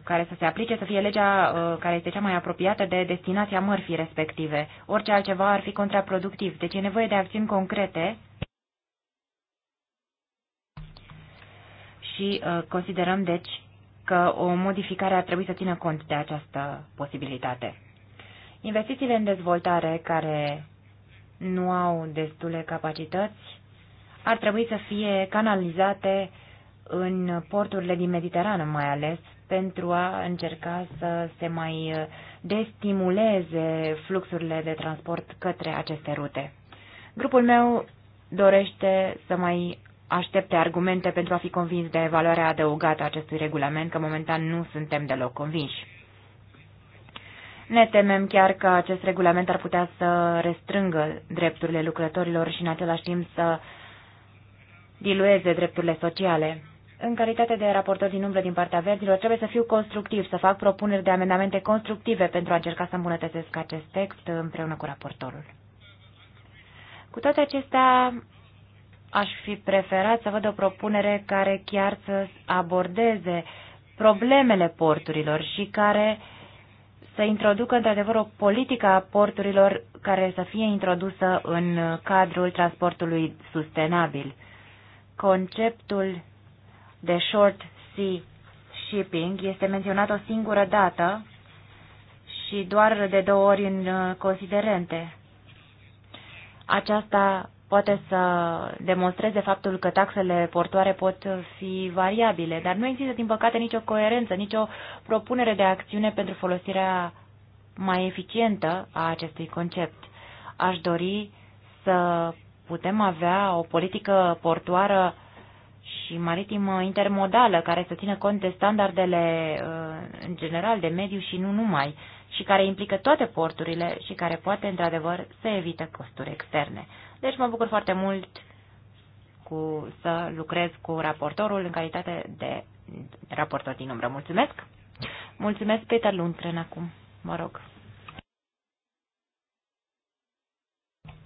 care să se aplice să fie legea care este cea mai apropiată de destinația mărfii respective. Orice altceva ar fi contraproductiv, deci e nevoie de acțiuni concrete și considerăm deci că o modificare ar trebui să țină cont de această posibilitate. Investițiile în dezvoltare care nu au destule capacități ar trebui să fie canalizate în porturile din Mediterană mai ales, pentru a încerca să se mai uh, destimuleze fluxurile de transport către aceste rute. Grupul meu dorește să mai aștepte argumente pentru a fi convins de valoarea adăugată a acestui regulament, că momentan nu suntem deloc convinși. Ne temem chiar că acest regulament ar putea să restrângă drepturile lucrătorilor și în același timp să dilueze drepturile sociale. În calitate de raportor din umbră din partea verzilor, trebuie să fiu constructiv, să fac propuneri de amendamente constructive pentru a încerca să îmbunătățesc acest text împreună cu raportorul. Cu toate acestea, aș fi preferat să văd o propunere care chiar să abordeze problemele porturilor și care să introducă într-adevăr o politică a porturilor care să fie introdusă în cadrul transportului sustenabil. Conceptul de short sea shipping este menționat o singură dată și doar de două ori în uh, considerente. Aceasta poate să demonstreze faptul că taxele portoare pot fi variabile, dar nu există, din păcate, nicio coerență, nicio propunere de acțiune pentru folosirea mai eficientă a acestui concept. Aș dori să putem avea o politică portoară și maritimă intermodală care să țină cont de standardele uh, în general de mediu și nu numai și care implică toate porturile și care poate într-adevăr să evite costuri externe. Deci mă bucur foarte mult cu, să lucrez cu raportorul în calitate de raportor din umbră. Mulțumesc! Mulțumesc, Peter Lundgren, acum. Mă rog.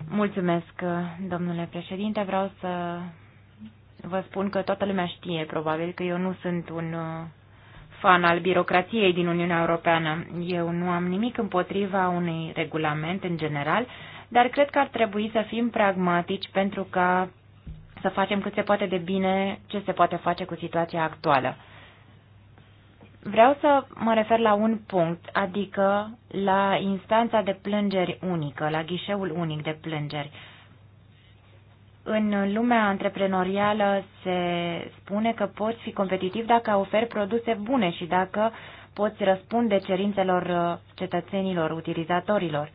Mulțumesc, domnule președinte. Vreau să vă spun că toată lumea știe, probabil, că eu nu sunt un uh, fan al birocrației din Uniunea Europeană. Eu nu am nimic împotriva unui regulament în general, dar cred că ar trebui să fim pragmatici pentru ca să facem cât se poate de bine ce se poate face cu situația actuală. Vreau să mă refer la un punct, adică la instanța de plângeri unică, la ghișeul unic de plângeri. În lumea antreprenorială se spune că poți fi competitiv dacă oferi produse bune și dacă poți răspunde cerințelor uh, cetățenilor, utilizatorilor.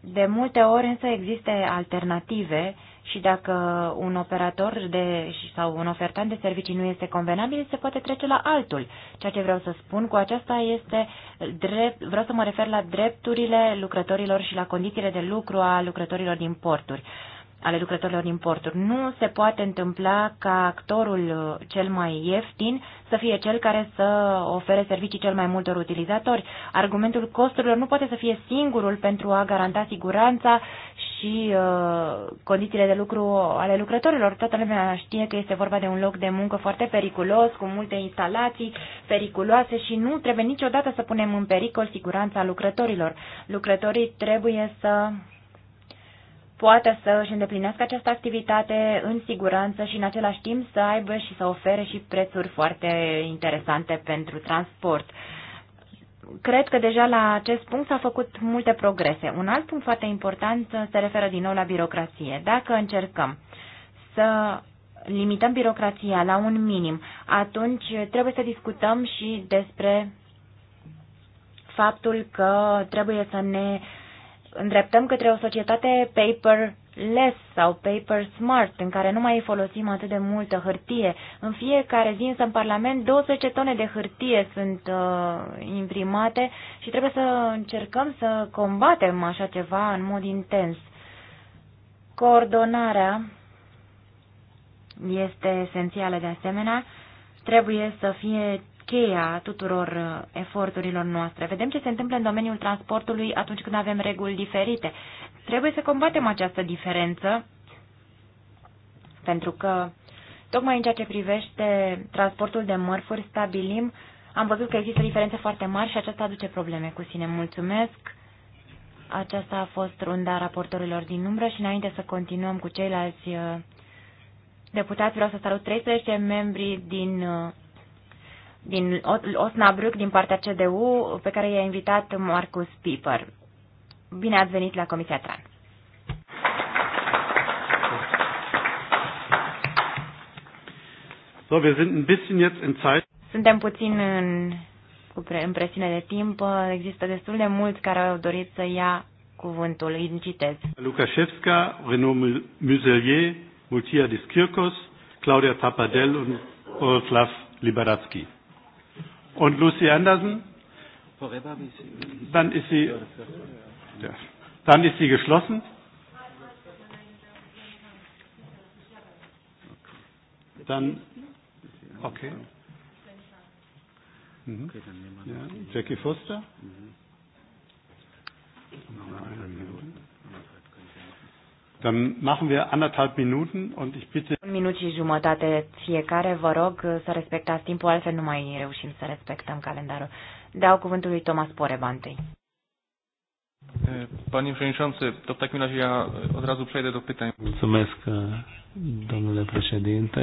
De multe ori însă există alternative și dacă un operator de, sau un ofertant de servicii nu este convenabil, se poate trece la altul. Ceea ce vreau să spun cu aceasta este, drept, vreau să mă refer la drepturile lucrătorilor și la condițiile de lucru a lucrătorilor din porturi ale lucrătorilor din porturi. Nu se poate întâmpla ca actorul uh, cel mai ieftin să fie cel care să ofere servicii cel mai multor utilizatori. Argumentul costurilor nu poate să fie singurul pentru a garanta siguranța și uh, condițiile de lucru ale lucrătorilor. Toată lumea știe că este vorba de un loc de muncă foarte periculos, cu multe instalații periculoase și nu trebuie niciodată să punem în pericol siguranța lucrătorilor. Lucrătorii trebuie să poată să își îndeplinească această activitate în siguranță și în același timp să aibă și să ofere și prețuri foarte interesante pentru transport. Cred că deja la acest punct s-au făcut multe progrese. Un alt punct foarte important se referă din nou la birocrație. Dacă încercăm să limităm birocrația la un minim, atunci trebuie să discutăm și despre faptul că trebuie să ne uh, îndreptăm către o societate paperless sau paper smart, în care nu mai folosim atât de multă hârtie. În fiecare zi însă în Parlament 12 tone de hârtie sunt uh, imprimate și trebuie să încercăm să combatem așa ceva în mod intens. Coordonarea este esențială de asemenea. Trebuie să fie cheia tuturor uh, eforturilor noastre. Vedem ce se întâmplă în domeniul transportului atunci când avem reguli diferite. Trebuie să combatem această diferență pentru că tocmai în ceea ce privește transportul de mărfuri stabilim, am văzut că există diferențe foarte mari și aceasta aduce probleme cu sine. Mulțumesc! Aceasta a fost runda raportorilor din umbră și înainte să continuăm cu ceilalți uh, deputați, vreau să salut 13 membri din uh, din Osnabrück, din partea CDU, pe care i-a invitat Marcus Piper. Bine ați venit la Comisia Tran. So, wir sind ein bisschen jetzt in Zeit. Suntem puțin în, cu în presiune de timp. Există destul de mulți care au dorit să ia cuvântul. Îi citez. Lukashevska, Renaud Muselier, Multia Diskirkos, Claudia Tapadel și Olaf Liberatski. Und Lucy Anderson? Dann ist sie, dann ist sie geschlossen. Dann, okay. Mhm. Ja, Jackie Foster? Mhm. eine Minute. Dann machen wir anderthalb Minuten und ich bitte... Un minut și jumătate fiecare, vă rog să respectați timpul, altfel nu mai reușim să respectăm calendarul. Dau cuvântul lui Tomas Porebantei. întâi. Eh, panie Przewodniczący, to w takim razie ja eh, od razu przejdę do pytań. Mulțumesc, eh, domnule președinte,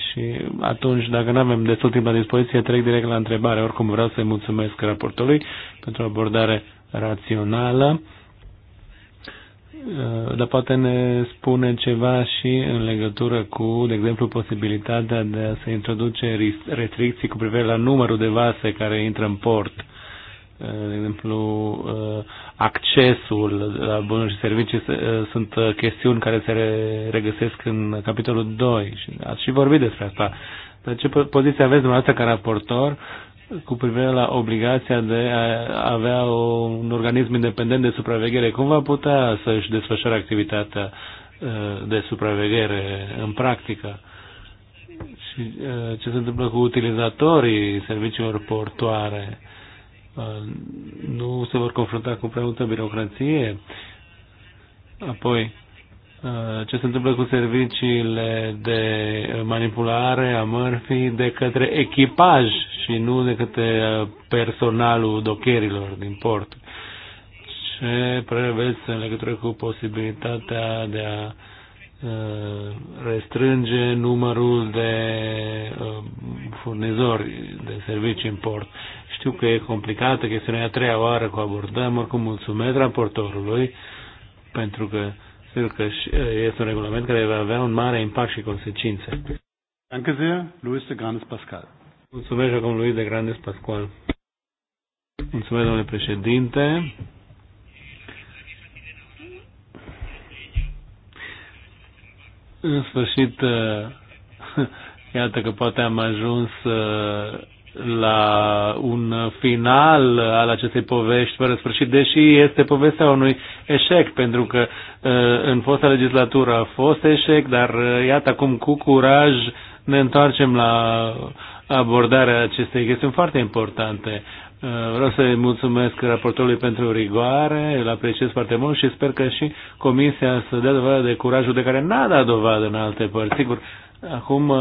și atunci, dacă nu avem destul timp la dispoziție, trec direct la întrebare. Oricum vreau să-i mulțumesc raportului pentru o abordare rațională Eh, dar poate ne spune ceva și în legătură cu, de exemplu, posibilitatea de a se introduce restricții cu privire la numărul de vase care intră în port. Eh, de exemplu, eh, accesul la bunuri și servicii sunt chestiuni care se regăsesc în capitolul 2 și ați și vorbit despre asta. Dar ce poziție aveți dumneavoastră ca raportor cu privire la obligația de a avea un organism independent de supraveghere. Cum va putea să-și desfășoare activitatea uh, de supraveghere în practică? Și uh, ce se întâmplă cu utilizatorii serviciilor portoare? Uh, nu se vor confrunta cu prea multă birocrație? Apoi, Uh, ce se întâmplă cu serviciile de manipulare a mărfii de către echipaj și nu de către uh, personalul docherilor din port. Ce preveți în legătură cu posibilitatea de a uh, restrânge numărul de furnizori de servicii în port. Știu că e complicată chestiunea a treia oară cu abordăm, oricum mulțumesc raportorului pentru că pentru că este un regulament care va avea un mare impact și consecințe. Danke sehr, Luis de Grandes Pascal. Mulțumesc acum Luis de Grandes Pascual. Mulțumesc, domnule președinte. În sfârșit, iată că poate am ajuns uh, la un final al acestei povești fără sfârșit, deși este povestea unui eșec, pentru că uh, în fosta legislatură a fost eșec, dar uh, iată acum cu curaj ne întoarcem la abordarea acestei chestiuni foarte importante. Uh, vreau să-i mulțumesc raportorului pentru rigoare, îl apreciez foarte mult și sper că și Comisia să dea dovadă de curajul de care n-a dat dovadă în alte părți. Sigur, acum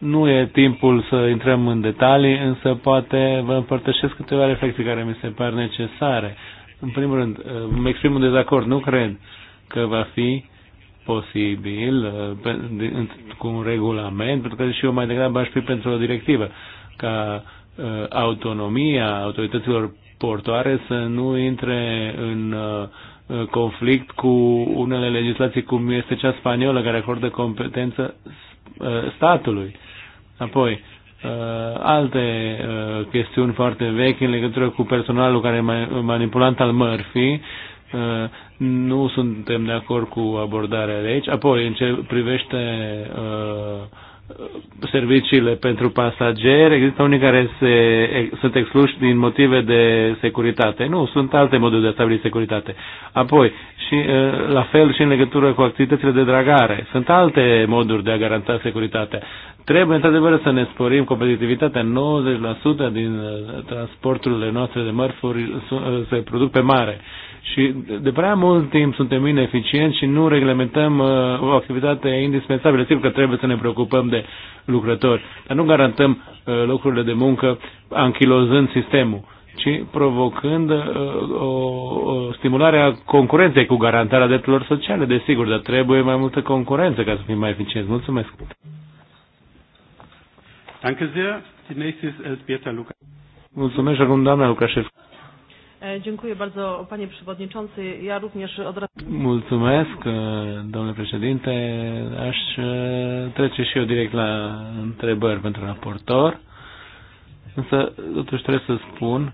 nu e timpul să intrăm în detalii, însă poate vă împărtășesc câteva reflexii care mi se par necesare. În primul rând, îmi exprim un dezacord. Nu cred că va fi posibil uh, cu un regulament, pentru că și eu mai degrabă aș fi pentru o directivă, ca uh, autonomia autorităților portoare să nu intre în uh, conflict cu unele legislații, cum este cea spaniolă, care acordă competență Uh, statului. Apoi, uh, alte uh, chestiuni foarte vechi în legătură cu personalul care e manipulant al Murphy, nu suntem de acord cu abordarea de aici. Apoi, în ce privește uh, serviciile pentru pasageri, există unii care se, sunt excluși din motive de securitate. Nu, sunt alte moduri de a stabili securitate. Apoi, și la fel și în legătură cu activitățile de dragare, sunt alte moduri de a garanta securitatea. Trebuie, într-adevăr, să ne sporim competitivitatea. 90% din transporturile noastre de mărfuri se produc pe mare. Și de prea mult timp suntem ineficienți și nu reglementăm uh, o activitate indispensabilă. Sigur că trebuie să ne preocupăm de lucrători, dar nu garantăm uh, locurile de muncă anchilozând sistemul, ci provocând uh, o, o stimulare a concurenței cu garantarea drepturilor sociale, desigur, dar trebuie mai multă concurență ca să fim mai eficienți. Mulțumesc! Danke sehr. Die nächste ist Elzbieta Lukas. Mulțumesc acum doamna Lucașescu. Dziękuję bardzo, panie przewodniczący. Ja również od razu... Mulțumesc, domnule președinte. Aș trece și eu direct la întrebări pentru raportor. Însă, totuși, trebuie să spun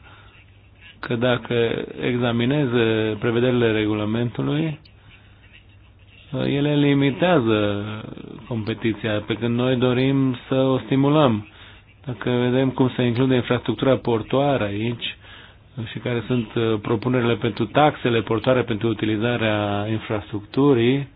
că dacă examinez prevederile regulamentului, ele limitează competiția, pe când noi dorim să o stimulăm. Dacă vedem cum se include infrastructura portoară aici, și care sunt uh, propunerile pentru taxele portoare pentru utilizarea infrastructurii.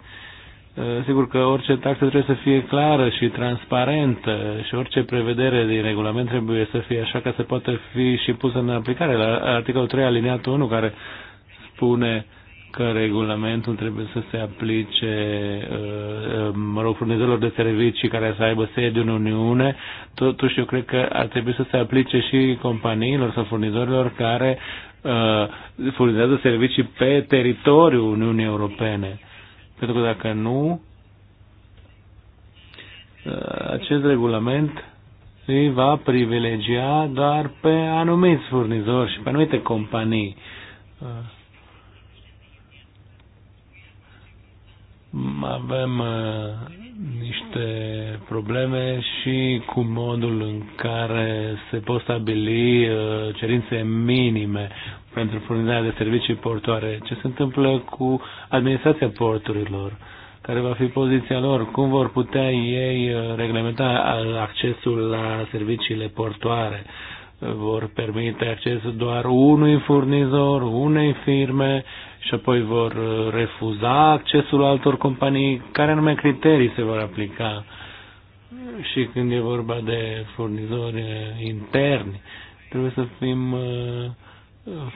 Uh, sigur că orice taxă trebuie să fie clară și transparentă și orice prevedere din regulament trebuie să fie așa ca să poată fi și pusă în aplicare. La articolul 3 aliniatul 1 care spune uh, că regulamentul trebuie să se aplice, uh, mă rog, furnizorilor de servicii care să aibă sediu în Uniune, totuși eu cred că ar trebui să se aplice și companiilor sau furnizorilor care uh, furnizează servicii pe teritoriul Uniunii Europene. Pentru că dacă nu, uh, acest regulament îi va privilegia doar pe anumiți furnizori și pe anumite companii. avem uh, niște probleme și cu modul în care se pot stabili uh, cerințe minime pentru furnizarea de servicii portoare. Ce se întâmplă cu administrația porturilor? Care va fi poziția lor? Cum vor putea ei uh, reglementa accesul la serviciile portoare? vor permite accesul doar unui furnizor, unei firme și apoi vor refuza accesul altor companii, care anume criterii se vor aplica și când e vorba de furnizori interni. Trebuie să fim uh,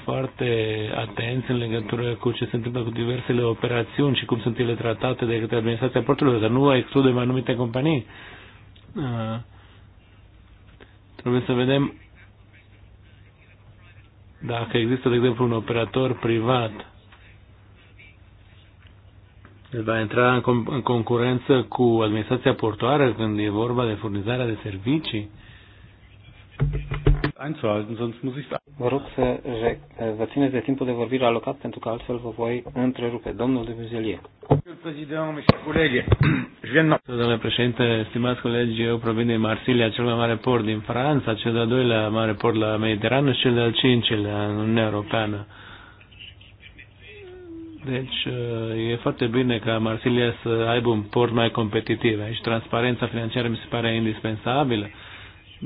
foarte atenți în legătură cu ce se întâmplă cu diversele operațiuni și cum sunt ele tratate de către administrația portului, dar nu excludem anumite companii. Uh, trebuie să vedem dacă există, de exemplu, un operator privat el va intra în, com- în concurență cu administrația portoară când e vorba de furnizarea de servicii? einzuhalten, sonst muss ich da- Vă rog să vă țineți de timpul de vorbire alocat, pentru că altfel vă voi întrerupe. Domnul de Buzelie. Domnule președinte, stimați colegi, eu provin din Marsilia, cel mai mare port din Franța, cel de-al doilea mare port la Mediterană și cel de-al cincilea în Uniunea Europeană. Deci eh, e foarte bine ca Marsilia să aibă un port mai competitiv. Aici transparența financiară mi se pare indispensabilă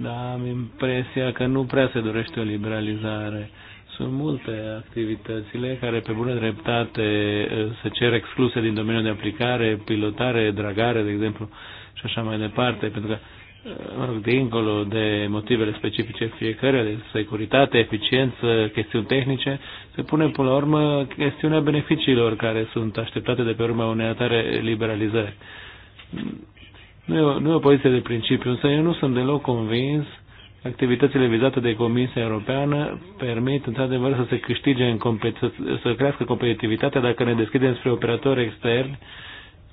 da, am impresia că nu prea se dorește o liberalizare. Sunt multe activitățile care, pe bună dreptate, eh, se cer excluse din domeniul de aplicare, pilotare, dragare, de exemplu, și așa mai departe, pentru că, eh, mă rog, dincolo de motivele specifice fiecare, de securitate, eficiență, chestiuni tehnice, se pune, până la urmă, chestiunea beneficiilor care sunt așteptate de pe urma unei atare liberalizări nu e, o, nu e o poziție de principiu, însă eu nu sunt deloc convins că activitățile vizate de Comisia Europeană permit într-adevăr să se câștige în compet- să crească competitivitatea dacă ne deschidem spre operatori externi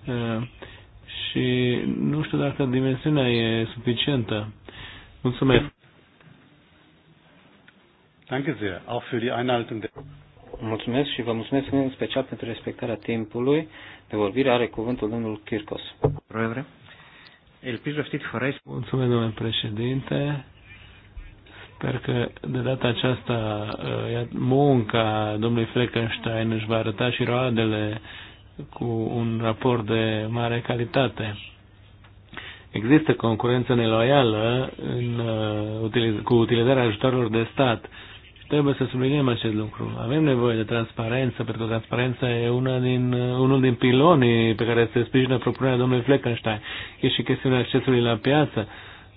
uh, și nu știu dacă dimensiunea e suficientă. Mulțumesc! Danke sehr, auch für die Einhaltung der Mulțumesc și vă mulțumesc în special pentru respectarea timpului de vorbire. Are cuvântul domnul Kirkos. Proevre ελπίζω αυτή τη fără Mulțumesc, domnule președinte. Sper că de data aceasta uh, munca domnului Fleckenstein își va arăta și roadele cu un raport de mare calitate. Există concurență neloială în, uh, cu utilizarea ajutorilor de stat trebuie să subliniem acest lucru. Avem nevoie de transparență, pentru că transparența e una din, unul din pilonii pe care se sprijină propunerea domnului Fleckenstein. E și chestiunea accesului la piață.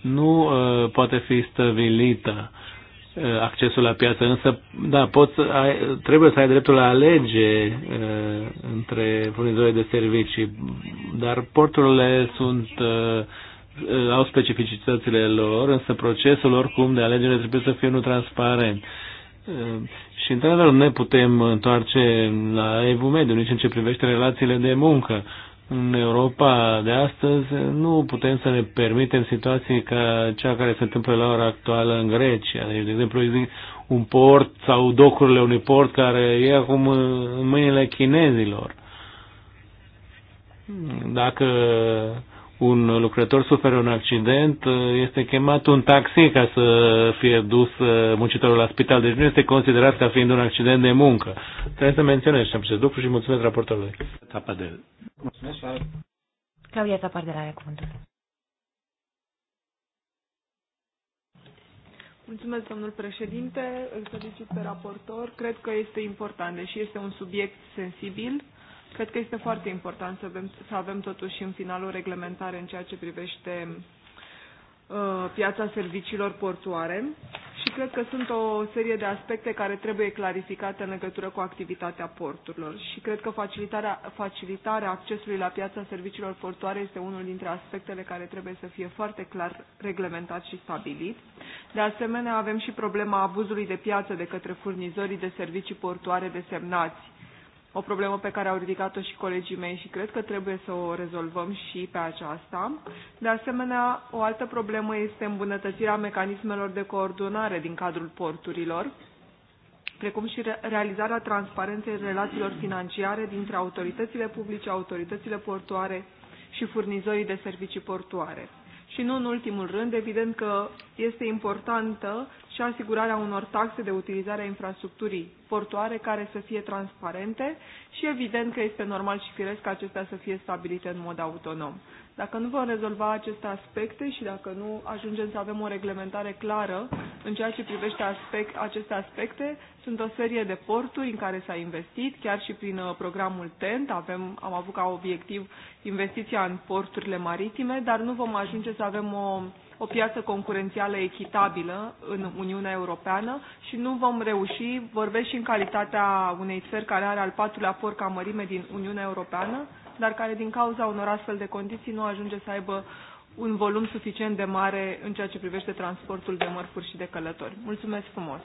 Nu uh, poate fi stăvilită uh, accesul la piață, însă da, poți, ai, trebuie să ai dreptul la alege uh, între furnizorii de servicii, dar porturile sunt uh, uh au specificitățile lor, însă procesul oricum de alegere trebuie să fie unul transparent. Uh, Eh, și, într-adevăr, ne putem întoarce la evul mediu, nici în ce privește relațiile de muncă. În Europa de astăzi eh, nu putem să ne permitem situații ca cea care se întâmplă la ora actuală în Grecia. Deci, de exemplu, un port sau docurile unui port care e acum eh, în mâinile chinezilor. Dacă un lucrător suferă un accident, este chemat un taxi ca să fie dus uh, muncitorul la spital. Deci nu este considerat ca fiind un accident de muncă. Trebuie să menționez și acest lucru și mulțumesc raportorului. Tapadel. Mulțumesc. Claudia Tapadel are cuvântul. Mulțumesc, domnul președinte. Îl felicit pe raportor. Cred că este important, deși este un subiect sensibil Cred că este foarte important să avem, să avem totuși în final o reglementare în ceea ce privește uh, piața serviciilor portuare și cred că sunt o serie de aspecte care trebuie clarificate în legătură cu activitatea porturilor și cred că facilitarea, facilitarea accesului la piața serviciilor portuare este unul dintre aspectele care trebuie să fie foarte clar reglementat și stabilit. De asemenea, avem și problema abuzului de piață de către furnizorii de servicii portuare desemnați o problemă pe care au ridicat-o și colegii mei și cred că trebuie să o rezolvăm și pe aceasta. De asemenea, o altă problemă este îmbunătățirea mecanismelor de coordonare din cadrul porturilor, precum și realizarea transparenței relațiilor financiare dintre autoritățile publice, autoritățile portoare și furnizorii de servicii portoare. Și nu în ultimul rând, evident că este importantă și asigurarea unor taxe de utilizare a infrastructurii portoare care să fie transparente și evident că este normal și firesc ca acestea să fie stabilite în mod autonom. Dacă nu vom rezolva aceste aspecte și dacă nu ajungem să avem o reglementare clară în ceea ce privește aspect, aceste aspecte, sunt o serie de porturi în care s-a investit, chiar și prin uh, programul TENT, avem, am avut ca obiectiv investiția în porturile maritime, dar nu vom ajunge să avem o o piață concurențială echitabilă în Uniunea Europeană și nu vom reuși, vorbesc și în calitatea unei țări care are al patrulea porc ca mărime din Uniunea Europeană, dar care din cauza unor astfel de condiții nu ajunge să aibă un volum suficient de mare în ceea ce privește transportul de mărfuri și de călători. Mulțumesc frumos!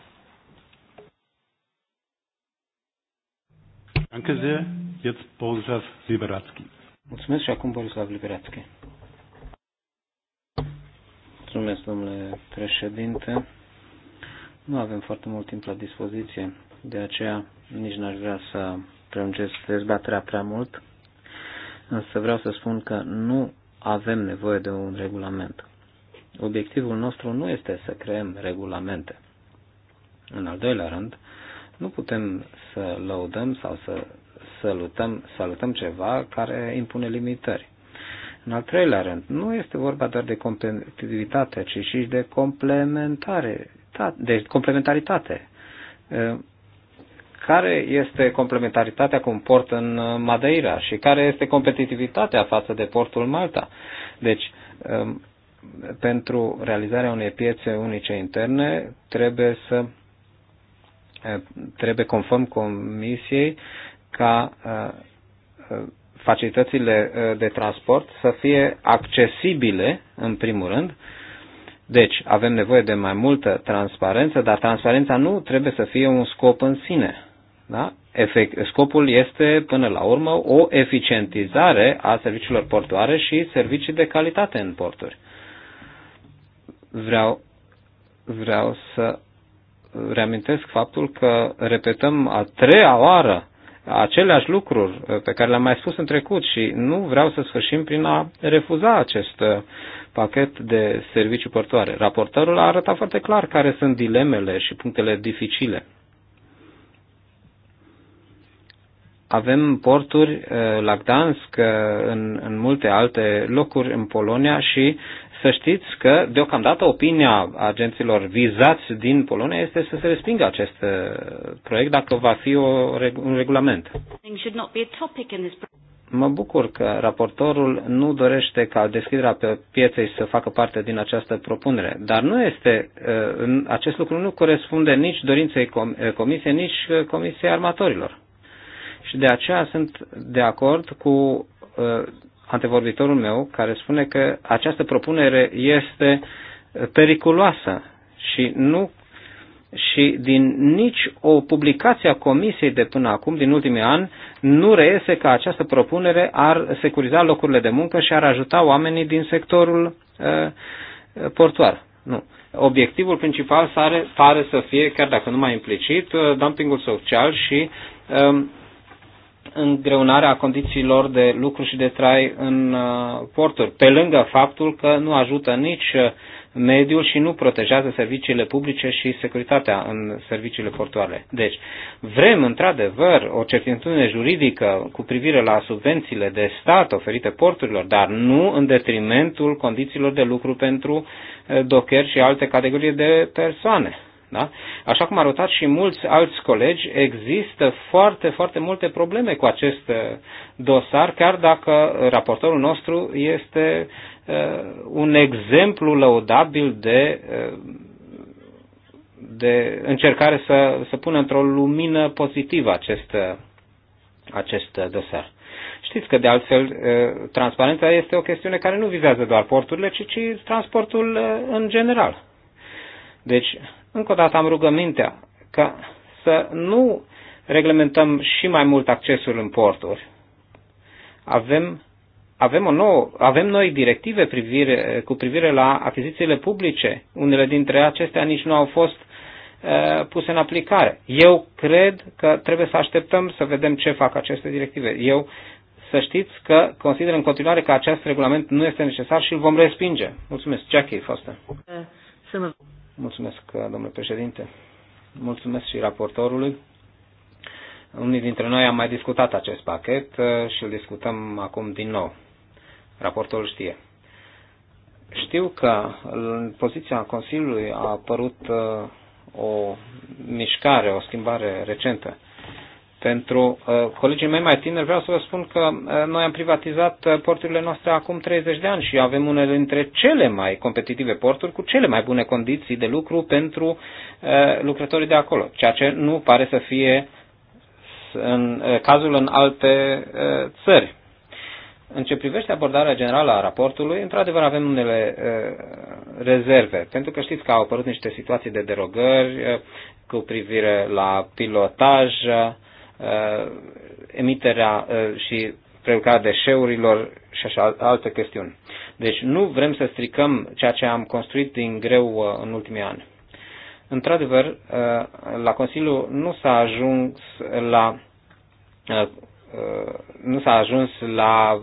Danke sehr. Jetzt Boris Liberatski. Mulțumesc și acum Boris Liberatski. Mulțumesc, domnule președinte. Nu avem foarte mult timp la dispoziție, de aceea nici n-aș vrea să prelungesc dezbaterea prea mult, însă vreau să spun că nu avem nevoie de un regulament. Obiectivul nostru nu este să creăm regulamente. În al doilea rând, nu putem să lăudăm sau să salutăm, salutăm ceva care impune limitări. În al treilea rând, nu este vorba doar de competitivitate, ci și de complementare, de complementaritate. Care este complementaritatea cu un port în Madeira și care este competitivitatea față de portul Malta? Deci, pentru realizarea unei piețe unice interne trebuie să trebuie conform comisiei ca facilitățile uh, de transport să fie accesibile, în primul rând. Deci, avem nevoie de mai multă transparență, dar transparența nu trebuie să fie un scop în sine. Da? Efect, scopul este, până la urmă, o eficientizare a serviciilor portoare și servicii de calitate în porturi. Vreau, vreau să reamintesc faptul că repetăm a treia oară aceleași lucruri uh, pe care le-am mai spus în trecut și nu vreau să sfârșim prin a refuza acest uh, pachet de servicii portoare. Raportorul a arătat foarte clar care sunt dilemele și punctele dificile. Avem porturi uh, la Gdansk, în, în multe alte locuri în Polonia și să știți că deocamdată opinia agenților vizați din Polonia este să se respingă acest uh, proiect dacă va fi o, un regulament. Mă bucur că raportorul nu dorește ca deschiderea pe pieței să facă parte din această propunere, dar nu este, uh, acest lucru nu corespunde nici dorinței uh, comisiei, nici comisiei armatorilor. Și de aceea sunt de acord cu antevorbitorul meu, care spune că această propunere este periculoasă și nu și din nici o publicație a Comisiei de până acum, din ultimii ani, nu reiese că această propunere ar securiza locurile de muncă și ar ajuta oamenii din sectorul uh, portuar. Nu. Obiectivul principal pare să fie, chiar dacă nu mai implicit, uh, dumpingul social și um, îngreunarea condițiilor de lucru și de trai în uh, porturi, pe lângă faptul că nu ajută nici uh, mediul și nu protejează serviciile publice și securitatea în serviciile portoare. Deci, vrem într-adevăr o certitudine juridică cu privire la subvențiile de stat oferite porturilor, dar nu în detrimentul condițiilor de lucru pentru uh, docheri și alte categorii de persoane. Da? Așa cum a rotat și mulți alți colegi, există foarte, foarte multe probleme cu acest uh, dosar, chiar dacă raportorul nostru este uh, un exemplu lăudabil de, uh, de încercare să, să pună într-o lumină pozitivă acest, acest dosar. Știți că, de altfel, transparența este o chestiune care nu vizează doar porturile, ci, ci transportul în general. Deci, încă o dată am rugămintea ca să nu reglementăm și mai mult accesul în porturi. Avem, avem, o nouă, avem noi directive privire, cu privire la achizițiile publice. Unele dintre acestea nici nu au fost uh, puse în aplicare. Eu cred că trebuie să așteptăm să vedem ce fac aceste directive. Eu să știți că consider în continuare că acest regulament nu este necesar și îl vom respinge. Mulțumesc. Jackie fostă. Uh, Mulțumesc, domnule președinte. Mulțumesc și raportorului. Unii dintre noi am mai discutat acest pachet uh, și îl discutăm acum din nou. Raportorul știe. Știu că în poziția Consiliului a apărut uh, o mișcare, o schimbare recentă. Pentru uh, colegii mei mai tineri vreau să vă spun că uh, noi am privatizat uh, porturile noastre acum 30 de ani și avem unele dintre cele mai competitive porturi cu cele mai bune condiții de lucru pentru uh, lucrătorii de acolo, ceea ce nu pare să fie în uh, cazul în alte uh, țări. În ce privește abordarea generală a raportului, într-adevăr avem unele uh, rezerve, pentru că știți că au apărut niște situații de derogări uh, cu privire la pilotaj, uh, Uh, emiterea uh, și prelucrarea deșeurilor și așa alte chestiuni. Deci nu vrem să stricăm ceea ce am construit din greu uh, în ultimii ani. Într-adevăr, la Consiliu nu s-a ajuns la nu s-a ajuns la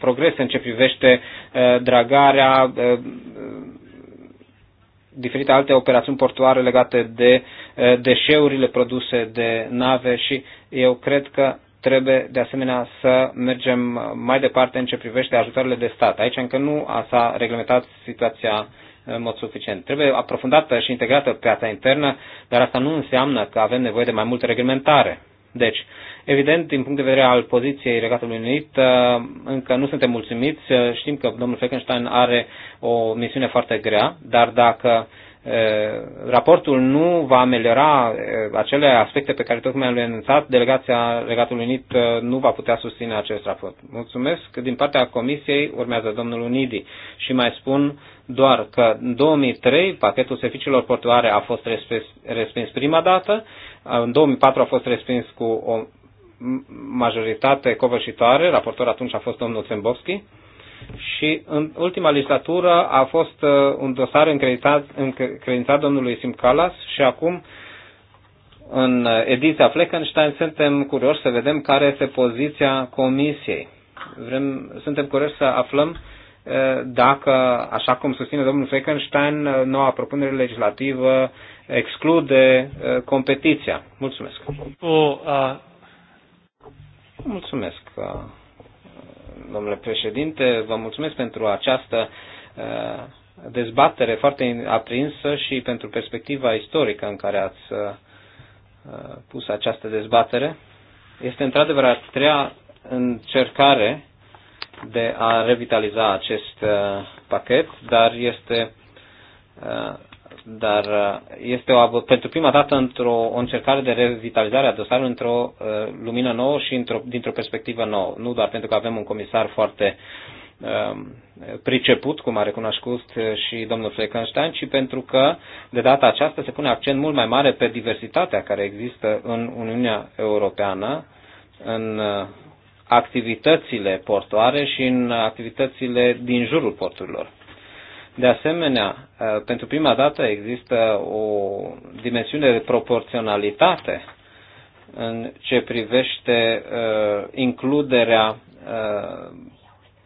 progrese în ce privește dragarea diferite alte operațiuni portoare legate de deșeurile produse de nave și eu cred că trebuie de asemenea să mergem mai departe în ce privește ajutoarele de stat. Aici încă nu s-a reglementat situația în mod suficient. Trebuie aprofundată și integrată piața internă, dar asta nu înseamnă că avem nevoie de mai multă reglementare. Deci, evident, din punct de vedere al poziției Regatului Unit, uh, încă nu suntem mulțumiți. Uh, știm că domnul Fleckenstein are o misiune foarte grea, dar dacă uh, raportul nu va ameliora acele aspecte pe care tocmai le-am enunțat, delegația Regatului Unit nu va putea susține acest raport. Mulțumesc. Din partea Comisiei urmează domnul Unidi și mai spun doar că în 2003 pachetul serviciilor portuare a fost respins prima dată, în 2004 a fost respins cu o majoritate covârșitoare, raportor atunci a fost domnul Țembovski, și în ultima legislatură a fost uh, un dosar încredințat, încredințat domnului Simcalas și acum în ediția Fleckenstein suntem curioși să vedem care este poziția comisiei. Vrem, suntem curioși să aflăm uh, dacă, așa cum susține domnul Fleckenstein, uh, noua propunere legislativă exclude uh, competiția. Mulțumesc. O, a... Mulțumesc, uh, domnule președinte. Vă mulțumesc pentru această uh, dezbatere foarte aprinsă și pentru perspectiva istorică în care ați pus această dezbatere. Este într-adevăr a treia încercare de a revitaliza acest pachet, dar este dar uh, este o, pentru prima dată într-o o încercare de revitalizare a dosarului într-o uh, lumină nouă și într-o, dintr-o perspectivă nouă. Nu doar pentru că avem un comisar foarte um, priceput, cum a recunoscut uh, și domnul Fleckenstein, ci pentru că de data aceasta se pune accent mult mai mare pe diversitatea care există în Uniunea Europeană, în uh, activitățile portoare și în activitățile din jurul porturilor de asemenea, ă, pentru prima dată există o dimensiune de proporționalitate în ce privește ă, includerea ă,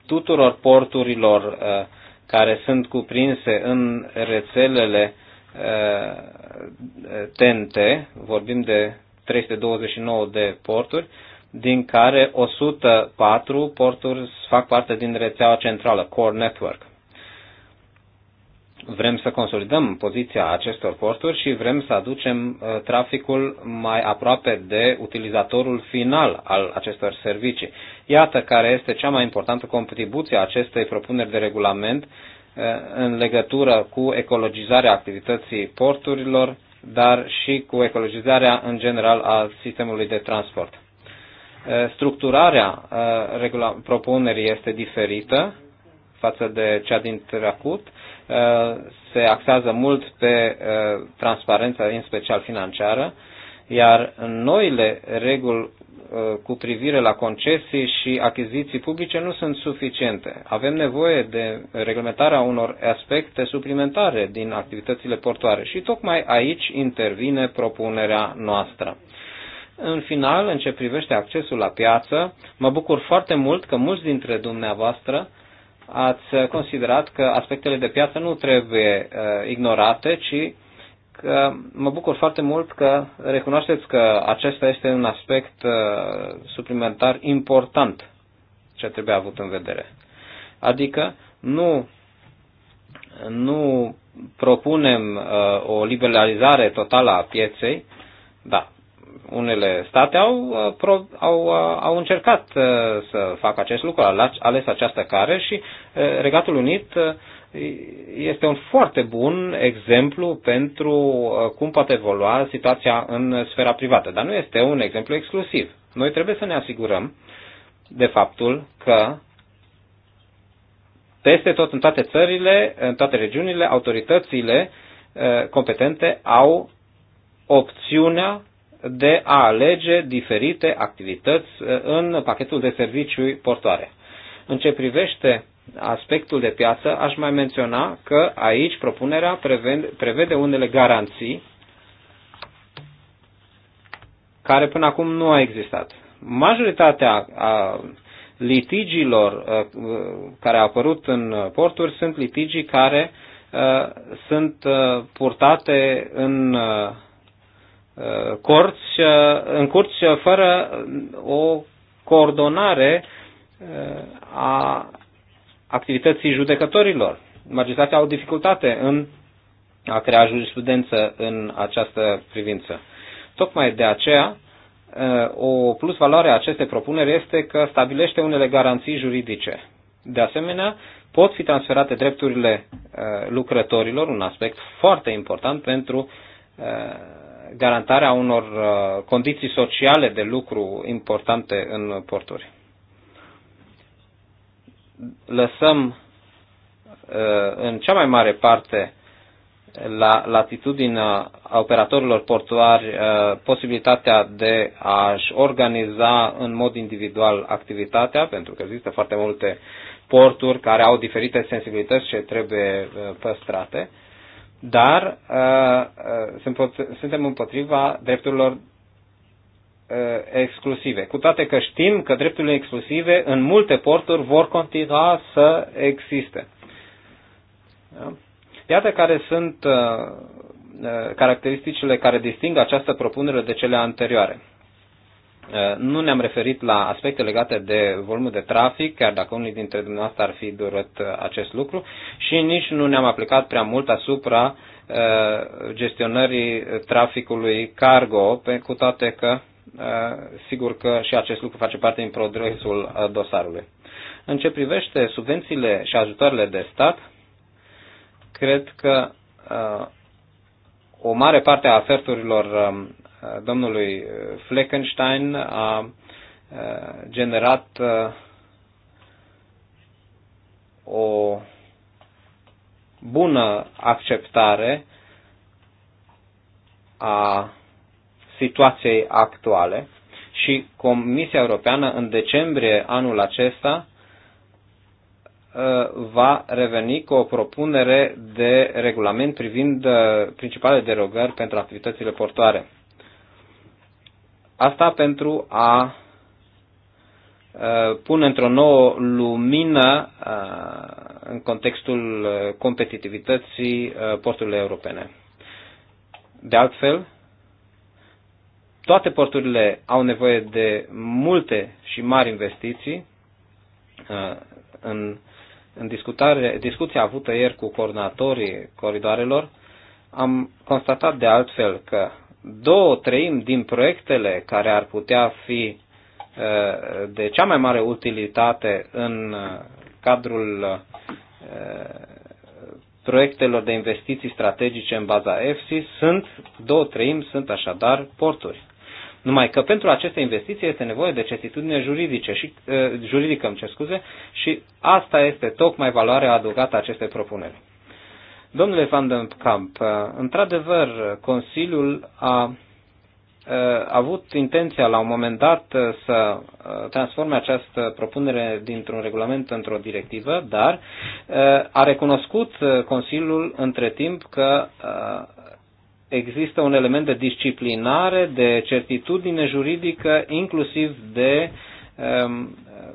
tuturor porturilor care sunt cuprinse în rețelele TNT, vorbim de 329 de porturi, din care 104 porturi fac parte din rețeaua centrală, Core Network. Vrem să consolidăm poziția acestor porturi și vrem să aducem uh, traficul mai aproape de utilizatorul final al acestor servicii. Iată care este cea mai importantă contribuție a acestei propuneri de regulament uh, în legătură cu ecologizarea activității porturilor, dar și cu ecologizarea în general a sistemului de transport. Uh, structurarea propunerii este diferită față de cea din trecut, uh, se axează mult pe uh, transparența, în special financiară, iar noile reguli uh, cu privire la concesii și achiziții publice nu sunt suficiente. Avem nevoie de reglementarea unor aspecte suplimentare din activitățile portoare și tocmai aici intervine propunerea noastră. În final, în ce privește accesul la piață, mă bucur foarte mult că mulți dintre dumneavoastră ați considerat că aspectele de piață nu trebuie uh, ignorate, ci că mă bucur foarte mult că recunoașteți că acesta este un aspect uh, suplimentar important ce trebuie avut în vedere. Adică nu, nu propunem uh, o liberalizare totală a pieței, da, unele state au, uh, au, uh, au încercat uh, să facă acest lucru, au ales această care și Regatul Unit este un foarte bun exemplu pentru cum poate evolua situația în sfera privată, dar nu este un exemplu exclusiv. Noi trebuie să ne asigurăm de faptul că peste tot, în toate țările, în toate regiunile, autoritățile competente au opțiunea de a alege diferite activități uh, în pachetul de servicii portoare. În ce privește aspectul de piață, aș mai menționa că aici propunerea prevede unele garanții care până acum nu a existat. Majoritatea a uh, litigiilor uh, care au apărut în porturi sunt litigii care sunt purtate în Uh, corți, uh, în curți uh, fără o coordonare a activității judecătorilor. Magistrații au dificultate în a crea jurisprudență în această privință. Tocmai de aceea, o plus valoare a acestei propuneri este că stabilește unele garanții juridice. De asemenea, pot fi transferate drepturile lucrătorilor, un aspect foarte important pentru garantarea unor uh, condiții sociale de lucru importante în porturi. Lăsăm uh, în cea mai mare parte la latitudinea operatorilor portuari uh, posibilitatea de a-și organiza în mod individual activitatea, pentru că există foarte multe porturi care au diferite sensibilități ce trebuie păstrate dar uh, uh, suntem împotriva drepturilor uh, exclusive. Cu toate că știm că drepturile exclusive în multe porturi vor continua să existe. Da? Iată care sunt caracteristicile care disting această propunere de cele anterioare. Eh, nu ne-am referit la aspecte legate de volumul de trafic, chiar dacă unii dintre dumneavoastră ar fi durat eh, acest lucru, și nici nu ne-am aplicat prea mult asupra eh, gestionării traficului cargo, cu toate că sigur că și acest lucru face parte din progresul dosarului. În ce privește subvențiile și ajutoarele de stat, cred că o mare parte a oferturilor Uh, domnului uh, Fleckenstein a uh, generat o bună acceptare a situației actuale și Comisia Europeană în decembrie anul acesta va reveni cu o propunere de regulament privind principalele derogări pentru activitățile portoare. Asta pentru a uh, pune într-o nouă lumină uh, în contextul uh, competitivității porturile europene. De altfel, toate porturile au nevoie de multe și mari investiții. În, în discutare, discuția avută ieri cu coordonatorii coridoarelor, am constatat de altfel că două treimi din proiectele care ar putea fi uh, de cea mai mare utilitate în uh, cadrul uh, proiectelor de investiții strategice în baza EFSI sunt, două treimi sunt așadar porturi. Numai că pentru aceste investiții este nevoie de certitudine juridice și, juridică, îmi cer scuze, și asta este tocmai valoarea adăugată a acestei propuneri. Domnule Van den Kamp, într-adevăr, Consiliul a a avut intenția la un moment dat să transforme această propunere dintr-un regulament într-o directivă, dar a recunoscut Consiliul între timp că există un element de disciplinare, de certitudine juridică, inclusiv de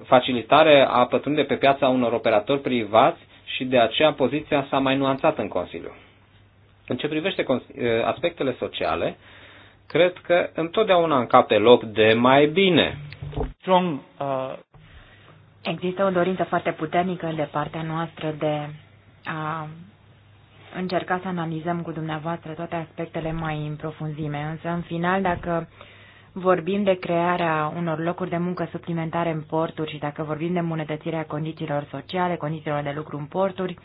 facilitare a pătrunde pe piața unor operatori privați și de aceea poziția s-a mai nuanțat în Consiliu. În ce privește eh, aspectele sociale, cred că întotdeauna încape loc de mai bine. Strong, uh... Există o dorință foarte puternică de partea noastră de a încerca să analizăm cu dumneavoastră toate aspectele mai în profunzime, însă în final, dacă uh, vorbim de crearea unor locuri de muncă suplimentare în porturi și dacă vorbim de îmbunătățirea condițiilor sociale, condițiilor de lucru în porturi,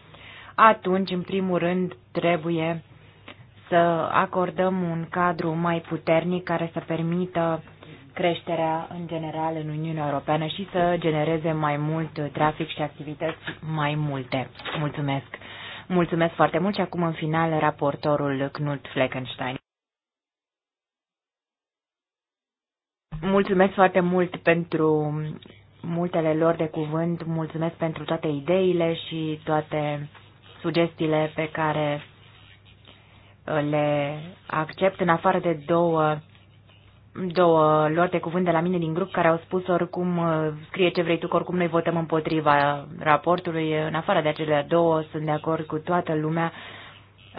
atunci, în primul rând, trebuie să acordăm un cadru mai puternic care să permită creșterea în general în Uniunea Europeană și să genereze mai mult trafic și activități mai multe. Mulțumesc! Mulțumesc foarte mult și acum în final raportorul Knut Fleckenstein. Mulțumesc foarte mult pentru multele lor de cuvânt, mulțumesc pentru toate ideile și toate sugestiile pe care uh, le accept, în afară de două, două lor de cuvânt de la mine din grup care au spus oricum uh, scrie ce vrei tu, oricum noi votăm împotriva raportului. În afară de acele două, sunt de acord cu toată lumea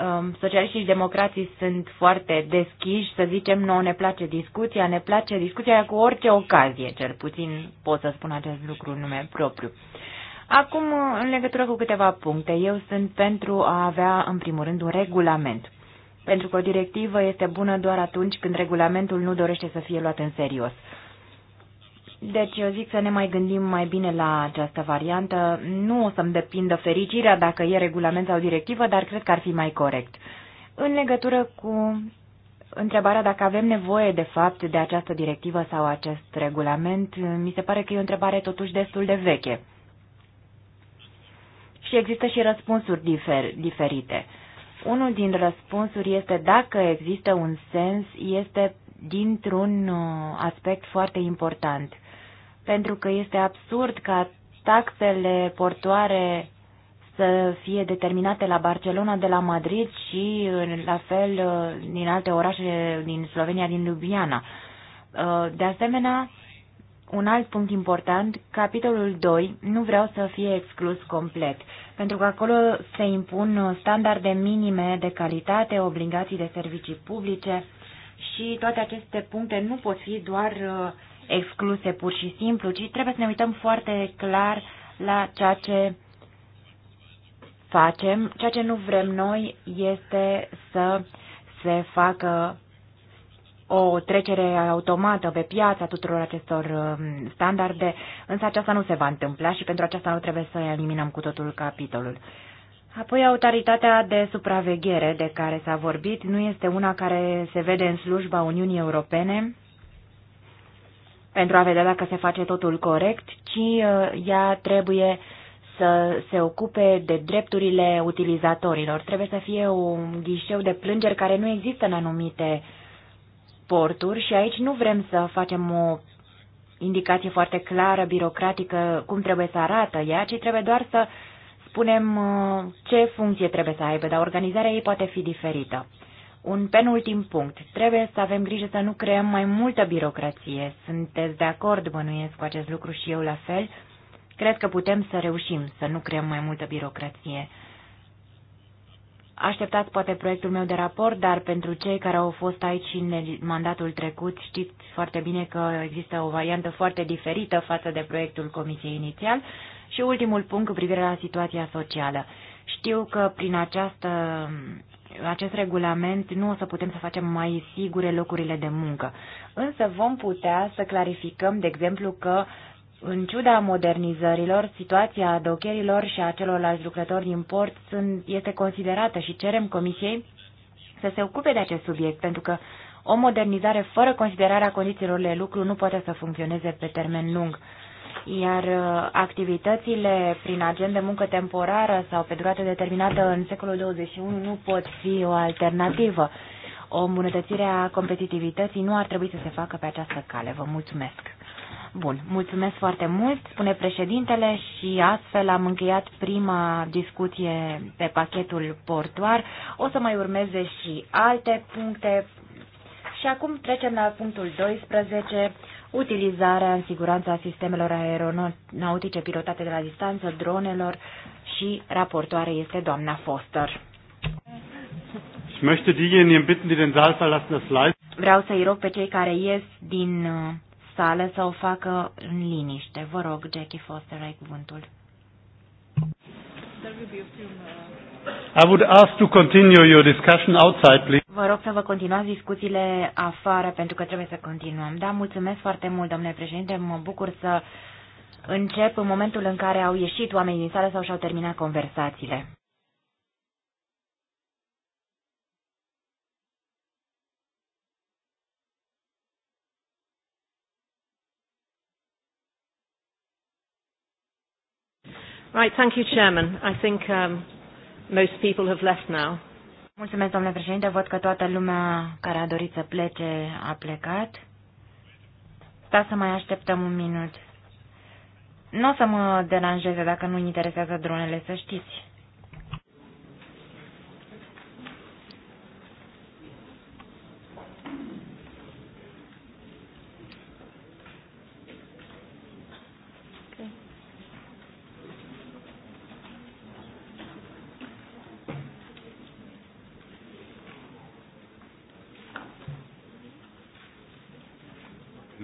um, socialiștii și democrații sunt foarte deschiși, să zicem, nouă ne place discuția, ne place discuția cu orice ocazie, cel puțin pot să spun acest lucru în nume propriu. Acum, în legătură cu câteva puncte, eu sunt pentru a avea, în primul rând, un regulament. Pentru că o directivă este bună doar atunci când regulamentul nu dorește să fie luat în serios. Deci eu zic să ne mai gândim mai bine la această variantă. Nu o să-mi depindă fericirea dacă e regulament sau directivă, dar cred că ar fi mai corect. În legătură cu întrebarea dacă avem nevoie de fapt de această directivă sau acest regulament, mi se pare că e o întrebare totuși destul de veche. Și există și răspunsuri difer- diferite. Unul din răspunsuri este dacă există un sens, este dintr-un uh, aspect foarte important pentru că este absurd ca taxele portoare să fie determinate la Barcelona de la Madrid și la fel din alte orașe din Slovenia, din Ljubljana. Uh, de asemenea, un alt punct important, capitolul 2 nu vreau să fie exclus complet, pentru că acolo se impun standarde minime de calitate, obligații de servicii publice și toate aceste puncte nu pot fi doar uh, excluse pur și simplu, ci trebuie să ne uităm foarte clar la ceea ce facem. Ceea ce nu vrem noi este să se facă o trecere automată pe piața tuturor acestor um, standarde, însă aceasta nu se va întâmpla și pentru aceasta nu trebuie să eliminăm cu totul capitolul. Apoi, autoritatea de supraveghere de care s-a vorbit nu este una care se vede în slujba Uniunii Europene, pentru a vedea dacă se face totul corect, ci uh, ea trebuie să se ocupe de drepturile utilizatorilor. Trebuie să fie un ghișeu de plângeri care nu există în anumite porturi și aici nu vrem să facem o indicație foarte clară, birocratică, cum trebuie să arată ea, ci trebuie doar să spunem uh, ce funcție trebuie să aibă, dar organizarea ei poate fi diferită. Un penultim punct. Trebuie să avem grijă să nu creăm mai multă birocrație. Sunteți de acord, bănuiesc, cu acest lucru și eu la fel? Cred că putem să reușim să nu creăm mai multă birocrație. Așteptați poate proiectul meu de raport, dar pentru cei care au fost aici în mandatul trecut, știți foarte bine că există o variantă foarte diferită față de proiectul comisiei inițial. Și ultimul punct cu privire la situația socială. Știu că prin această acest regulament nu o să putem să facem mai sigure locurile de muncă. Însă vom putea să clarificăm, de exemplu, că în ciuda modernizărilor, situația docherilor și a celorlalți lucrători din port sunt, este considerată și cerem Comisiei să se ocupe de acest subiect, pentru că o modernizare fără considerarea condițiilor de lucru nu poate să funcționeze pe termen lung iar uh, activitățile prin agent de muncă temporară sau pe durată determinată în secolul 21 nu pot fi o alternativă. O îmbunătățire a competitivității nu ar trebui să se facă pe această cale. Vă mulțumesc! Bun, mulțumesc foarte mult, spune președintele și astfel am încheiat prima discuție pe pachetul portuar. O să mai urmeze și alte puncte. Și acum trecem la punctul 12, utilizarea în siguranță a sistemelor aeronautice pilotate de la distanță, dronelor și raportoare este doamna Foster. Vreau să-i rog pe cei care ies din uh, sală să o facă în liniște. Vă rog, Jackie Foster, ai cuvântul. I would ask to continue your discussion outside, please. Vă rog să vă continuați discuțiile afară, pentru că trebuie să continuăm. Da, mulțumesc foarte mult, domnule președinte. Mă bucur să încep în momentul în care au ieșit oamenii din sală sau și-au terminat conversațiile. Right, thank you, Chairman. I think um, most people have left now. Mulțumesc, domnule președinte. Văd că toată lumea care a dorit să plece a plecat. Sta da, să mai așteptăm un minut. Nu o să mă deranjeze dacă nu-i interesează dronele, să știți.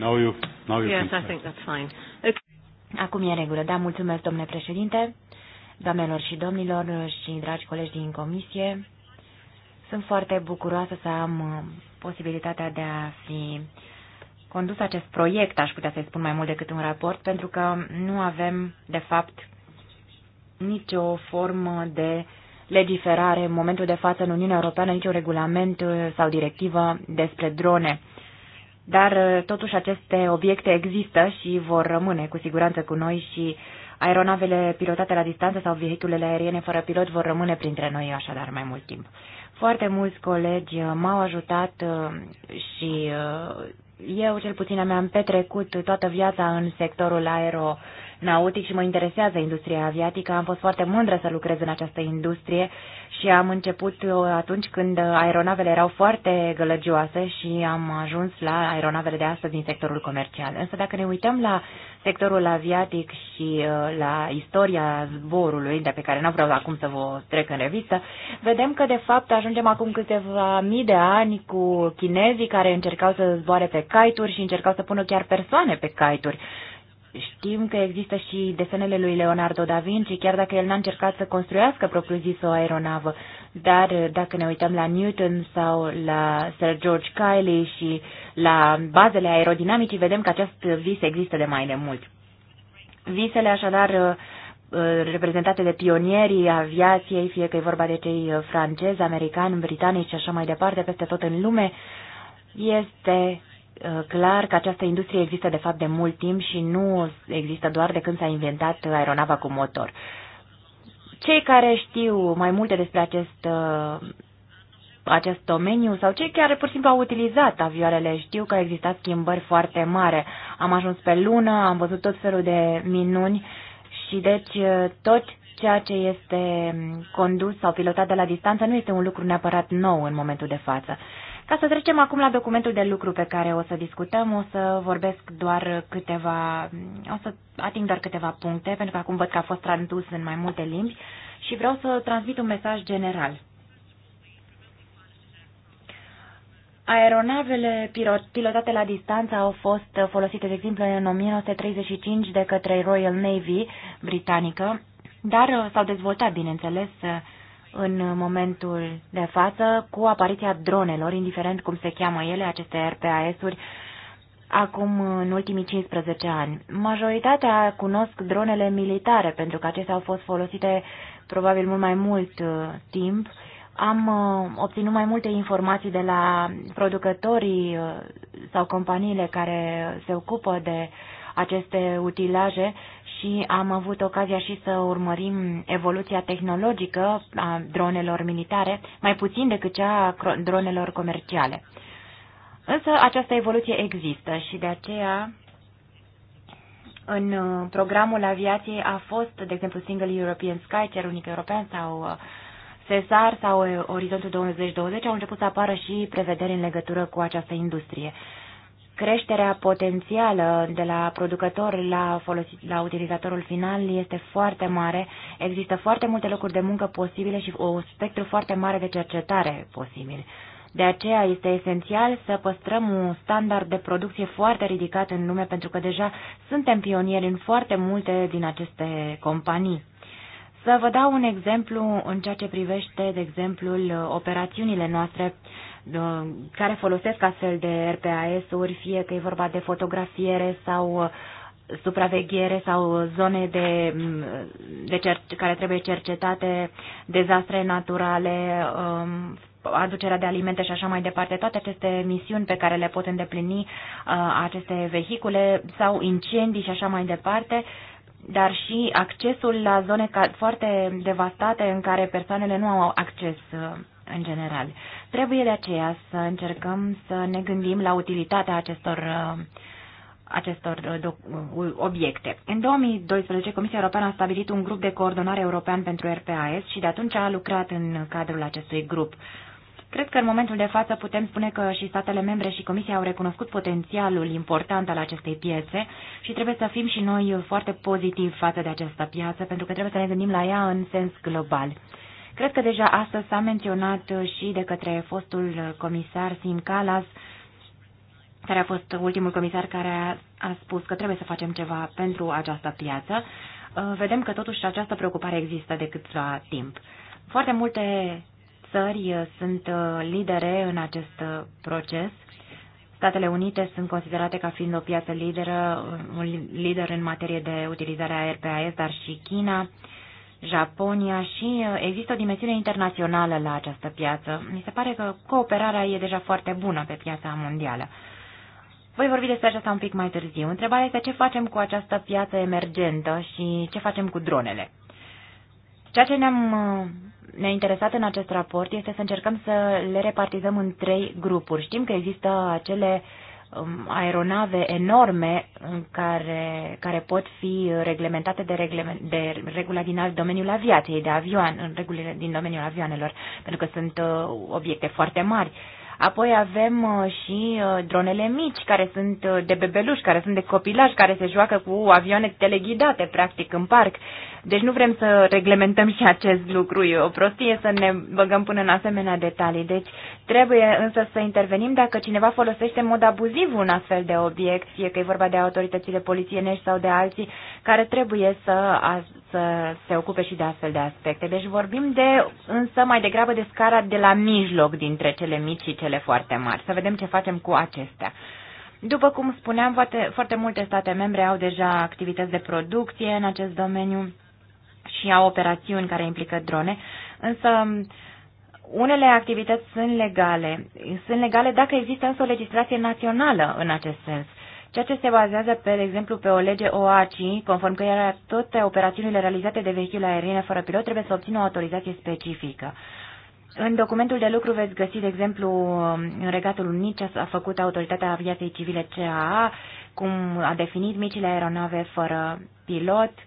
Now you, now you yes, I think that's fine. Okay. Acum e în regulă. Da, mulțumesc, domnule președinte, doamnelor și domnilor și dragi colegi din comisie. Sunt foarte bucuroasă să am uh, posibilitatea de a fi condus acest proiect, aș putea să-i spun mai mult decât un raport, pentru că nu avem, de fapt, nicio formă de legiferare în momentul de față în Uniunea Europeană, niciun regulament uh, sau directivă despre drone. Dar uh, totuși aceste obiecte există și vor rămâne cu siguranță cu noi și aeronavele pilotate la distanță sau vehiculele aeriene fără pilot vor rămâne printre noi așadar mai mult timp. Foarte mulți colegi uh, m-au ajutat uh, și eu cel puțin mi-am petrecut toată viața în sectorul aero nautic și mă interesează industria aviatică. Am fost foarte mândră să lucrez în această industrie și am început uh, atunci când aeronavele erau foarte gălăgioase și am ajuns la aeronavele de astăzi din sectorul comercial. Însă dacă ne uităm la sectorul aviatic și uh, la istoria zborului, de pe care nu vreau acum să vă trec în revistă, vedem că de fapt ajungem acum câteva mii de ani cu chinezii care încercau să zboare pe caituri și încercau să pună chiar persoane pe caituri. Știm că există și desenele lui Leonardo da Vinci, chiar dacă el n-a încercat să construiască propriu-zis o aeronavă. Dar uh, dacă ne uităm la Newton sau la Sir George Kiley și la bazele aerodinamicii, vedem că acest vis există de mai de mult. Visele, așadar, uh, uh, reprezentate de pionierii aviației, fie că e vorba de cei francezi, americani, britanici și așa mai departe, peste tot în lume, este Uh, clar că această industrie există de fapt de mult timp și nu există doar de când s-a inventat aeronava cu motor. Cei care știu mai multe despre acest, uh, acest domeniu sau cei care pur și simplu au utilizat avioarele știu că au existat schimbări foarte mare. Am ajuns pe lună, am văzut tot felul de minuni și deci uh, tot ceea ce este condus sau pilotat de la distanță nu este un lucru neapărat nou în momentul de față. Ca să trecem acum la documentul de lucru pe care o să discutăm, o să vorbesc doar câteva, o să ating doar câteva puncte, pentru că acum văd că a fost tradus în mai multe limbi și vreau să transmit un mesaj general. Aeronavele pilotate la distanță au fost folosite, de exemplu, în 1935 de către Royal Navy britanică, dar s-au dezvoltat, bineînțeles, în momentul de față cu apariția dronelor, indiferent cum se cheamă ele, aceste RPAS-uri, acum în ultimii 15 ani. Majoritatea cunosc dronele militare, pentru că acestea au fost folosite probabil mult mai mult uh, timp. Am uh, obținut mai multe informații de la producătorii uh, sau companiile care se ocupă de uh, aceste utilaje și am avut ocazia și să urmărim evoluția tehnologică a dronelor militare, mai puțin decât cea a dronelor comerciale. Însă această evoluție există și de aceea în uh, programul aviației a fost, de exemplu, Single European Sky, Cer Unic European sau uh, Cesar sau uh, Orizontul 2020, au început să apară și prevederi în legătură cu această industrie creșterea potențială de la producător la, folosit, la utilizatorul final este foarte mare. Există foarte multe locuri de muncă posibile și un spectru foarte mare de cercetare posibil. De aceea este esențial să păstrăm un standard de producție foarte ridicat în lume, pentru că deja suntem pionieri în foarte multe din aceste companii. Să vă dau un exemplu în ceea ce privește, de exemplu, operațiunile noastre Uh, care folosesc astfel de RPAS-uri, fie că e vorba de fotografiere sau uh, supraveghere sau zone de, mm, de cer, care trebuie cercetate, dezastre naturale, um, aducerea de alimente și așa mai departe, toate aceste misiuni pe care le pot îndeplini uh, aceste vehicule sau incendii și așa mai departe, dar și accesul la zone foarte devastate în care persoanele nu au acces în general. Trebuie de aceea să încercăm să ne gândim la utilitatea acestor uh, acestor uh, uh, obiecte. În 2012, Comisia Europeană a stabilit un grup de coordonare european pentru RPAS și de atunci a lucrat în cadrul acestui grup. Cred că în momentul de față putem spune că și statele membre și Comisia au recunoscut potențialul important al acestei piețe și trebuie să fim și noi foarte pozitivi față de această piață, pentru că trebuie să ne gândim la ea în sens global. Cred că deja astăzi s-a menționat uh, și de către fostul uh, comisar Sim Calas, care a fost ultimul comisar care a, a spus că trebuie să facem ceva pentru această piață. Uh, vedem că totuși această preocupare există de câtva timp. Foarte multe țări sunt lidere în acest proces. Statele Unite sunt considerate ca fiind o piață lideră, un lider în materie de utilizare a RPAS, dar și China. Japonia și uh, există o dimensiune internațională la această piață. Mi se pare că cooperarea e deja foarte bună pe piața mondială. Voi vorbi despre aceasta un pic mai târziu. Întrebarea este ce facem cu această piață emergentă și ce facem cu dronele. Ceea ce ne-am uh, ne interesat în acest raport este să încercăm să le repartizăm în trei grupuri. Știm că există acele uh, Um, aeronave enorme care, care pot fi reglementate de, reglement, de regula din domeniul aviației, de avioan, în regulile din domeniul avioanelor, pentru că sunt uh, obiecte foarte mari. Apoi avem uh, și uh, dronele mici, care sunt de bebeluși, care sunt de copilaj, care se joacă cu avioane teleghidate, practic, în parc. Deci nu vrem să reglementăm și acest lucru. E o prostie să ne băgăm până în asemenea detalii. Deci Trebuie însă să intervenim dacă cineva folosește în mod abuziv un astfel de obiect, fie că e vorba de autoritățile polițienești sau de alții, care trebuie să, a, să se ocupe și de astfel de aspecte. Deci vorbim de, însă mai degrabă de scara de la mijloc dintre cele mici și cele foarte mari. Să vedem ce facem cu acestea. După cum spuneam, foarte, foarte multe state membre au deja activități de producție în acest domeniu și au operațiuni care implică drone, însă unele activități sunt legale. Sunt legale dacă există însă o legislație națională în acest sens ceea ce se bazează, pe de exemplu, pe o lege OACI, conform căreia toate operațiunile realizate de vehicule aeriene fără pilot trebuie să obțină o autorizație specifică. În documentul de lucru veți găsi, de exemplu, în Regatul Unit ce a făcut Autoritatea Aviației Civile CAA, cum a definit micile aeronave fără pilot, uh,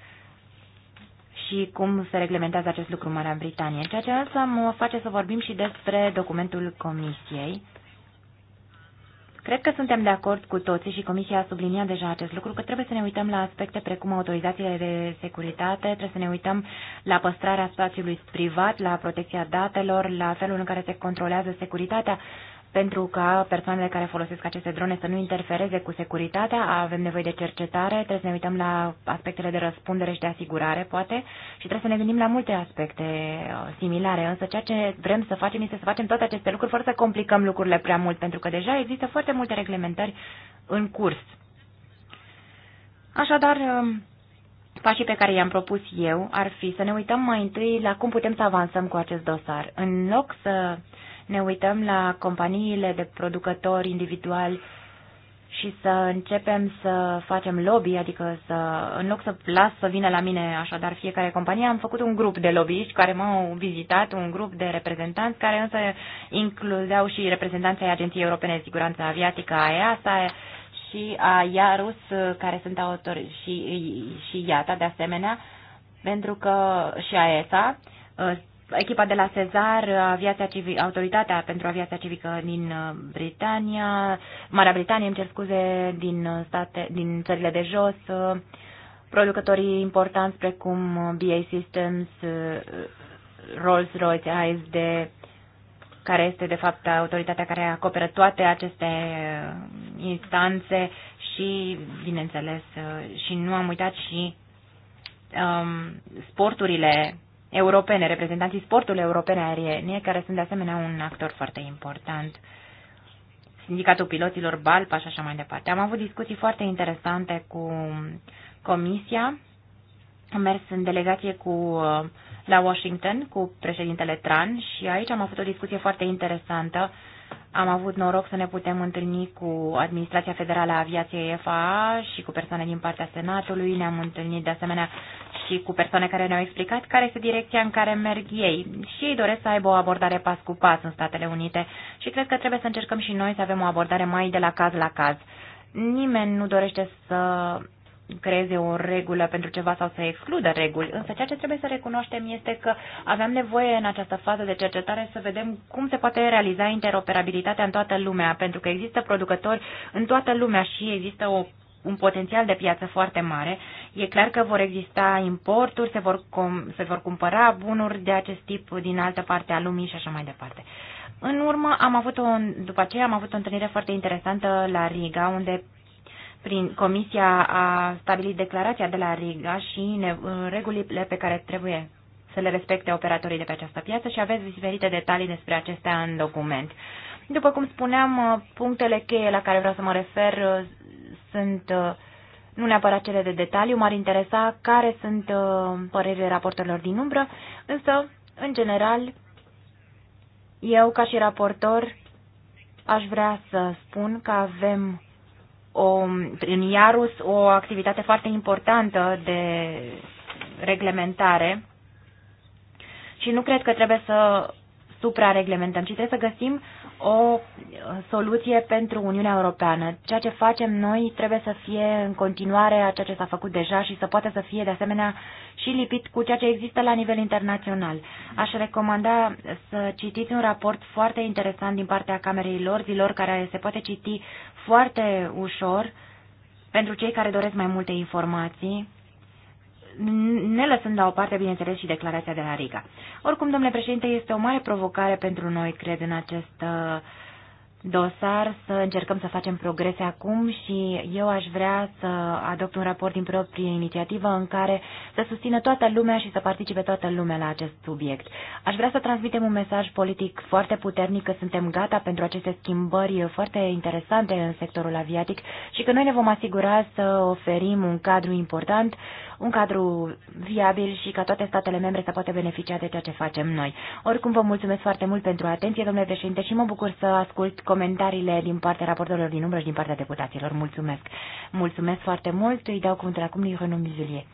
și cum se reglementează acest lucru în Marea Britanie. Ceea ce însă mă face să vorbim și despre documentul Comisiei. Cred că suntem de acord cu toții și Comisia a subliniat deja acest lucru, că trebuie să ne uităm la aspecte precum autorizațiile de securitate, trebuie să ne uităm la păstrarea spațiului privat, la protecția datelor, la felul în care se controlează securitatea pentru ca persoanele care folosesc aceste drone să nu interfereze cu securitatea, avem nevoie de cercetare, trebuie să ne uităm la aspectele de răspundere și de asigurare, poate, și trebuie să ne gândim la multe aspecte uh, similare. Însă ceea ce vrem să facem este să facem toate aceste lucruri fără să complicăm lucrurile prea mult, pentru că deja există foarte multe reglementări în curs. Așadar, um, Pașii pe care i-am propus eu ar fi să ne uităm mai întâi la cum putem să avansăm cu acest dosar. În loc să ne uităm la companiile de producători individuali și să începem să facem lobby, adică să, în loc să las să vină la mine așadar fiecare companie, am făcut un grup de lobbyiști care m-au vizitat, un grup de reprezentanți care însă includeau și reprezentanții Agenției Europene de Siguranță Aviatică, a EASA și a IARUS, care sunt autori și, și IATA de asemenea, pentru că și a ESA, echipa de la Cezar, aviația civic, autoritatea pentru aviația civică din uh, Britania, Marea Britanie, îmi cer scuze, din, uh, state, din țările de jos, uh, producătorii importanți precum BA Systems, Rolls-Royce, ASD, care este de fapt autoritatea care acoperă toate aceste instanțe și, bineînțeles, și nu am uitat și um, sporturile europene, reprezentanții sportului europene aeriene, care sunt de asemenea un actor foarte important. Sindicatul piloților BALPA și așa mai departe. Am avut discuții foarte interesante cu comisia. Am mers în delegație cu, uh, la Washington cu președintele Tran și aici am avut o discuție foarte interesantă am avut noroc să ne putem întâlni cu Administrația Federală a Aviației FAA și cu persoane din partea Senatului. Ne-am întâlnit de asemenea și cu persoane care ne-au explicat care este direcția în care merg ei. Și ei doresc să aibă o abordare pas cu pas în Statele Unite și cred că trebuie să încercăm și noi să avem o abordare mai de la caz la caz. Nimeni nu dorește să creeze o regulă pentru ceva sau să excludă reguli, însă ceea ce trebuie să recunoaștem este că avem nevoie în această fază de cercetare să vedem cum se poate realiza interoperabilitatea în toată lumea, pentru că există producători în toată lumea și există o un potențial de piață foarte mare. E clar că vor exista importuri, se vor, com, se vor cumpăra bunuri de acest tip din altă parte a lumii și așa mai departe. În urmă, am avut o, după aceea am avut o întâlnire foarte interesantă la Riga, unde prin Comisia a stabilit declarația de la Riga și uh, regulile pe care trebuie să le respecte operatorii de pe această piață și aveți diferite detalii despre acestea în document. După cum spuneam, uh, punctele cheie la care vreau să mă refer uh, sunt nu neapărat cele de detaliu, m-ar interesa care sunt părerile raportorilor din umbră, însă, în general, eu, ca și raportor, aș vrea să spun că avem o, în IARUS o activitate foarte importantă de reglementare și nu cred că trebuie să suprareglementăm, ci trebuie să găsim o uh, soluție pentru Uniunea Europeană. Ceea ce facem noi trebuie să fie în continuare a ceea ce s-a făcut deja și să poată să fie de asemenea și lipit cu ceea ce există la nivel internațional. Aș recomanda să citiți un raport foarte interesant din partea Camerei Lorzilor, care se poate citi foarte ușor pentru cei care doresc mai multe informații, ne lăsând la o parte, bineînțeles, și declarația de la Riga. Oricum, domnule președinte, este o mare provocare pentru noi, cred, în această uh, dosar, să încercăm să facem progrese acum și eu aș vrea să adopt un raport din proprie inițiativă în care să susțină toată lumea și să participe toată lumea la acest subiect. Aș vrea să transmitem un mesaj politic foarte puternic că suntem gata pentru aceste schimbări foarte interesante în sectorul aviatic și că noi ne vom asigura să oferim un cadru important un cadru viabil și ca toate statele membre să poată beneficia de ceea ce facem noi. Oricum, vă mulțumesc foarte mult pentru atenție, domnule președinte, și mă bucur să ascult comentariile din partea raportorilor din umbră și din partea deputaților. Mulțumesc! Mulțumesc foarte mult! Îi dau cuvântul acum lui Renaud Mizulie.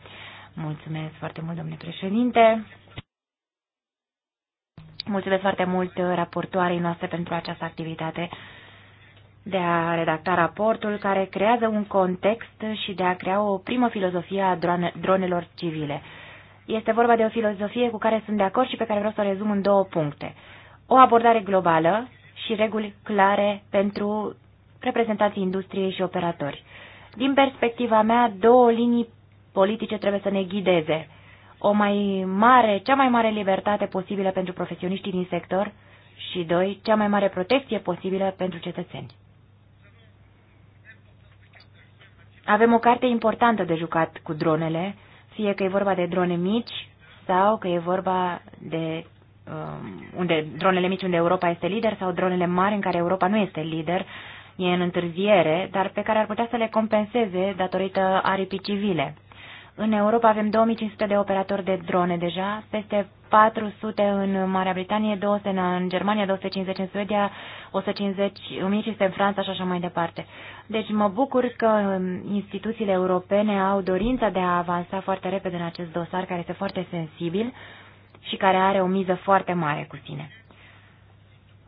Mulțumesc foarte mult, domnule președinte! Mulțumesc foarte mult raportoarei noastre pentru această activitate de a redacta raportul care creează un context și de a crea o primă filozofie a dronelor civile. Este vorba de o filozofie cu care sunt de acord și pe care vreau să o rezum în două puncte. O abordare globală și reguli clare pentru reprezentanții industriei și operatori. Din perspectiva mea, două linii politice trebuie să ne ghideze. O mai mare, cea mai mare libertate posibilă pentru profesioniștii din sector și, doi, cea mai mare protecție posibilă pentru cetățeni. Avem o carte importantă de jucat cu dronele, fie că e vorba de drone mici sau că e vorba de um, unde dronele mici unde Europa este lider sau dronele mari în care Europa nu este lider, e în întârziere, dar pe care ar putea să le compenseze datorită aripii civile. În Europa avem 2500 de operatori de drone deja, peste 400 în Marea Britanie, 200 în Germania, 250 în Suedia, 150, 1500 în Franța și așa mai departe. Deci mă bucur că um, instituțiile europene au dorința de a avansa foarte repede în acest dosar care este foarte sensibil și care are o miză foarte mare cu sine.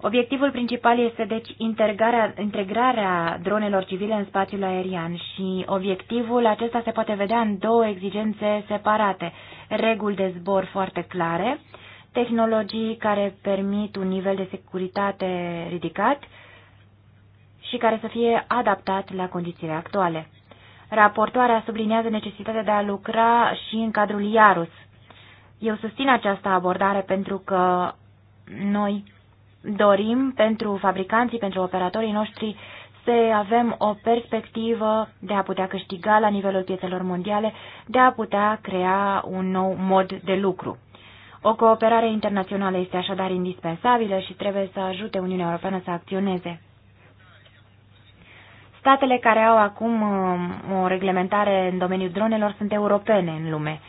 Obiectivul principal este deci integrarea, integrarea dronelor civile în spațiul aerian și obiectivul acesta se poate vedea în două exigențe separate, reguli de zbor foarte clare, tehnologii care permit un nivel de securitate ridicat și care să fie adaptat la condițiile actuale. Raportoarea subliniază necesitatea de a lucra și în cadrul IARUS. Eu susțin această abordare pentru că noi dorim pentru fabricanții, pentru operatorii noștri să avem o perspectivă de a putea câștiga la nivelul piețelor mondiale, de a putea crea un nou mod de lucru. O cooperare internațională este așadar indispensabilă și trebuie să ajute Uniunea Europeană să acționeze. Statele care au acum um, o reglementare în domeniul dronelor sunt europene în lume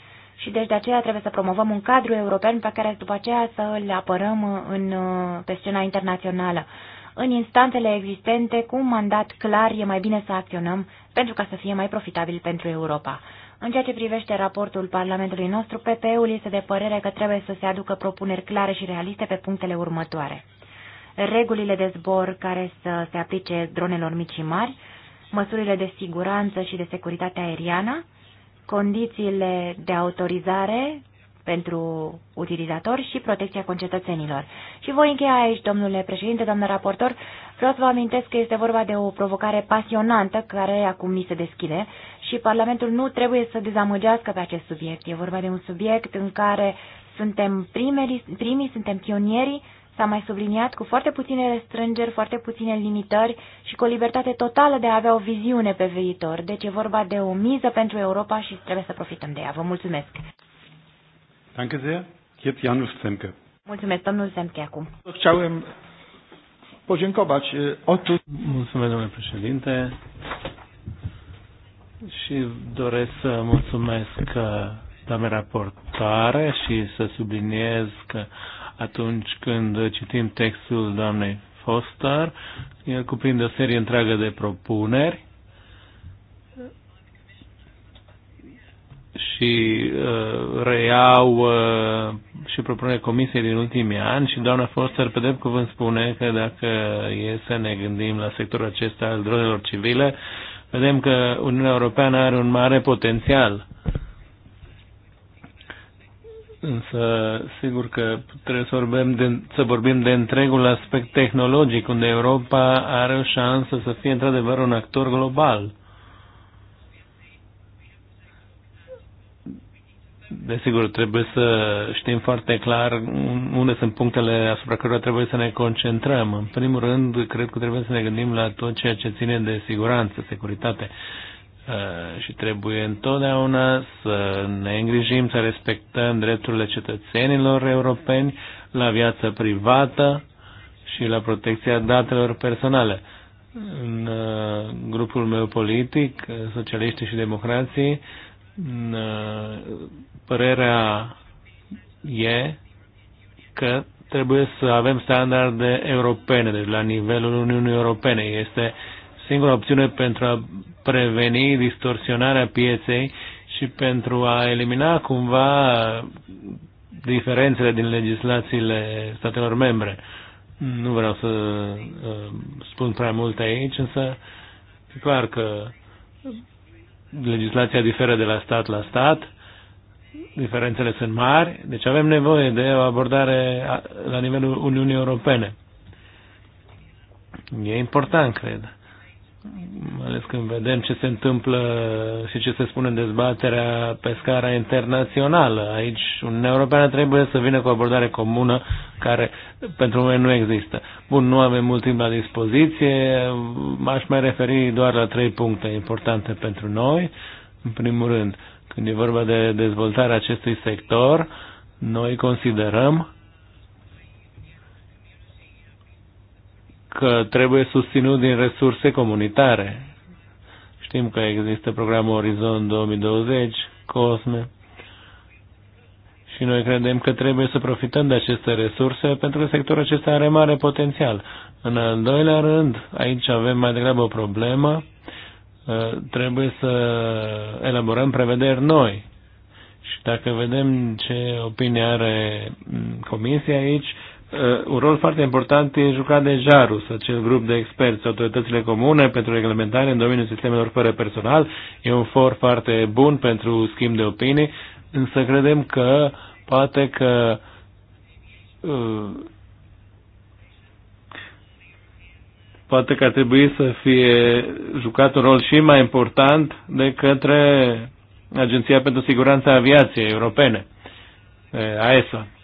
și deci de aceea trebuie să promovăm un cadru european pe care după aceea să îl apărăm uh, în, uh, pe scena internațională. În instanțele existente, cu un mandat clar, e mai bine să acționăm pentru ca să fie mai profitabil pentru Europa. În ceea ce privește raportul Parlamentului nostru, PPE-ul este de părere că trebuie să se aducă propuneri clare și realiste pe punctele următoare. Regulile de zbor care să se aplice dronelor mici și mari, măsurile de siguranță și de securitate aeriană, condițiile de autorizare pentru utilizatori și protecția concetățenilor. Și voi încheia aici, domnule președinte, doamnă raportor, vreau să vă amintesc că este vorba de o provocare pasionantă care acum mi se deschide și Parlamentul nu trebuie să dezamăgească pe acest subiect. E vorba de un subiect în care suntem primeri, primii, suntem pionierii S-a mai subliniat cu foarte puține restrângeri, foarte puține limitări și cu o libertate totală de a avea o viziune pe viitor. Deci e vorba de o miză pentru Europa și trebuie să profităm de ea. Vă mulțumesc! Danke sehr. Jetzt Janusz Semke. Mulțumesc, domnul Semke, acum. Chciałem podziękować. Mulțumesc, domnule președinte. Și doresc să mulțumesc doamne raportare și să subliniez că atunci când citim textul doamnei Foster. El cuprinde o serie întreagă de propuneri și uh, reiau uh, și propune comisiei din ultimii ani și doamna Foster pe drept cuvânt spune că dacă e să ne gândim la sectorul acesta al dronelor civile, vedem că Uniunea Europeană are un mare potențial uh, Însă, sigur că trebuie să vorbim, de, să vorbim de întregul aspect tehnologic, unde Europa are o șansă să fie într-adevăr un actor global. Desigur, trebuie să știm foarte clar unde sunt punctele asupra cărora trebuie să ne concentrăm. În primul rând, cred că trebuie să ne gândim la tot ceea ce ține de siguranță, securitate. Uh, Uh, și trebuie întotdeauna să ne îngrijim, să respectăm drepturile cetățenilor europeni la viață privată și la protecția datelor personale. În uh, grupul meu politic, uh, Socialiștii și Democrații, părerea e că trebuie să avem standarde europene, deci la nivelul Uniunii Europene. Este singura opțiune pentru a preveni distorsionarea pieței și pentru a elimina cumva diferențele din legislațiile statelor membre. Nu vreau să uh, spun prea mult aici, însă e clar că legislația diferă de la stat la stat, diferențele sunt mari, deci avem nevoie de o abordare la nivelul Uniunii Europene. E important, cred mai ales când vedem ce se întâmplă și ce se spune în dezbaterea pe scara internațională. Aici Uniunea Europeană trebuie să vină cu o abordare comună care pentru noi nu există. Bun, nu avem mult timp la dispoziție, m-aș mai referi doar la trei puncte importante pentru noi. În primul rând, când e vorba de dezvoltarea acestui sector, noi considerăm că trebuie susținut din resurse comunitare. Știm că există programul Orizont 2020, COSME, și noi credem că trebuie să profităm de aceste resurse pentru că sectorul acesta are mare potențial. În al doilea rând, aici avem mai degrabă o problemă, ă, trebuie să elaborăm prevederi noi. Și dacă vedem ce opinie are mm, Comisia aici, Uh, un rol foarte important e jucat de JARUS, acel grup de experți, autoritățile comune pentru reglementare în domeniul sistemelor fără personal. E un for foarte bun pentru schimb de opinii, însă credem că poate că uh, poate că ar trebui să fie jucat un rol și mai important de către Agenția pentru Siguranța Aviației Europene, AESA. Uh,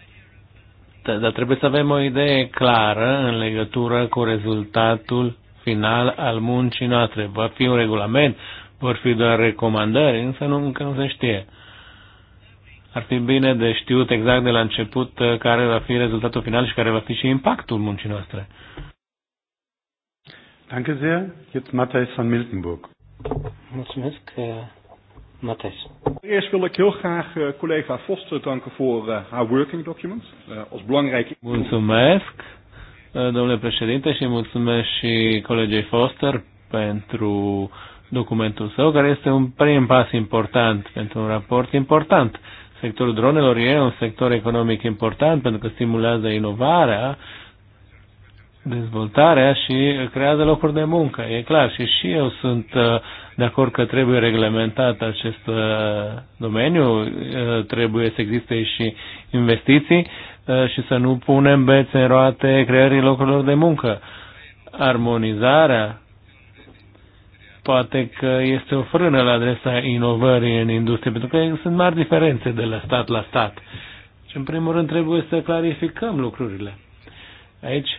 dar trebuie să avem o idee clară în legătură cu rezultatul final al muncii noastre. Va fi un regulament, vor fi doar recomandări, însă nu, încă nu se știe. Ar fi bine de știut exact de la început uh, care va fi rezultatul final și care va fi și impactul muncii noastre. Danke sehr. Jetzt Matthias von Miltenburg. Mulțumesc. Matthijs. Eerst wil ik heel graag uh, collega Foster danken voor uh, haar working document. Uh, eh, als belangrijke... Mulțumesc, domnule președinte, și mulțumesc și colegei Foster pentru documentul său, care este un prim pas important pentru un raport important. Sectorul dronelor e un sector economic important pentru că stimulează inovarea, dezvoltarea și creează locuri de muncă, e clar. Și și eu sunt uh, de acord că trebuie reglementat acest uh, domeniu, uh, trebuie să existe și investiții și să nu punem bețe în roate creării locurilor de muncă. Armonizarea poate că este o frână la adresa inovării în industrie, pentru că sunt mari diferențe de la stat la stat. Și în primul rând trebuie să clarificăm lucrurile. Aici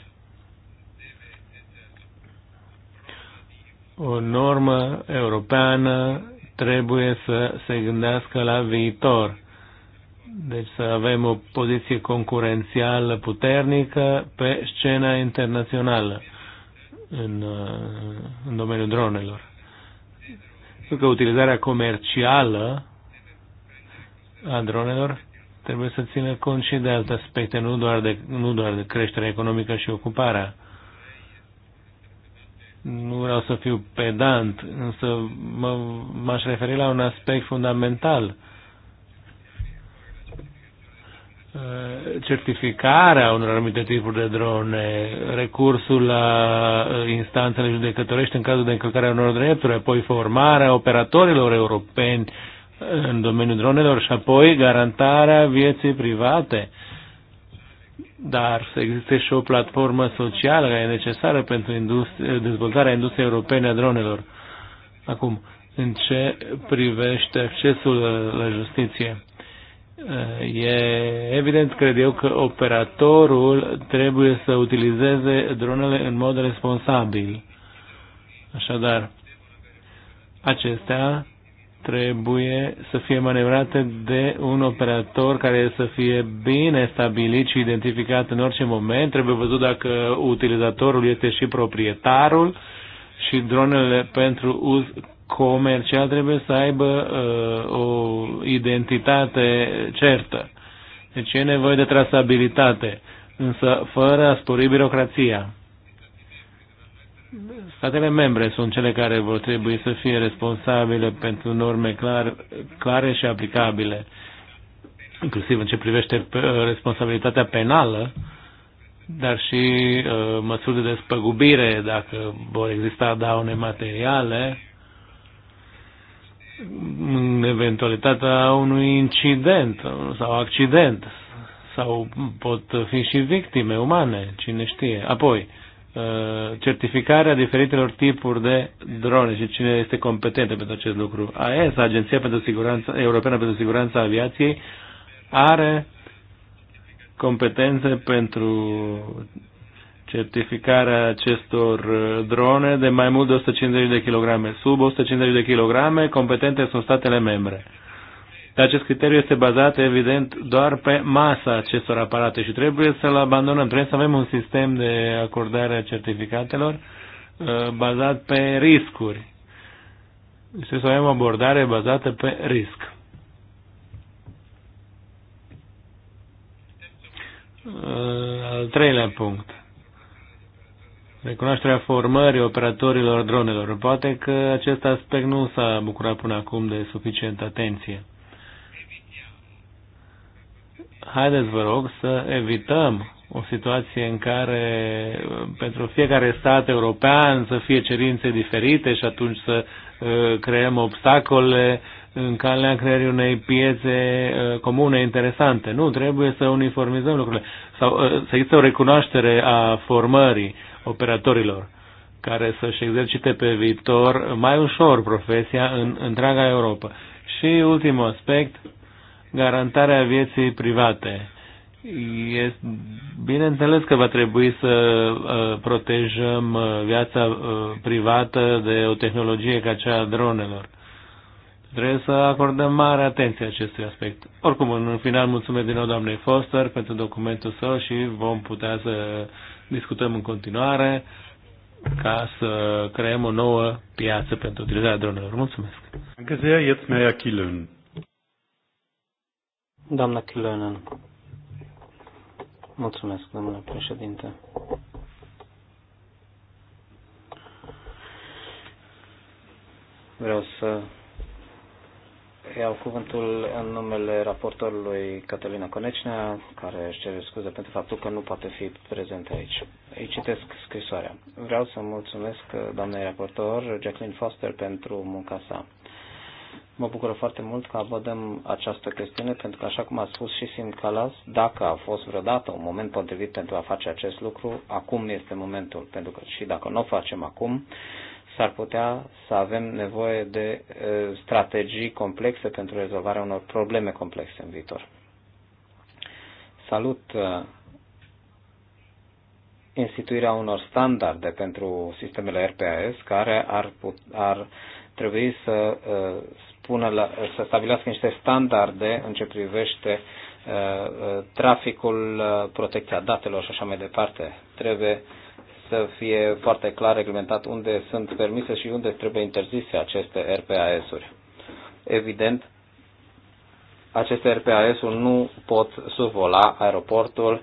o normă europeană trebuie să se gândească la viitor. Deci să avem o poziție concurențială puternică pe scena internațională în, în domeniul dronelor. Pentru că utilizarea comercială a dronelor trebuie să țină cont și de alte aspecte, nu doar de, nu doar de creșterea economică și ocuparea nu vreau să fiu pedant, însă m-aș referi la un aspect fundamental. Certificarea unor anumite tipuri de drone, recursul la uh, instanțele judecătorești în cazul de încălcare a unor drepturi, apoi formarea operatorilor europeni în domeniul dronelor și apoi garantarea vieții private dar să existe și o platformă socială care e necesară pentru industri- dezvoltarea industriei europene a dronelor. Acum, în ce privește accesul la justiție? Eh, e evident, cred eu, că operatorul trebuie să utilizeze dronele în mod responsabil. Așadar, acestea trebuie să fie manevrate de un operator care să fie bine stabilit și identificat în orice moment. Trebuie văzut dacă utilizatorul este și proprietarul și dronele pentru uz comercial trebuie să aibă uh, o identitate certă. Deci e nevoie de trasabilitate, însă fără a spori birocrația. Statele membre sunt cele care vor trebui să fie responsabile pentru norme clar, clare și aplicabile, inclusiv în ce privește uh, responsabilitatea penală, dar și uh, măsuri de despăgubire dacă vor exista daune materiale în eventualitatea unui incident sau accident sau pot fi și victime umane, cine știe. Apoi, uh, Uh, certificarea diferitelor tipuri de drone și cine este competentă pentru acest lucru. AES, Agenția pentru Siguranță, Europeană pentru Siguranța Aviației, are competențe pentru certificarea acestor uh, drone de mai mult de 150 de kilograme. Sub 150 de kilograme, competente sunt statele membre. Dar acest criteriu este bazat, evident, doar pe masa acestor aparate și trebuie să-l abandonăm. Trebuie să avem un sistem de acordare a certificatelor uh, bazat pe riscuri. trebuie să avem o abordare bazată pe risc. Uh, al treilea punct. Recunoașterea formării operatorilor dronelor. Poate că acest aspect nu s-a bucurat până acum de suficientă atenție haideți, vă rog, să evităm o situație în care pentru fiecare stat european să fie cerințe diferite și atunci să uh, creăm obstacole în calea creării unei piețe uh, comune interesante. Nu, trebuie să uniformizăm lucrurile. Sau uh, să există o recunoaștere a formării operatorilor care să-și exercite pe viitor mai ușor profesia în întreaga Europa. Și ultimul aspect, garantarea vieții private. Este, bineînțeles că va trebui să uh, protejăm uh, viața uh, privată de o tehnologie ca cea a dronelor. Trebuie să acordăm mare atenție acestui aspect. Oricum, în final, mulțumesc din nou doamnei Foster pentru documentul său și vom putea să discutăm în continuare ca să creăm o nouă piață pentru utilizarea dronelor. Mulțumesc! Danke Doamna Kilonen. Mulțumesc, domnule președinte. Vreau să iau cuvântul în numele raportorului Catalina Conecnea, care își cere scuze pentru faptul că nu poate fi prezent aici. Îi citesc scrisoarea. Vreau să mulțumesc doamnei raportor Jacqueline Foster pentru munca sa. Mă bucură foarte mult că abordăm această chestiune, pentru că, așa cum a spus și Sim Calas, dacă a fost vreodată un moment potrivit pentru a face acest lucru, acum este momentul, pentru că și dacă nu o facem acum, s-ar putea să avem nevoie de uh, strategii complexe pentru rezolvarea unor probleme complexe în viitor. Salut uh, instituirea unor standarde pentru sistemele RPAS care ar, put, ar trebui să uh, pună la, să stabilească niște standarde în ce privește uh, uh, traficul, uh, protecția datelor și așa mai departe. Trebuie să fie foarte clar reglementat unde sunt permise și unde trebuie interzise aceste RPAS-uri. Evident, aceste RPAS-uri nu pot survola aeroportul,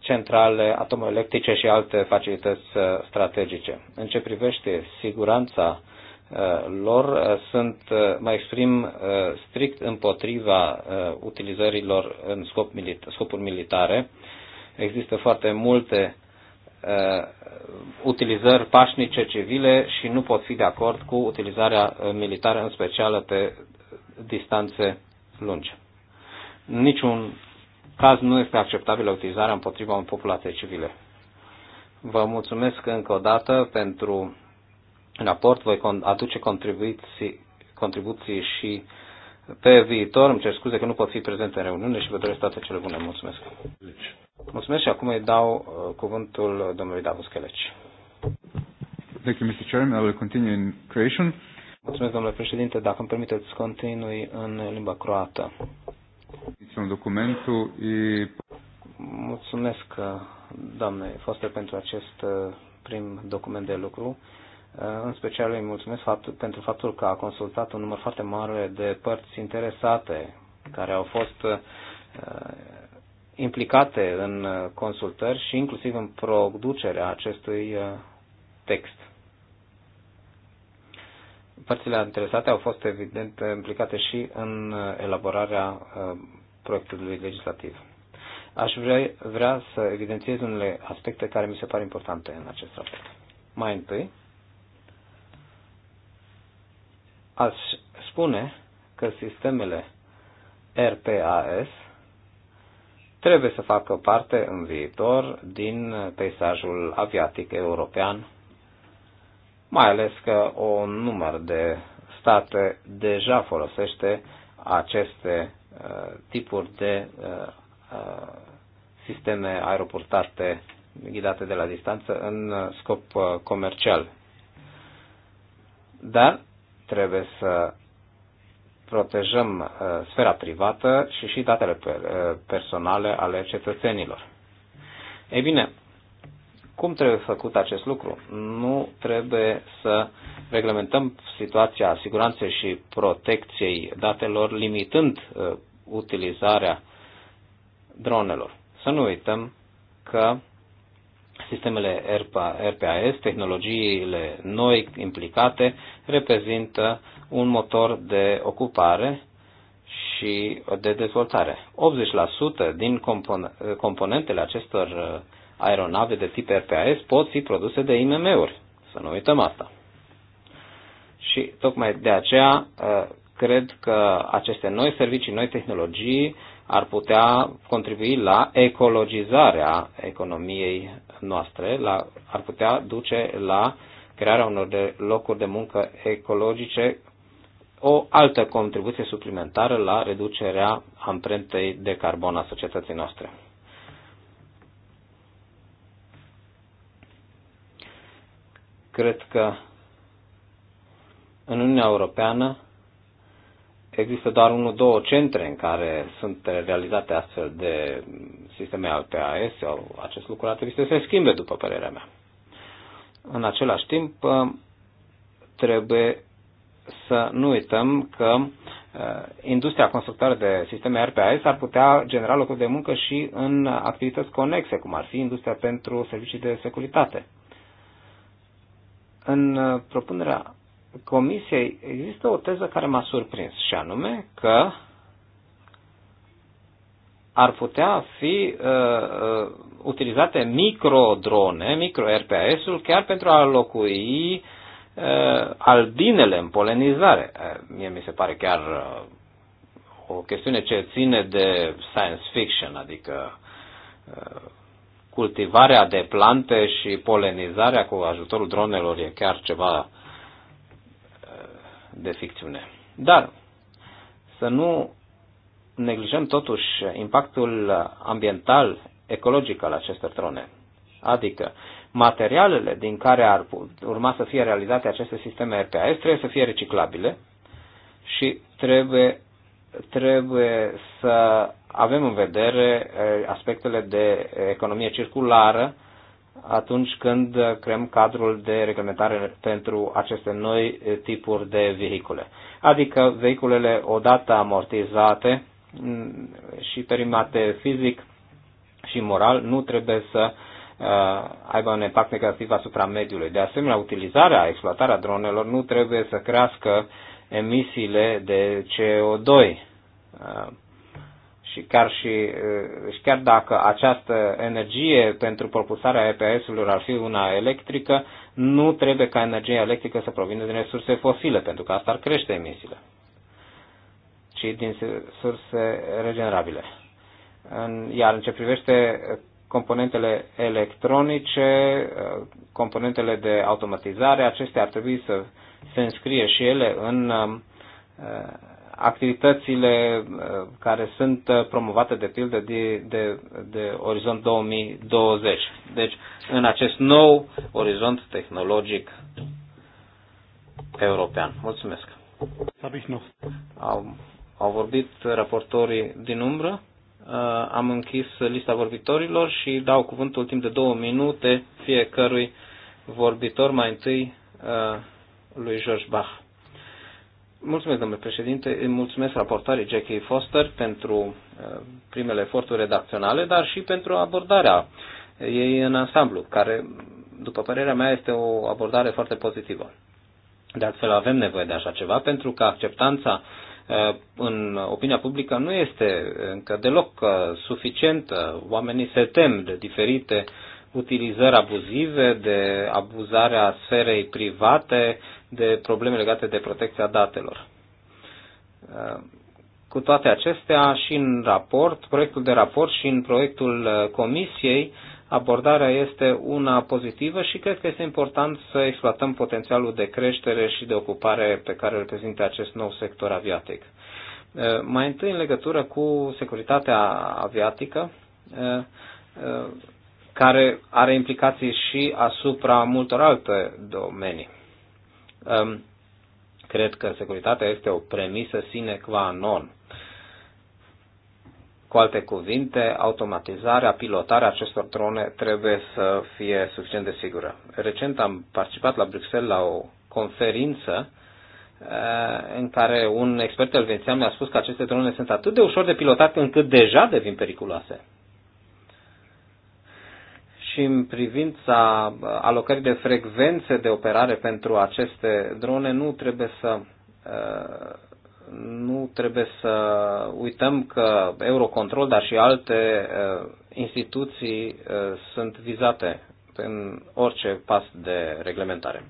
centrale atomoelectrice și alte facilități strategice. În ce privește siguranța Uh, lor uh, sunt, uh, mă exprim strict împotriva utilizărilor în scop milita- scopuri militare. Există foarte multe utilizări pașnice civile și nu pot fi de acord cu utilizarea militară, în special pe distanțe lungi. Niciun caz nu este acceptabilă utilizarea împotriva unei populației civile. Vă mulțumesc încă o dată pentru în raport voi aduce contribuții, contribuții și pe viitor. Îmi cer scuze că nu pot fi prezent în reuniune și vă doresc toate cele bune. Mulțumesc. Mulțumesc și acum îi dau uh, cuvântul domnului Davos Keleci. Thank you, Mr. Chairman. I will continue in Croatian. Mulțumesc, domnule președinte. Dacă îmi permiteți, continui în limba croată. documentul și Mulțumesc, uh, doamne foste pentru acest uh, prim document de lucru. Uh, în special îi mulțumesc faptul, pentru faptul că a consultat un număr foarte mare de părți interesate care au fost uh, implicate în consultări și inclusiv în producerea acestui uh, text. Părțile interesate au fost evident implicate și în elaborarea proiectului legislativ. Aș vrea, vrea să evidențiez unele aspecte care mi se par importante în acest raport. Mai întâi, Aș spune că sistemele RPAS trebuie să facă parte în viitor din peisajul aviatic european, mai ales că un număr de state deja folosește aceste uh, tipuri de uh, uh, sisteme aeroportate ghidate de la distanță în scop comercial. Dar Trebuie să protejăm uh, sfera privată și și datele uh, personale ale cetățenilor. Ei bine, cum trebuie făcut acest lucru? Nu trebuie să reglementăm situația siguranței și protecției datelor, limitând uh, utilizarea dronelor. Să nu uităm că Sistemele RPAS, tehnologiile noi implicate, reprezintă un motor de ocupare și de dezvoltare. 80% din compon componentele acestor uh, aeronave de tip RPAS pot fi produse de IMM-uri. Să nu uităm asta. Și tocmai de aceea uh, cred că aceste noi servicii, noi tehnologii ar putea contribui la ecologizarea economiei noastre la, ar putea duce la crearea unor de locuri de muncă ecologice, o altă contribuție suplimentară la reducerea amprentei de carbon a societății noastre. Cred că în Uniunea Europeană există doar unul, două centre în care sunt realizate astfel de sisteme al PAS, sau acest lucru ar trebui să se schimbe, după părerea mea. În același timp, trebuie să nu uităm că uh, industria constructoare de sisteme RPAS ar putea genera locuri de muncă și în activități conexe, cum ar fi industria pentru servicii de securitate. În uh, propunerea Comisiei există o teză care m-a surprins și anume că ar putea fi uh, uh utilizate microdrone, micro-RPAS-ul, chiar pentru a locui uh, albinele în polenizare. Uh, mie mi se pare chiar uh, o chestiune ce ține de science fiction, adică uh, cultivarea de plante și polenizarea cu ajutorul dronelor e chiar ceva de ficțiune. Dar să nu neglijăm totuși impactul ambiental, ecologic al acestor trone, Adică materialele din care ar urma să fie realizate aceste sisteme RPAS trebuie să fie reciclabile și trebuie, trebuie să avem în vedere eh, aspectele de economie circulară atunci când creăm cadrul de reglementare pentru aceste noi tipuri de vehicule. Adică vehiculele odată amortizate mm, și perimate fizic și moral nu trebuie să uh, aibă un impact negativ asupra mediului. De asemenea, utilizarea, exploatarea dronelor nu trebuie să crească emisiile de CO2 și chiar, și, și uh, deci chiar dacă această energie pentru propulsarea EPS-urilor ar fi una electrică, nu trebuie ca energia electrică să provină din resurse fosile, pentru că asta ar crește emisiile, ci din surse regenerabile. Iar în ce privește componentele electronice, uh, componentele de automatizare, acestea ar trebui să se înscrie și ele în uh, activitățile uh, care sunt uh, promovate de pildă de, de, de Orizont 2020. Deci, în acest nou orizont tehnologic european. Mulțumesc. Au, au vorbit raportorii din umbră. Uh, am închis lista vorbitorilor și dau cuvântul timp de două minute fiecărui vorbitor, mai întâi lui George Bach. Mulțumesc, domnule președinte, mulțumesc raportării Jackie Foster pentru uh, primele eforturi redacționale, dar și pentru abordarea ei în ansamblu, care, după părerea mea, este o abordare foarte pozitivă. De altfel, avem nevoie de așa ceva, pentru că acceptanța uh, în opinia publică nu este încă deloc uh, suficientă. Oamenii se tem de diferite uh, utilizări abuzive, de abuzarea sferei private, de probleme legate de protecția datelor. Cu toate acestea, și în raport, proiectul de raport și în proiectul uh, comisiei, abordarea este una pozitivă și cred că este important să exploatăm potențialul de creștere și de ocupare pe care îl reprezintă acest nou sector aviatic. Uh, mai întâi, în legătură cu securitatea aviatică, uh, care are implicații și asupra multor alte domenii. Ehm, cred că securitatea este o premisă sine qua non. Cu alte cuvinte, automatizarea, pilotarea acestor drone trebuie să fie suficient de sigură. Recent am participat la Bruxelles la o conferință eh, în care un expert elvețian mi-a spus că aceste drone sunt atât de ușor de pilotat încât deja devin periculoase și în privința alocării de frecvențe de operare pentru aceste drone, nu trebuie să uh, nu trebuie să uităm că Eurocontrol, dar și alte uh, instituții uh, sunt vizate în orice pas de reglementare.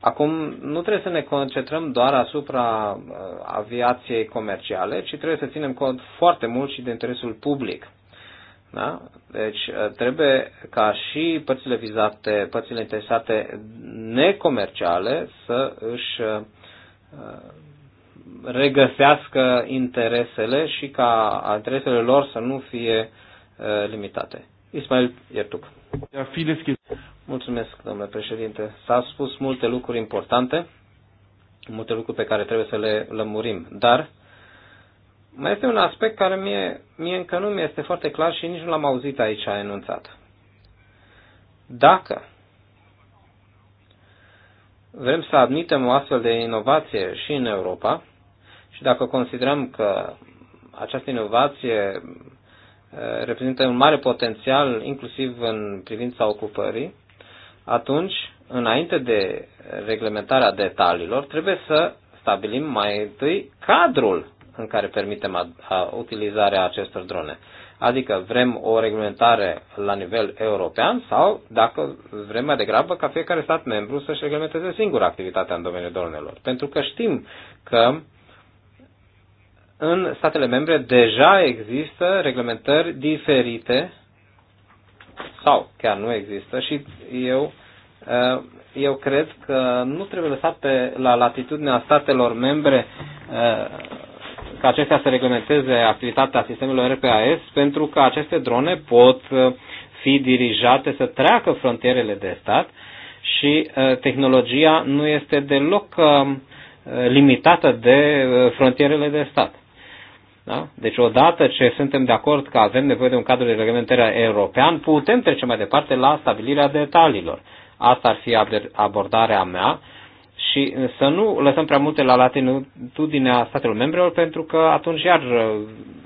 Acum, nu trebuie să ne concentrăm doar asupra aviației comerciale, ci trebuie să ținem cont foarte mult și de interesul public. Da? Deci ă, trebuie ca și părțile vizate, părțile interesate necomerciale să își ă, regăsească interesele și ca interesele lor să nu fie ă, limitate. Ismail Iertuc. Mulțumesc, domnule președinte. S-au spus multe lucruri importante, multe lucruri pe care trebuie să le lămurim, dar este un aspect care mie, mie încă nu mi este foarte clar și nici nu l-am auzit aici enunțat. Dacă vrem să admitem o astfel de inovație și în Europa și dacă considerăm că această inovație reprezintă un mare potențial, inclusiv în privința ocupării, atunci, înainte de reglementarea detaliilor, trebuie să stabilim mai întâi cadrul în care permitem a, a, utilizarea acestor drone. Adică vrem o reglementare la nivel european sau, dacă vrem mai degrabă, ca fiecare stat membru să-și reglementeze singur activitatea în domeniul dronelor. Pentru că știm că în statele membre deja există reglementări diferite sau chiar nu există și eu, ă, eu cred că nu trebuie lăsat pe la latitudinea statelor membre ă, ca acestea să reglementeze activitatea sistemelor RPAS, pentru că aceste drone pot uh, fi dirijate să treacă frontierele de stat și uh, tehnologia nu este deloc uh, limitată de frontierele de stat. Da? Deci odată ce suntem de acord că avem nevoie de un cadru de reglementare european, putem trece mai departe la stabilirea detaliilor. Asta ar fi abordarea mea și să nu lăsăm prea multe la latitudinea statelor membrelor, pentru că atunci iar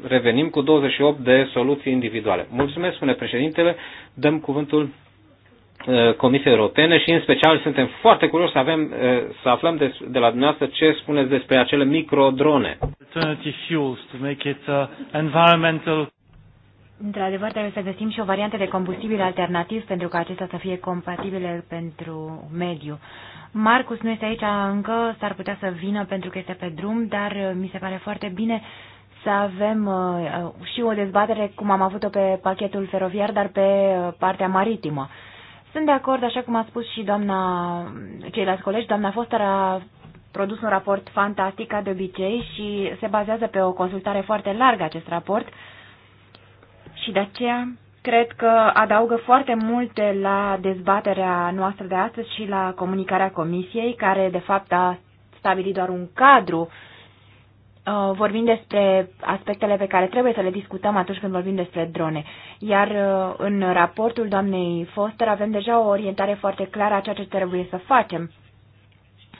revenim cu 28 de soluții individuale. Mulțumesc, spune președintele, dăm cuvântul Comisiei Europene și în special suntem foarte curioși să, avem, să aflăm de, de la dumneavoastră ce spuneți despre acele microdrone. Uh, Într-adevăr, trebuie să găsim și o variantă de combustibil alternativ pentru ca acesta să fie compatibile pentru mediu. Uh, Marcus nu este aici încă, s-ar putea să vină pentru că este pe drum, dar uh, mi se pare foarte bine să avem uh, uh, și o dezbatere cum am avut-o pe pachetul feroviar, dar pe partea maritimă. Sunt de acord, așa cum a spus și doamna, ceilalți colegi, doamna Foster a produs un raport fantastic ca de obicei și se bazează pe o consultare foarte largă acest raport și de aceea cred că adaugă foarte multe la dezbaterea noastră de astăzi și la comunicarea Comisiei, care de fapt a stabilit doar un cadru uh, vorbim despre aspectele pe care trebuie să le discutăm atunci când vorbim despre drone. Iar uh, în raportul doamnei Foster avem deja o orientare foarte clară a ceea ce trebuie să facem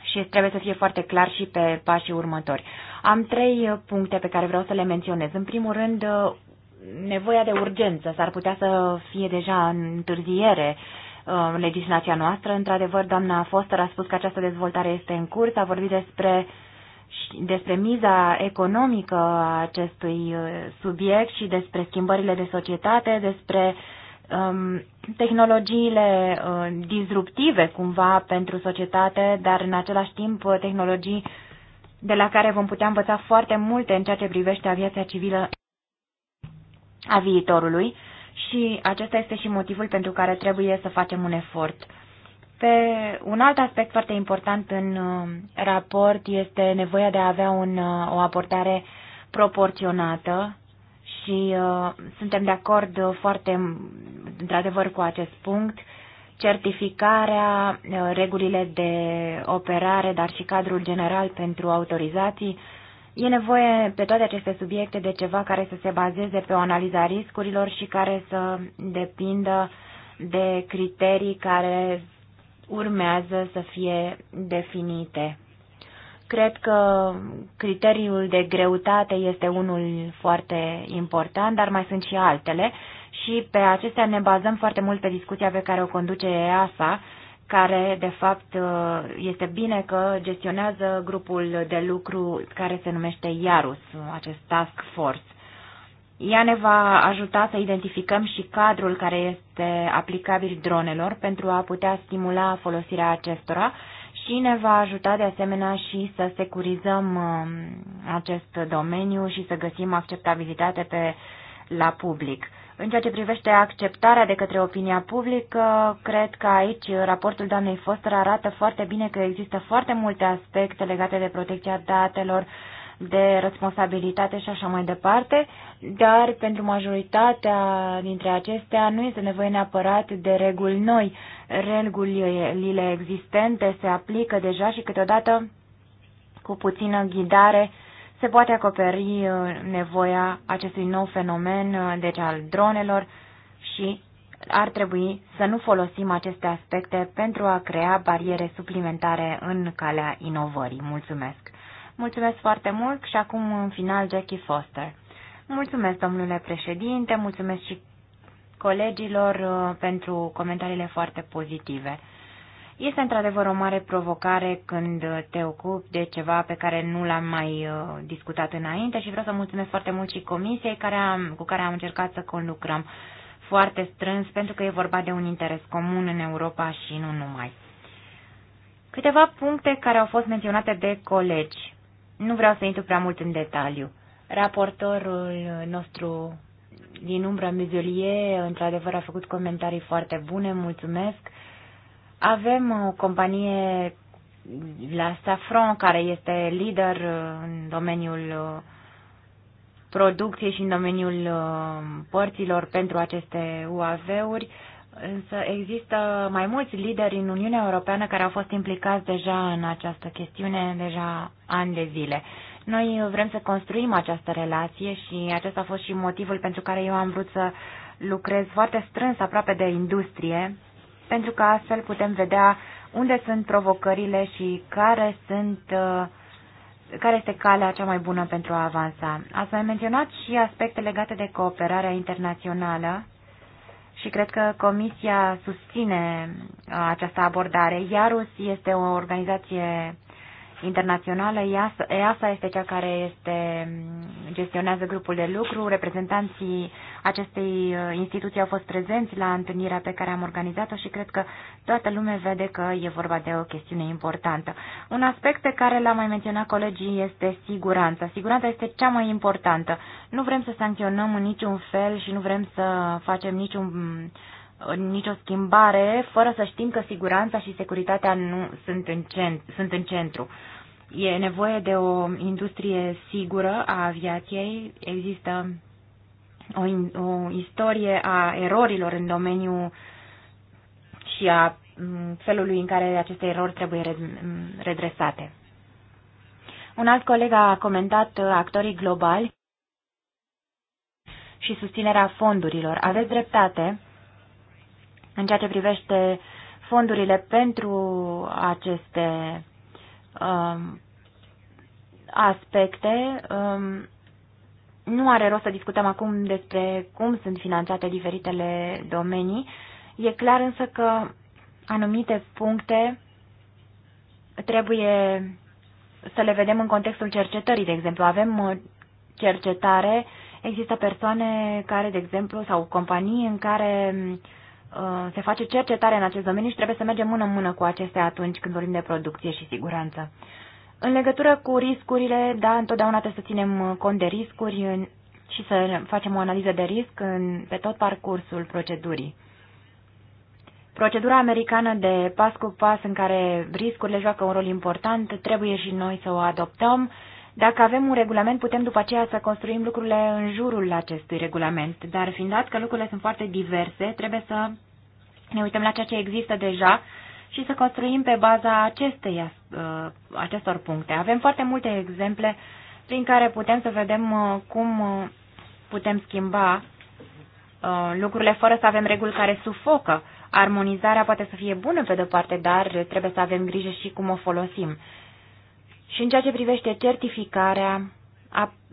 și trebuie să fie foarte clar și pe pașii următori. Am trei puncte pe care vreau să le menționez. În primul rând, uh, nevoia de urgență. S-ar putea să fie deja în întârziere uh, legislația noastră. Într-adevăr, doamna Foster a spus că această dezvoltare este în curs, a vorbit despre despre miza economică a acestui uh, subiect și despre schimbările de societate, despre um, tehnologiile uh, disruptive cumva pentru societate, dar în același timp uh, tehnologii de la care vom putea învăța foarte multe în ceea ce privește aviația civilă a viitorului și acesta este și motivul pentru care trebuie să facem un efort. Pe un alt aspect foarte important în uh, raport este nevoia de a avea un, uh, o abordare proporționată și uh, suntem de acord foarte, într-adevăr, cu acest punct. Certificarea, uh, regulile de operare, dar și cadrul general pentru autorizații E nevoie pe toate aceste subiecte de ceva care să se bazeze pe o analiză a riscurilor și care să depindă de criterii care urmează să fie definite. Cred că criteriul de greutate este unul foarte important, dar mai sunt și altele și pe acestea ne bazăm foarte mult pe discuția pe care o conduce EASA care de fapt uh, este bine că gestionează grupul de lucru care se numește IARUS, acest task force. Ea ne va ajuta să identificăm și cadrul care este aplicabil dronelor pentru a putea stimula folosirea acestora și ne va ajuta de asemenea și să securizăm um, acest domeniu și să găsim acceptabilitate pe, la public. În ceea ce privește acceptarea de către opinia publică, cred că aici raportul doamnei Foster arată foarte bine că există foarte multe aspecte legate de protecția datelor, de responsabilitate și așa mai departe, dar pentru majoritatea dintre acestea nu este nevoie neapărat de reguli noi. Regulile existente se aplică deja și câteodată cu puțină ghidare uh, se poate acoperi uh, nevoia acestui nou fenomen, uh, deci al dronelor, și ar trebui să nu folosim aceste aspecte pentru a crea bariere suplimentare în calea inovării. Mulțumesc! Mulțumesc foarte mult și acum în final Jackie Foster. Mulțumesc, domnule președinte, mulțumesc și colegilor uh, pentru comentariile foarte pozitive. Este într-adevăr o mare provocare când te ocupi de ceva pe care nu l-am mai uh, discutat înainte și vreau să mulțumesc foarte mult și comisiei care am, cu care am încercat să conlucrăm foarte strâns pentru că e vorba de un interes comun în Europa și nu numai. Câteva puncte care au fost menționate de colegi. Nu vreau să intru prea mult în detaliu. Raportorul nostru din umbra Mizulie, într-adevăr a făcut comentarii foarte bune, mulțumesc. Avem o companie la Safron care este lider uh, în domeniul uh, producției și în domeniul uh, părților pentru aceste UAV-uri, însă există mai mulți lideri în Uniunea Europeană care au fost implicați deja în această chestiune deja ani de zile. Noi vrem să construim această relație și acesta a fost și motivul pentru care eu am vrut să lucrez foarte strâns aproape de industrie pentru că astfel putem vedea unde sunt provocările și care sunt uh, care este calea cea mai bună pentru a avansa. Ați mai menționat și aspecte legate de cooperarea internațională și cred că Comisia susține uh, această abordare. IARUS este o organizație internațională. EASA este cea care este, gestionează grupul de lucru. Reprezentanții acestei uh, instituții au fost prezenți la întâlnirea pe care am organizat-o și cred că toată lumea vede că e vorba de o chestiune importantă. Un aspect pe care l-a mai menționat colegii este siguranța. Siguranța este cea mai importantă. Nu vrem să sancționăm în niciun fel și nu vrem să facem niciun nicio schimbare fără să știm că siguranța și securitatea nu sunt în, cent sunt în centru. E nevoie de o industrie sigură a aviației. Există o, o istorie a erorilor în domeniu și a mm, felului în care aceste erori trebuie mm, redresate. Un alt coleg a comentat uh, actorii globali și susținerea fondurilor. Aveți dreptate în ceea ce privește fondurile pentru aceste um, aspecte, um, nu are rost să discutăm acum despre cum sunt finanțate diferitele domenii. E clar însă că anumite puncte trebuie să le vedem în contextul cercetării, de exemplu. Avem uh, cercetare, există persoane care, de exemplu, sau companii în care Uh, se face cercetare în acest domeniu și trebuie să mergem mână-mână cu acestea atunci când vorbim de producție și siguranță. În legătură cu riscurile, da, întotdeauna trebuie să ținem cont de riscuri și să facem o analiză de risc în, pe tot parcursul procedurii. Procedura americană de pas cu pas în care riscurile joacă un rol important trebuie și noi să o adoptăm dacă avem un regulament, putem după aceea să construim lucrurile în jurul acestui regulament. Dar fiind dat că lucrurile sunt foarte diverse, trebuie să ne uităm la ceea ce există deja și să construim pe baza acestei, uh, acestor puncte. Avem foarte multe exemple prin care putem să vedem uh, cum uh, putem schimba lucrurile fără să avem reguli care sufocă. Armonizarea poate să fie bună pe de-o parte, dar trebuie să avem grijă și cum o folosim. Și în ceea ce privește certificarea,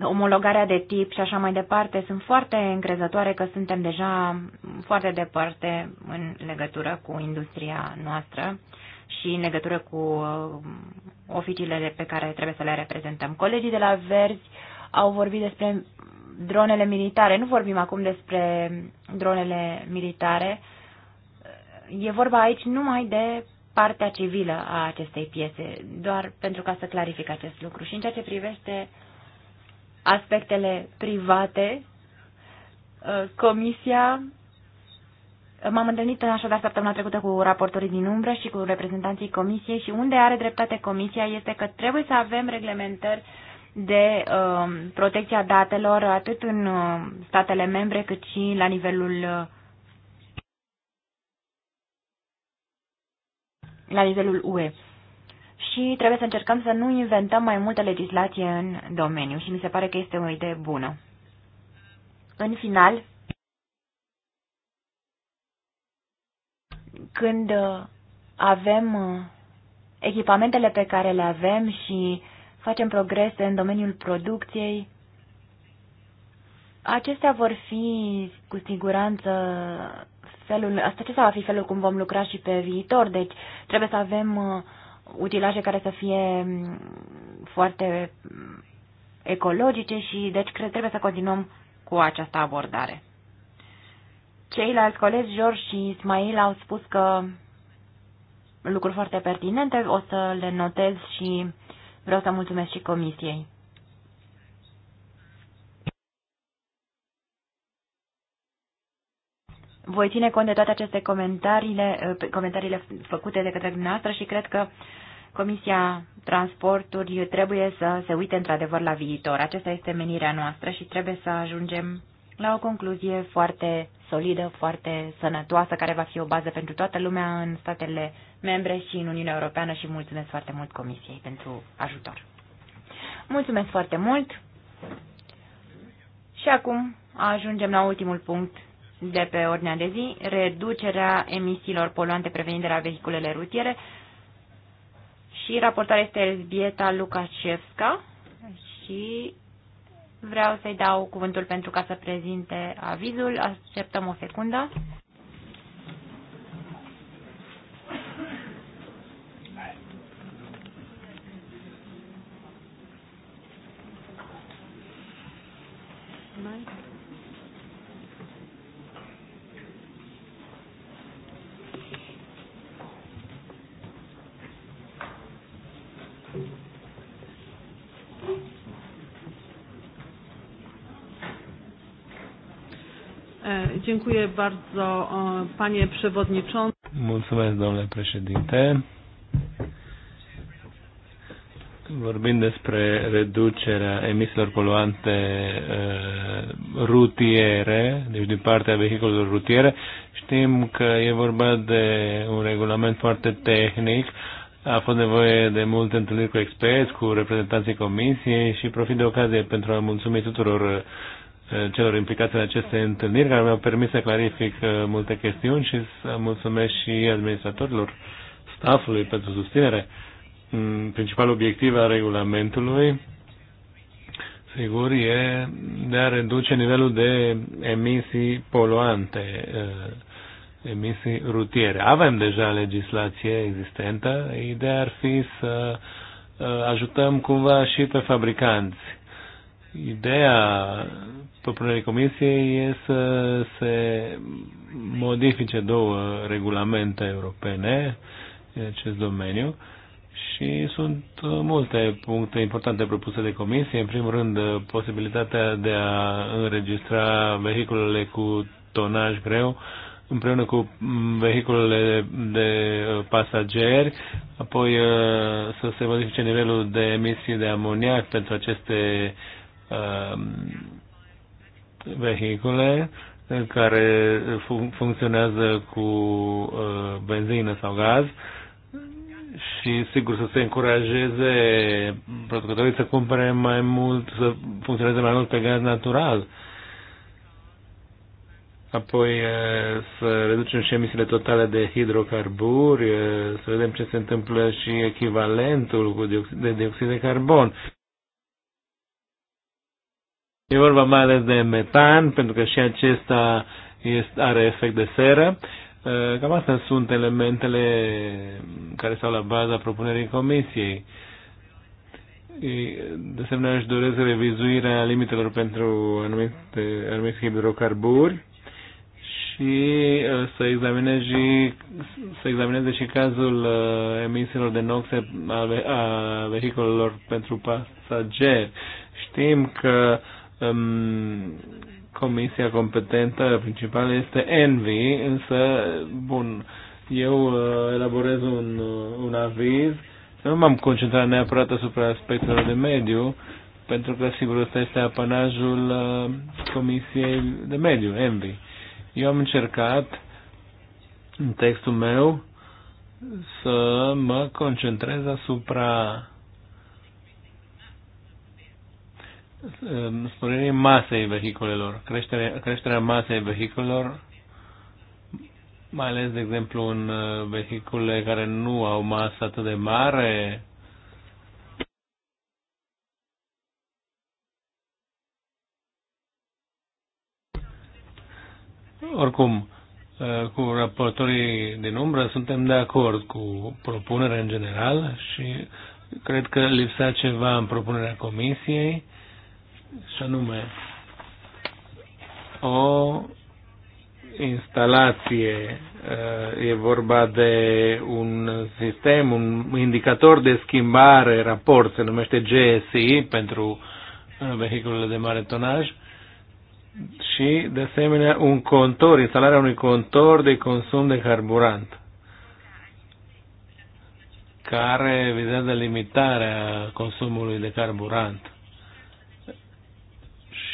omologarea de tip și așa mai departe, sunt foarte încrezătoare că suntem deja foarte departe în legătură cu industria noastră și în legătură cu uh, oficiile pe care trebuie să le reprezentăm. Colegii de la Verzi au vorbit despre dronele militare. Nu vorbim acum despre dronele militare. E vorba aici numai de partea civilă a acestei piese, doar pentru ca să clarific acest lucru. Și în ceea ce privește aspectele private, uh, Comisia uh, M-am întâlnit în așadar săptămâna trecută cu raportorii din umbră și cu reprezentanții comisiei și unde are dreptate comisia este că trebuie să avem reglementări de uh, protecția datelor atât în uh, statele membre cât și la nivelul uh, la nivelul UE. Și trebuie să încercăm să nu inventăm mai multă legislație în domeniu și mi se pare că este o idee bună. În final, când uh, avem uh, echipamentele pe care le avem și facem progrese în domeniul producției, acestea vor fi cu siguranță felul, acesta va fi felul cum vom lucra și pe viitor, deci trebuie să avem uh, utilaje care să fie mm, foarte mm, ecologice și deci cred trebuie să continuăm cu această abordare. Ceilalți colegi, George și Ismail, au spus că lucruri foarte pertinente, o să le notez și vreau să mulțumesc și comisiei. voi ține cont de toate aceste comentariile, eh, comentariile făcute de către dumneavoastră și cred că Comisia Transporturi trebuie să se uite într-adevăr la viitor. Aceasta este menirea noastră și trebuie să ajungem la o concluzie foarte solidă, foarte sănătoasă, care va fi o bază pentru toată lumea în statele membre și în Uniunea Europeană și mulțumesc foarte mult Comisiei pentru ajutor. Mulțumesc foarte mult și acum ajungem la ultimul punct de pe ordinea de zi, reducerea emisiilor poluante prevenite de la vehiculele rutiere și raportarea este Elzbieta Lukashevska și vreau să-i dau cuvântul pentru ca să prezinte avizul. Așteptăm o secundă. Thank you. Dziękuję bardzo, panie przewodniczący. Mulțumesc, domnule președinte. Vorbind despre reducerea emisiilor poluante uh, rutiere, deci din partea vehiculelor rutiere, știm că e vorba de un regulament foarte tehnic. A fost nevoie de multe întâlniri cu experți, cu reprezentanții comisiei și profit de ocazie pentru a mulțumi tuturor Eh, celor implicați în aceste întâlniri, care mi-au permis să clarific eh, multe chestiuni și să mulțumesc și administratorilor staffului pentru susținere. Mm, principalul obiectiv al regulamentului, sigur, e de a reduce nivelul de emisii poluante, eh, emisii rutiere. Avem deja legislație existentă, ideea ar fi să ajutăm cumva și pe fabricanți. Ideea propunerii Comisiei e să se modifice două regulamente europene în acest domeniu și sunt uh, multe puncte importante propuse de Comisie. În primul rând, uh, posibilitatea de a înregistra vehiculele cu tonaj greu împreună cu mm, vehiculele de uh, pasageri, apoi să se modifice nivelul de emisii de amoniac pentru aceste vehicule care fun funcționează cu uh, benzină sau gaz și sigur să se încurajeze producătorii să cumpere mai mult, să funcționeze mai mult pe gaz natural. Apoi uh, să reducem și emisiile totale de hidrocarburi, uh, să vedem ce se întâmplă și echivalentul de dioxid de carbon. E vorba mai ales de metan, pentru că și acesta este, are efect de seră. Uh, cam astea sunt elementele care stau la baza propunerii Comisiei. De asemenea, își doresc revizuirea limitelor pentru anumite, anumite hidrocarburi și uh, să examineze și, să examineze și cazul uh, emisiilor de noxe a vehiculelor pentru pasageri. Știm că um, comisia competentă principală este Envy, însă, bun, eu uh, elaborez un, uh, un aviz, nu m-am concentrat neapărat asupra aspectelor de mediu, pentru că, sigur, ăsta este apanajul uh, Comisiei de Mediu, Envy. Eu am încercat, în textul meu, să mă concentrez asupra sporirea masei vehiculelor, creșterea, creșterea masei vehiculelor, mai ales, de exemplu, în uh, vehicule care nu au masă atât de mare, Oricum, uh, cu raportorii din umbră suntem de acord cu propunerea în general și cred că lipsa ceva în propunerea comisiei și anume o instalație, uh, e vorba de un sistem, un indicator de schimbare, raport, se numește GSI pentru uh, vehiculele de mare tonaj și, de asemenea, un contor, instalarea unui contor de consum de carburant care vizează limitarea consumului de carburant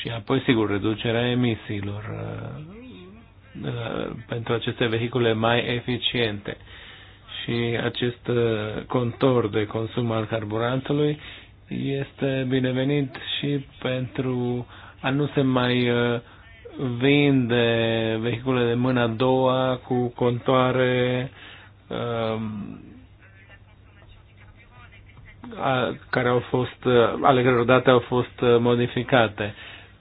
și apoi, sigur, reducerea emisiilor uh, uh, pentru aceste vehicule mai eficiente. Și acest uh, contor de consum al carburantului este binevenit și pentru a nu se mai vinde vehicule de mâna a doua cu contoare um, care au fost, ale date au fost modificate.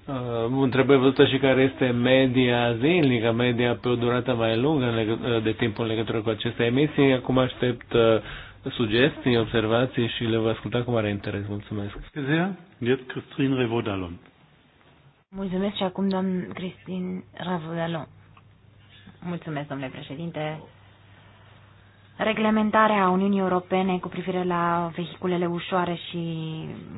Uh, trebuie văzută și care este media zilnică, media pe o durată mai lungă uh, de timp în legătură cu aceste emisii. Acum aștept uh, sugestii, observații și le voi asculta cu mare interes. Mulțumesc. Mulțumesc și acum, doamn Cristin Ravodalon. Mulțumesc, domnule președinte. Reglementarea Uniunii Europene cu privire la vehiculele ușoare și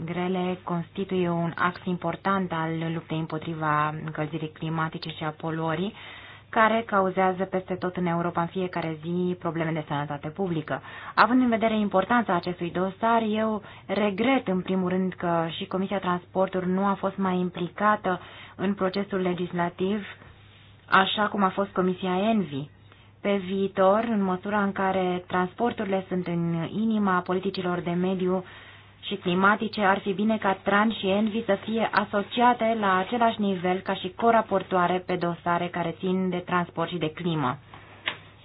grele constituie un act important al luptei împotriva încălzirii climatice și a poluării, care cauzează peste tot în Europa în fiecare zi probleme de sănătate publică. Având în vedere importanța acestui dosar, eu regret în primul rând că și Comisia Transporturi nu a fost mai implicată în procesul legislativ, așa cum a fost Comisia Envi pe viitor, în măsura în care transporturile sunt în inima politicilor de mediu și climatice, ar fi bine ca Tran și Envi să fie asociate la același nivel ca și coraportoare pe dosare care țin de transport și de climă.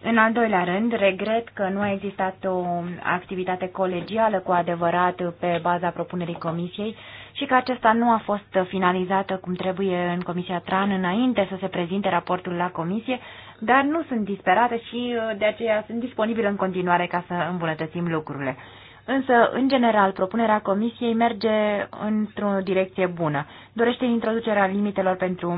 În al doilea rând, regret că nu a existat o activitate colegială cu adevărat pe baza propunerii Comisiei și că acesta nu a fost finalizată cum trebuie în Comisia Tran înainte să se prezinte raportul la Comisie, dar nu sunt disperată și uh, de aceea sunt disponibile în continuare ca să îmbunătățim lucrurile. Însă, în general, propunerea Comisiei merge într-o direcție bună. Dorește introducerea limitelor pentru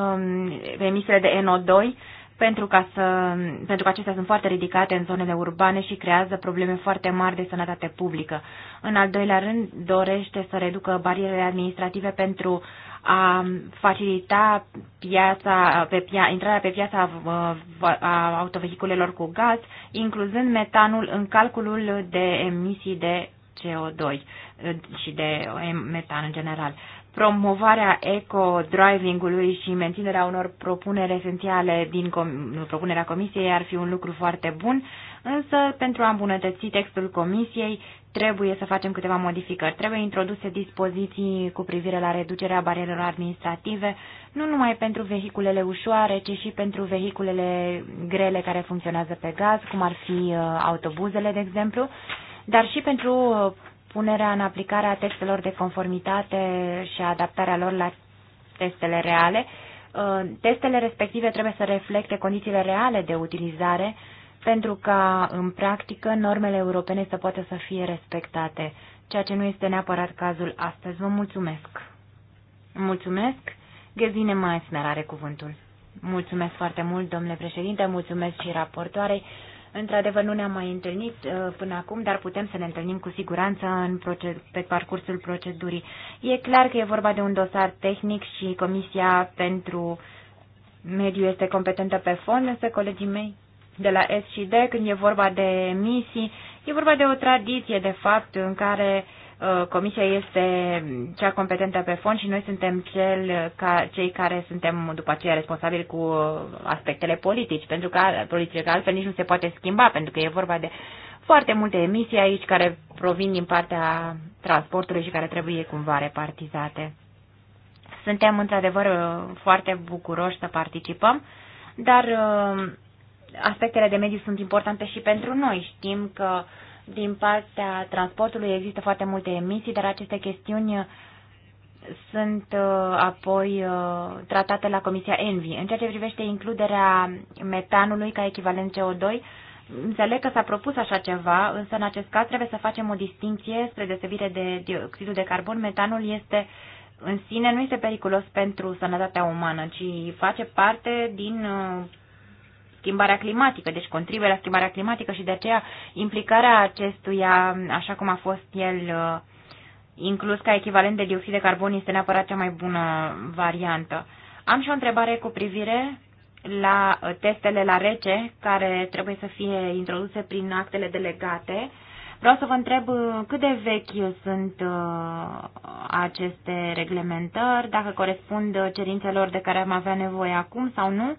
um, emisiile de NO2 pentru, ca să, pentru că acestea sunt foarte ridicate în zonele urbane și creează probleme foarte mari de sănătate publică. În al doilea rând, dorește să reducă barierele administrative pentru a facilita piața, pe pia, intrarea pe piața uh, a autovehiculelor cu gaz, incluzând metanul în calculul de emisii de CO2 uh, și de metan în general promovarea eco-driving-ului și menținerea unor propuneri esențiale din com- propunerea comisiei ar fi un lucru foarte bun, însă pentru a îmbunătăți textul comisiei trebuie să facem câteva modificări. Trebuie introduse dispoziții cu privire la reducerea barierelor administrative, nu numai pentru vehiculele ușoare, ci și pentru vehiculele grele care funcționează pe gaz, cum ar fi uh, autobuzele, de exemplu, dar și pentru uh, punerea în aplicare a testelor de conformitate și adaptarea lor la testele reale. Uh, testele respective trebuie să reflecte condițiile reale de utilizare pentru ca, în practică, normele europene să poată să fie respectate, ceea ce nu este neapărat cazul astăzi. Vă mulțumesc! Mulțumesc! Găzine Maesner are cuvântul. Mulțumesc foarte mult, domnule președinte, mulțumesc și raportoarei. Într-adevăr, nu ne-am mai întâlnit uh, până acum, dar putem să ne întâlnim cu siguranță în proced- pe parcursul procedurii. E clar că e vorba de un dosar tehnic și Comisia pentru Mediu este competentă pe fond, însă colegii mei de la S și D, când e vorba de emisii, e vorba de o tradiție, de fapt, în care uh, Uh, comisia este cea competentă pe fond și noi suntem cel ca, cei care suntem după aceea responsabili cu aspectele politici, pentru că, politice, că altfel nici nu se poate schimba, pentru că e vorba de foarte multe emisii aici care provin din partea transportului și care trebuie cumva repartizate. Suntem într-adevăr foarte bucuroși să participăm, dar uh, aspectele de mediu sunt importante și pentru noi. Știm că uh, din partea transportului există foarte multe emisii, dar aceste chestiuni uh, sunt uh, apoi uh, tratate la Comisia Envi. În ceea ce privește includerea metanului ca echivalent CO2, Înțeleg că s-a propus așa ceva, însă în acest caz trebuie să facem o distinție spre deosebire de dioxidul de carbon. Metanul este în sine nu este periculos pentru sănătatea umană, ci face parte din schimbarea climatică, deci contribuie la schimbarea climatică și de aceea implicarea acestuia, așa cum a fost el uh, inclus ca echivalent de dioxid de carbon, este neapărat cea mai bună variantă. Am și o întrebare cu privire la uh, testele la rece care trebuie să fie introduse prin actele delegate. Vreau să vă întreb uh, cât de vechi sunt aceste reglementări, dacă corespund cerințelor de care am avea nevoie acum sau nu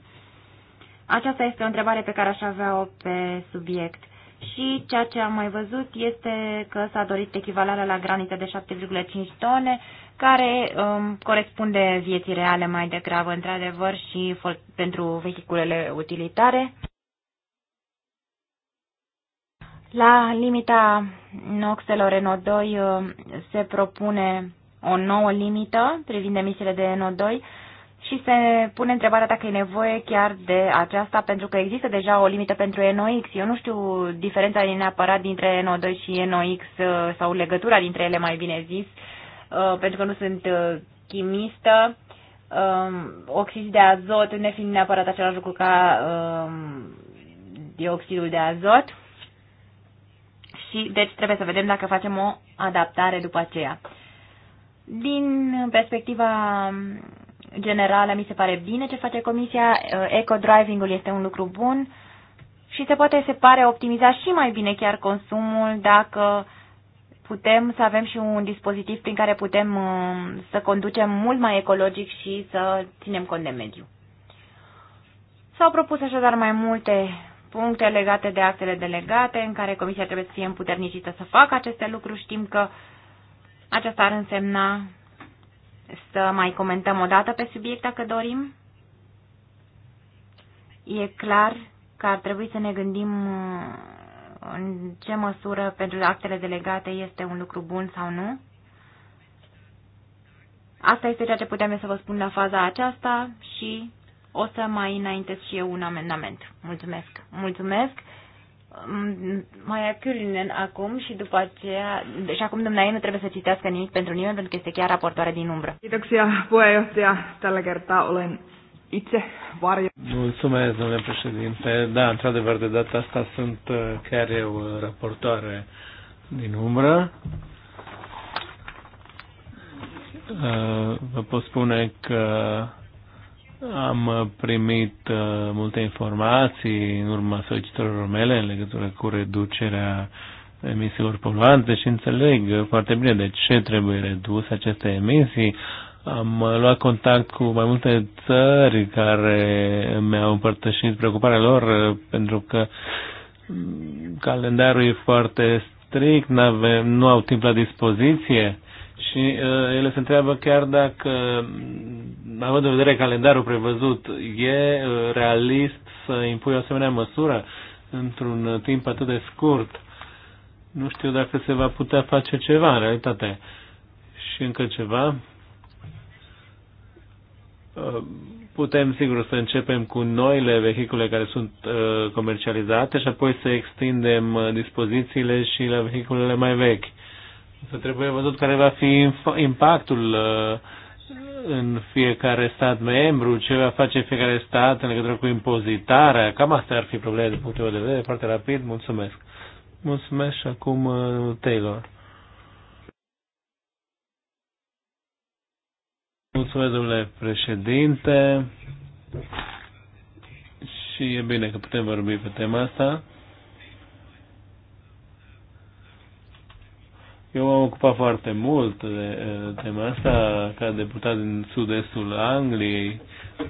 aceasta este o întrebare pe care aș avea-o pe subiect. Și ceea ce am mai văzut este că s-a dorit echivalarea la granite de 7,5 tone, care um, corespunde vieții reale mai degrabă, într-adevăr, și pentru vehiculele utilitare. La limita noxelor NO2 um, se propune o nouă limită privind emisiile de NO2 și se pune întrebarea dacă e nevoie chiar de aceasta, pentru că există deja o limită pentru NOx. Eu nu știu diferența neapărat dintre NO2 și NOx uh, sau legătura dintre ele, mai bine zis, uh, pentru că nu sunt uh, chimistă. Um, Oxid de azot, fiind neapărat același lucru ca um, dioxidul de azot. Și, deci, trebuie să vedem dacă facem o adaptare după aceea. Din perspectiva um, generală mi se pare bine ce face comisia, uh, eco-driving-ul este un lucru bun și se poate se pare optimiza și mai bine chiar consumul dacă putem să avem și un dispozitiv prin care putem uh, să conducem mult mai ecologic și să ținem cont de mediu. S-au propus așadar mai multe puncte legate de actele delegate în care Comisia trebuie să fie împuternicită să facă aceste lucruri. Știm că aceasta ar însemna să mai comentăm o dată pe subiect dacă dorim. E clar că ar trebui să ne gândim uh, în ce măsură pentru actele delegate este un lucru bun sau nu. Asta este ceea ce puteam să vă spun la faza aceasta și o să mai înaintez și eu un amendament. Mulțumesc! Mulțumesc! Mai Culinen acum și după aceea, deci acum dumneavoastră nu trebuie să citească nimic pentru nimeni pentru că este chiar raportoare din umbră. Kiitoksia puheenjohtaja. Tällä kertaa olen itse varjo. Mulțumesc, domnule președinte. Da, într-adevăr, de data asta sunt uh, chiar eu uh, raportoare din umbră. Uh, vă pot spune că am uh, primit uh, multe informații în urma solicitărilor mele în legătură cu reducerea emisiilor poluante și înțeleg uh, foarte bine de ce trebuie redus aceste emisii. Am luat contact cu mai multe țări care mi-au împărtășit preocuparea lor pentru că mm, calendarul e foarte strict, nu, avem, nu au timp la dispoziție și uh, ele se întreabă chiar dacă, mm, având în vedere calendarul prevăzut, e uh, realist să impui o asemenea măsură într-un uh, timp atât de scurt. Nu știu dacă se va putea face ceva în realitate. Și încă ceva. Uh, putem, sigur, să începem cu noile vehicule care sunt uh, comercializate și apoi să extindem uh, dispozițiile și la vehiculele mai vechi. Uh, să trebuie văzut care va fi impactul uh, în fiecare stat membru, ce va face fiecare stat în legătură cu impozitarea. Cam asta ar fi problema din punctul meu de vedere. Foarte rapid, mulțumesc. Mulțumesc și acum uh, Taylor. Mulțumesc, domnule președinte. Și e bine că putem vorbi pe tema asta. Eu m-am ocupat foarte mult de tema asta ca deputat din sud-estul Angliei,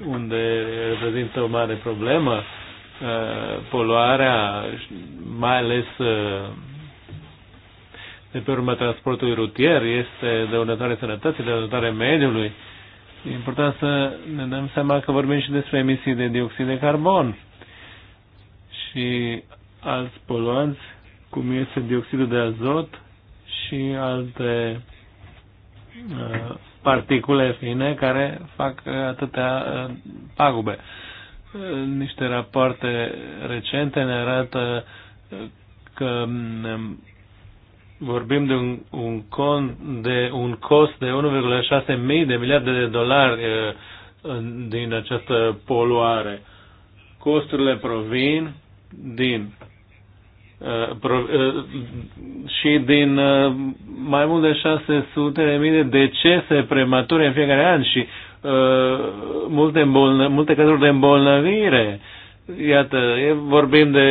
unde reprezintă o mare problemă uh, poluarea, mai ales uh, de pe urma transportului rutier, este dăunătoare sănătății, dăunătoare mediului. E important să ne dăm seama că vorbim și despre emisii de dioxid de carbon și alți poluanți, cum este dioxidul de azot, și alte uh, particule fine care fac uh, atâtea uh, pagube. Niște rapoarte recente ne arată că um, vorbim de un, un, con, de un cost de 1,6 mii de miliarde de dolari din această poluare. Costurile provin din Uh, uh, și din uh, mai mult de 600 de mii de decese premature în fiecare an și multe, îmbolnă, multe cazuri de îmbolnăvire. Iată, vorbim de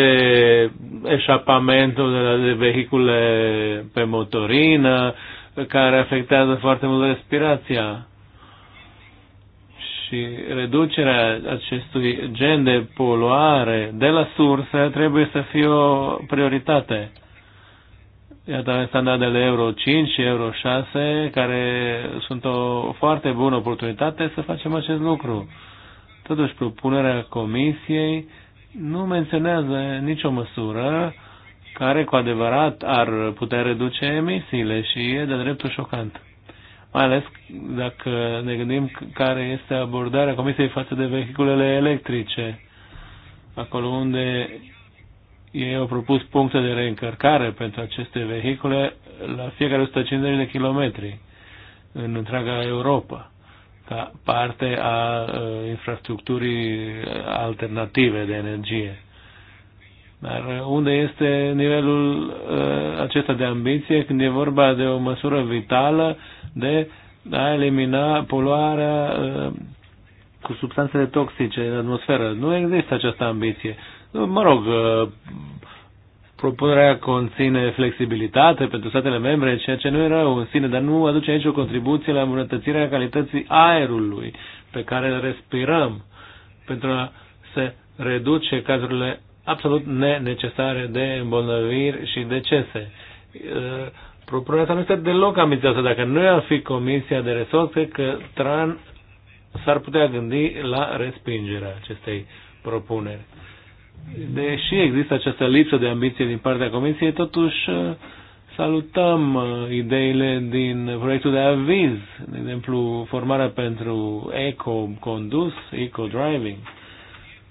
eșapamentul de, la, de vehicule pe motorină, care afectează foarte mult respirația și reducerea acestui gen de poluare de la sursă trebuie să fie o prioritate. Iată avem standardele Euro 5 și Euro 6, care sunt o foarte bună oportunitate să facem acest lucru. Totuși, propunerea Comisiei nu menționează nicio măsură care cu adevărat ar putea reduce emisiile și e de dreptul șocant mai ales dacă ne gândim care este abordarea Comisiei față de vehiculele electrice, acolo unde ei au propus puncte de reîncărcare pentru aceste vehicule la fiecare 150 de kilometri în întreaga Europa, ca parte a uh, infrastructurii alternative de energie. Dar uh, unde este nivelul uh, acesta de ambiție când e vorba de o măsură vitală de a elimina poluarea uh, cu substanțele toxice în atmosferă? Nu există această ambiție. Mă rog, propunerea conține flexibilitate pentru statele membre, ceea ce nu e rău în sine, dar nu aduce nicio contribuție la îmbunătățirea calității aerului pe care îl respirăm pentru a se reduce cazurile absolut nenecesare de îmbolnăviri și decese. Uh, propunerea nu este deloc ambițioasă. Dacă nu ar fi Comisia de resurse că TRAN s-ar putea gândi la respingerea acestei propuneri. Deși există această lipsă de ambiție din partea Comisiei, totuși uh, salutăm uh, ideile din proiectul de aviz, de exemplu formarea pentru eco-condus, eco-driving,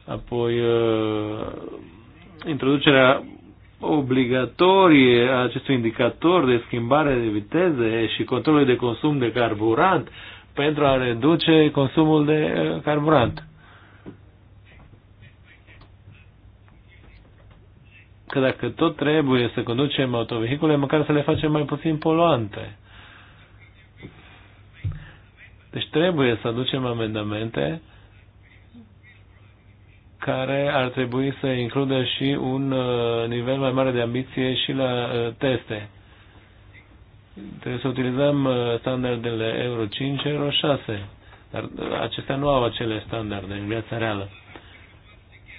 Apoi, uh, introducerea obligatorie a acestui indicator de schimbare de viteze și controlul de consum de carburant pentru a reduce consumul de uh, carburant. Că dacă tot trebuie să conducem autovehicule, măcar să le facem mai puțin poluante. Deci trebuie să aducem amendamente care ar trebui să includă și un uh, nivel mai mare de ambiție și la uh, teste. Trebuie să utilizăm uh, standardele Euro 5, Euro 6, dar acestea nu au acele standarde în viața reală.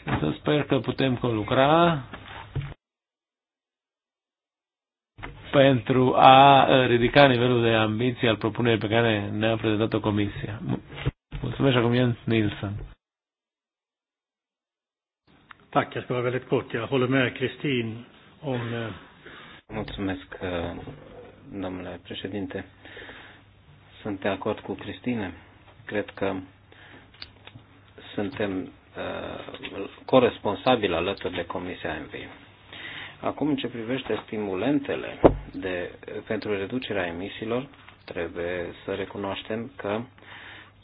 Să sper că putem conlucra pentru a ridica nivelul de ambiție al propunerii pe care ne-a prezentat-o comisie. Mulțumesc acum Nilsson. Tack, jag ska vara väldigt kort. Jag håller med Kristin om... Eh, Mulțumesc, eh, domnule președinte. Sunt de acord cu Cristine. Cred că suntem eh, coresponsabili alături de Comisia MV. Acum, în ce privește stimulentele de, pentru reducerea emisiilor, trebuie să recunoaștem că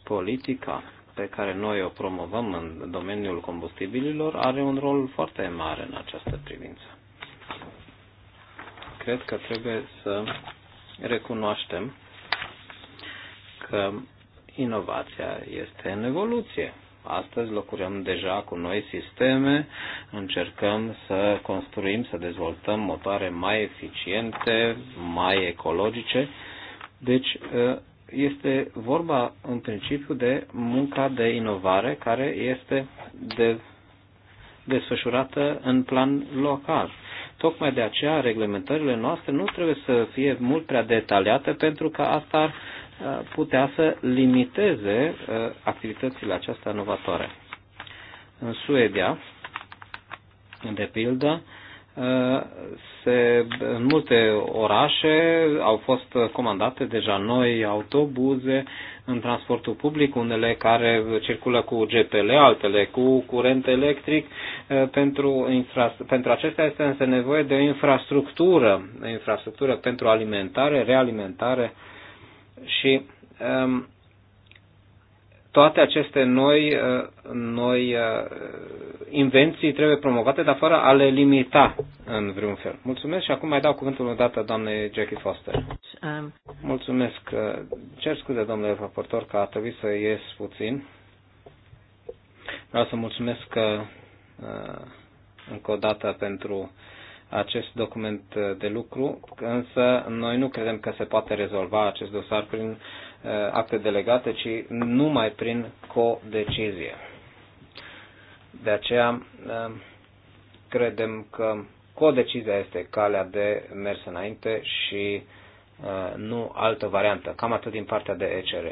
politica pe care noi o promovăm în domeniul combustibililor are un rol foarte mare în această privință. Cred că trebuie să recunoaștem că inovația este în evoluție. Astăzi lucrăm deja cu noi sisteme, încercăm să construim, să dezvoltăm motoare mai eficiente, mai ecologice. Deci este vorba în principiu de munca de inovare care este de, desfășurată în plan local. Tocmai de aceea reglementările noastre nu trebuie să fie mult prea detaliate pentru că asta ar uh, putea să limiteze uh, activitățile acestea inovatoare. În Suedia, de pildă, se, în multe orașe au fost comandate deja noi autobuze în transportul public, unele care circulă cu GPL, altele cu curent electric. Pentru, infra, pentru acestea este însă nevoie de o infrastructură, infrastructură pentru alimentare, realimentare și um, toate aceste noi, uh, noi uh, invenții trebuie promovate, dar fără a le limita în vreun fel. Mulțumesc și acum mai dau cuvântul o dată doamnei Jackie Foster. Um, mulțumesc. Uh, cer scuze, domnule raportor, că a trebuit să ies puțin. Vreau să mulțumesc încă o dată pentru acest document de lucru, însă noi nu credem că se poate rezolva acest dosar prin uh, Uh, acte delegate, ci numai prin codecizie. De aceea uh, credem că codecizia este calea de mers înainte și uh, nu altă variantă. Cam atât din partea de ECR.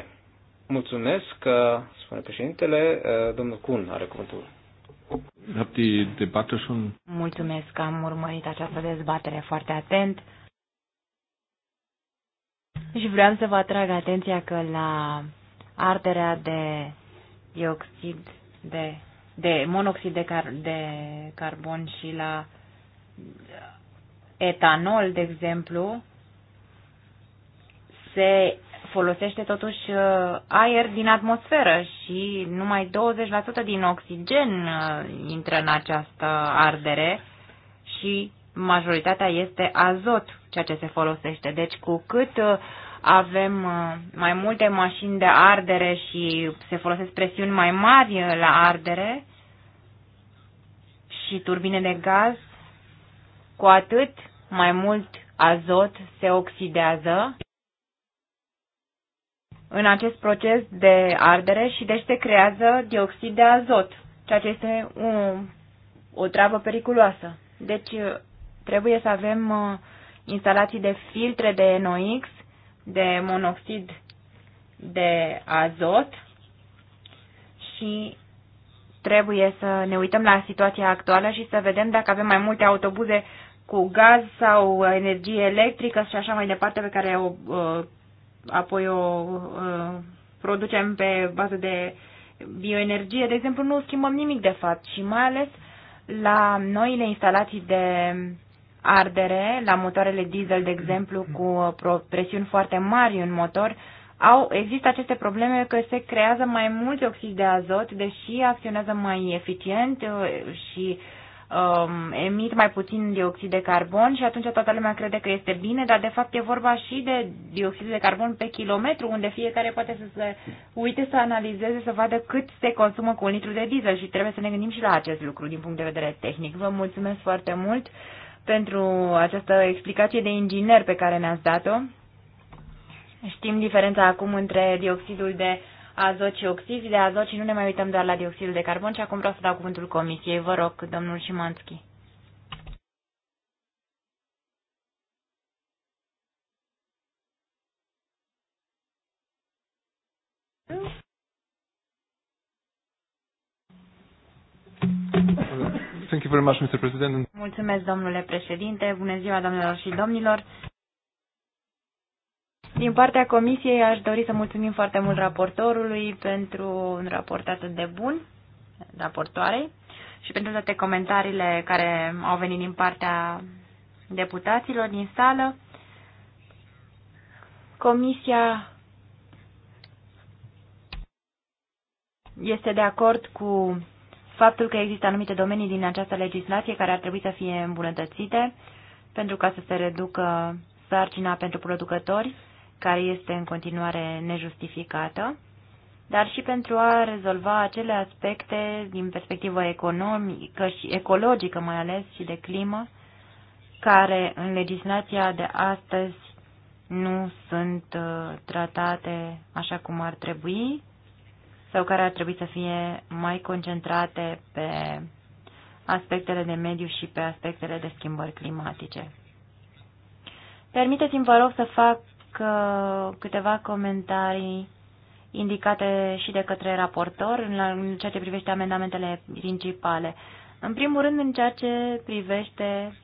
Mulțumesc, spune președintele, domnul Kun are cuvântul. Mulțumesc că am urmărit această dezbatere foarte atent. Și vreau să vă atrag atenția că la arderea de dioxid de, de monoxid de, car, de carbon și la etanol, de exemplu, se folosește totuși uh, aer din atmosferă și numai 20% din oxigen uh, intră în această ardere și majoritatea este azot ceea ce se folosește. Deci cu cât uh, avem uh, mai multe mașini de ardere și se folosesc presiuni mai mari uh, la ardere și turbine de gaz, cu atât mai mult azot se oxidează în acest proces de ardere și deci se creează dioxid de azot, ceea ce este o, o treabă periculoasă. Deci trebuie să avem instalații de filtre de NOx, de monoxid de azot și trebuie să ne uităm la situația actuală și să vedem dacă avem mai multe autobuze cu gaz sau energie electrică și așa mai departe pe care o, apoi o producem pe bază de bioenergie. De exemplu, nu schimbăm nimic de fapt și mai ales la noile instalații de ardere, la motoarele diesel, de exemplu, cu uh, presiuni foarte mari în motor, au, există aceste probleme că se creează mai mulți oxid de azot, deși acționează mai eficient uh, și um, emit mai puțin dioxid de carbon și atunci toată lumea crede că este bine, dar de fapt e vorba și de dioxid de carbon pe kilometru, unde fiecare poate să se uite să analizeze, să vadă cât se consumă cu un litru de diesel și trebuie să ne gândim și la acest lucru din punct de vedere tehnic. Vă mulțumesc foarte mult! pentru această explicație de inginer pe care ne-ați dat-o. Știm diferența acum între dioxidul de azot și oxid de azot și nu ne mai uităm doar la dioxidul de carbon și acum vreau să dau cuvântul comisiei. Vă rog, domnul Șimanski. Thank you very much, Mr. President. Mulțumesc, domnule președinte. Bună ziua, domnilor și domnilor. Din partea comisiei aș dori să mulțumim foarte mult raportorului pentru un raport atât de bun, raportoarei, și pentru toate comentariile care au venit din partea deputaților din sală. Comisia este de acord cu faptul că există anumite domenii din această legislație care ar trebui să fie îmbunătățite pentru ca să se reducă sarcina pentru producători, care este în continuare nejustificată, dar și pentru a rezolva acele aspecte din perspectivă economică și ecologică mai ales și de climă, care în legislația de astăzi nu sunt uh, tratate așa cum ar trebui sau care ar trebui să fie mai concentrate pe aspectele de mediu și pe aspectele de schimbări climatice. Permiteți-mi, vă rog, să fac uh, câteva comentarii indicate și de către raportor în ceea ce privește amendamentele principale. În primul rând, în ceea ce privește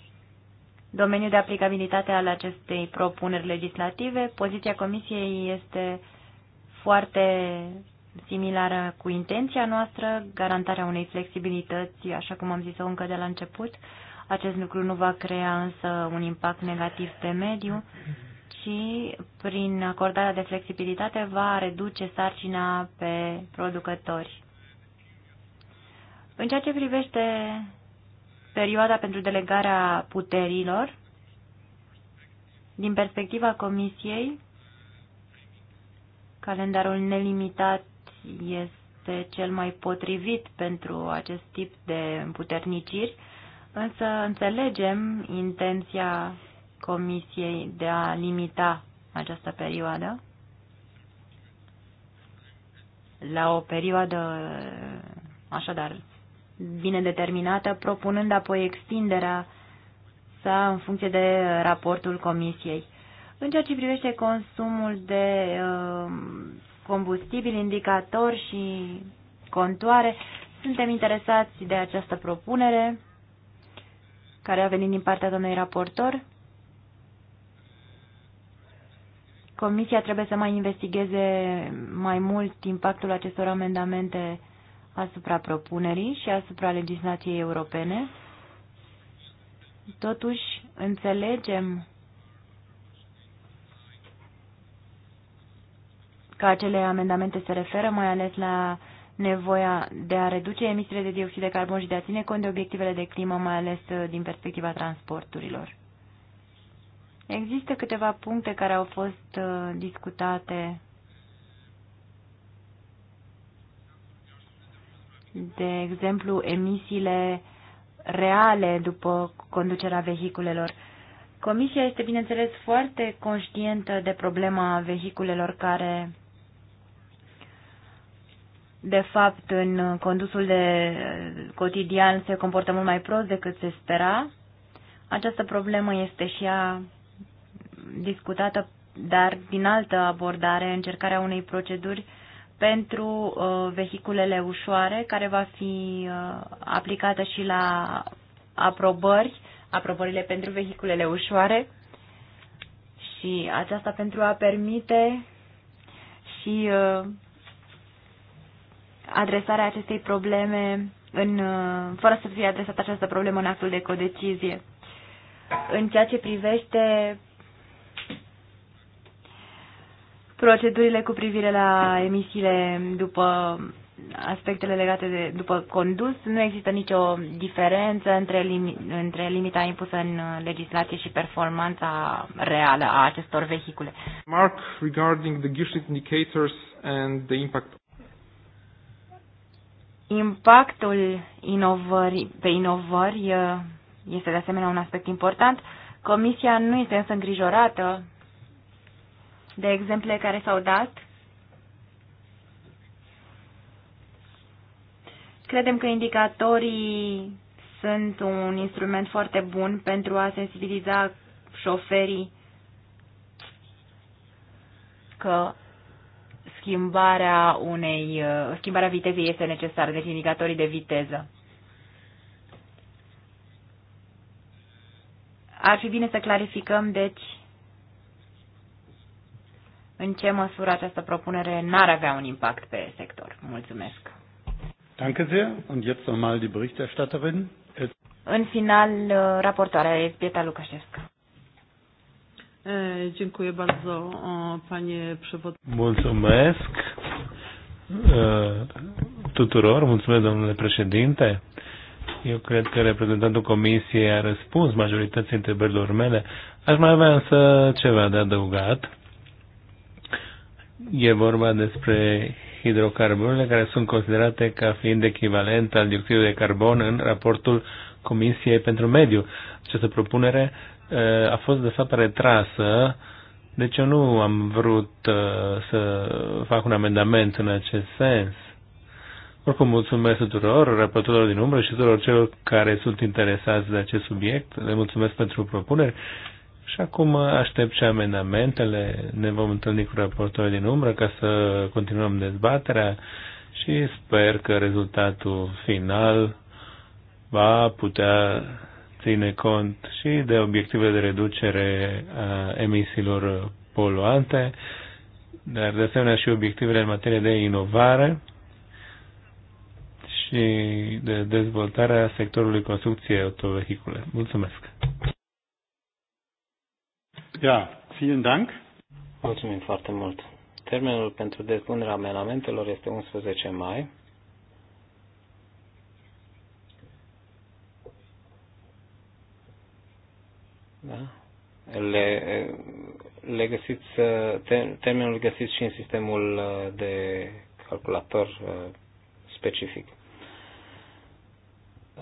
domeniul de aplicabilitate al acestei propuneri legislative, poziția Comisiei este foarte similară cu intenția noastră, garantarea unei flexibilități, așa cum am zis-o încă de la început. Acest lucru nu va crea însă un impact negativ pe mediu, ci prin acordarea de flexibilitate va reduce sarcina pe producători. În ceea ce privește perioada pentru delegarea puterilor, din perspectiva Comisiei, calendarul nelimitat este cel mai potrivit pentru acest tip de împuterniciri, însă înțelegem intenția Comisiei de a limita această perioadă la o perioadă așadar bine determinată, propunând apoi extinderea sa în funcție de raportul Comisiei. În ceea ce privește consumul de uh, combustibil, indicator și contoare. Suntem interesați de această propunere care a venit din partea domnului raportor. Comisia trebuie să mai investigeze mai mult impactul acestor amendamente asupra propunerii și asupra legislației europene. Totuși, înțelegem că acele amendamente se referă mai ales la nevoia de a reduce emisiile de dioxid de carbon și de a ține cont de obiectivele de climă, mai ales uh, din perspectiva transporturilor. Există câteva puncte care au fost uh, discutate de exemplu, emisiile reale după conducerea vehiculelor. Comisia este, bineînțeles, foarte conștientă de problema vehiculelor care de fapt, în condusul de cotidian se comportă mult mai prost decât se spera. Această problemă este și ea discutată, dar din altă abordare, încercarea unei proceduri pentru uh, vehiculele ușoare, care va fi uh, aplicată și la aprobări, aprobările pentru vehiculele ușoare și aceasta pentru a permite și uh, adresarea acestei probleme în, uh, fără să fie adresată această problemă în actul de codecizie. În ceea ce privește procedurile cu privire la emisiile după aspectele legate de după condus, nu există nicio diferență între, limi, între limita impusă în legislație și performanța reală a acestor vehicule. Mark regarding the gift indicators and the impact. Impactul inovării, pe inovări uh, este de asemenea un aspect important. Comisia nu este însă îngrijorată de exemple care s-au dat. Credem că indicatorii sunt un instrument foarte bun pentru a sensibiliza șoferii că schimbarea unei, uh, schimbarea vitezei este necesară, deci indicatorii de viteză. Ar fi bine să clarificăm, deci, în ce măsură această propunere n-ar avea un impact pe sector. Mulțumesc. Danke sehr. Und jetzt nochmal die Berichterstatterin. În final, uh, raportoarea este Pieta Lukașescu. Dziękuję bardzo, panie przewodniczący. Mulțumesc tuturor, mulțumesc, domnule președinte. Eu cred că reprezentantul comisiei a răspuns majorității întrebărilor mele. Aș mai avea însă ceva de adăugat. E vorba despre hidrocarburile care sunt considerate ca fiind echivalent al dioxidului de carbon în raportul Comisiei pentru Mediu. Această propunere Eh, a fost de fapt retrasă, deci eu nu am vrut eh, să fac un amendament în acest sens. Oricum, mulțumesc tuturor răpătorilor din umbră și tuturor celor care sunt interesați de acest subiect. Le mulțumesc pentru propuneri și acum aștept și amendamentele. Ne vom întâlni cu raportorii din umbră ca să continuăm dezbaterea și sper că rezultatul final va putea ține cont și de obiectivele de reducere a emisiilor poluante, dar de asemenea și obiectivele în materie de inovare și de dezvoltarea sectorului construcției autovehicule. Mulțumesc! Ja, vielen Dank! Mulțumim foarte mult! Termenul pentru depunerea amenamentelor este 11 mai Da? Le, le găsiți, termenul găsiți și în sistemul uh, de calculator uh, specific.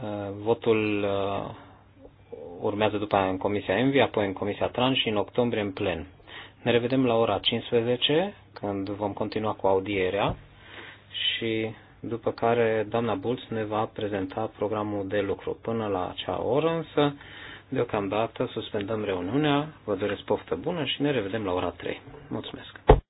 Uh, votul urmează după aia în Comisia Envi, apoi în Comisia Tran și în octombrie în plen. Ne revedem la ora 15, când vom continua cu audierea și după care doamna Bulț ne va prezenta programul de lucru. Până la acea oră însă Deocamdată suspendăm reuniunea, vă doresc poftă bună și ne revedem la ora 3. Mulțumesc!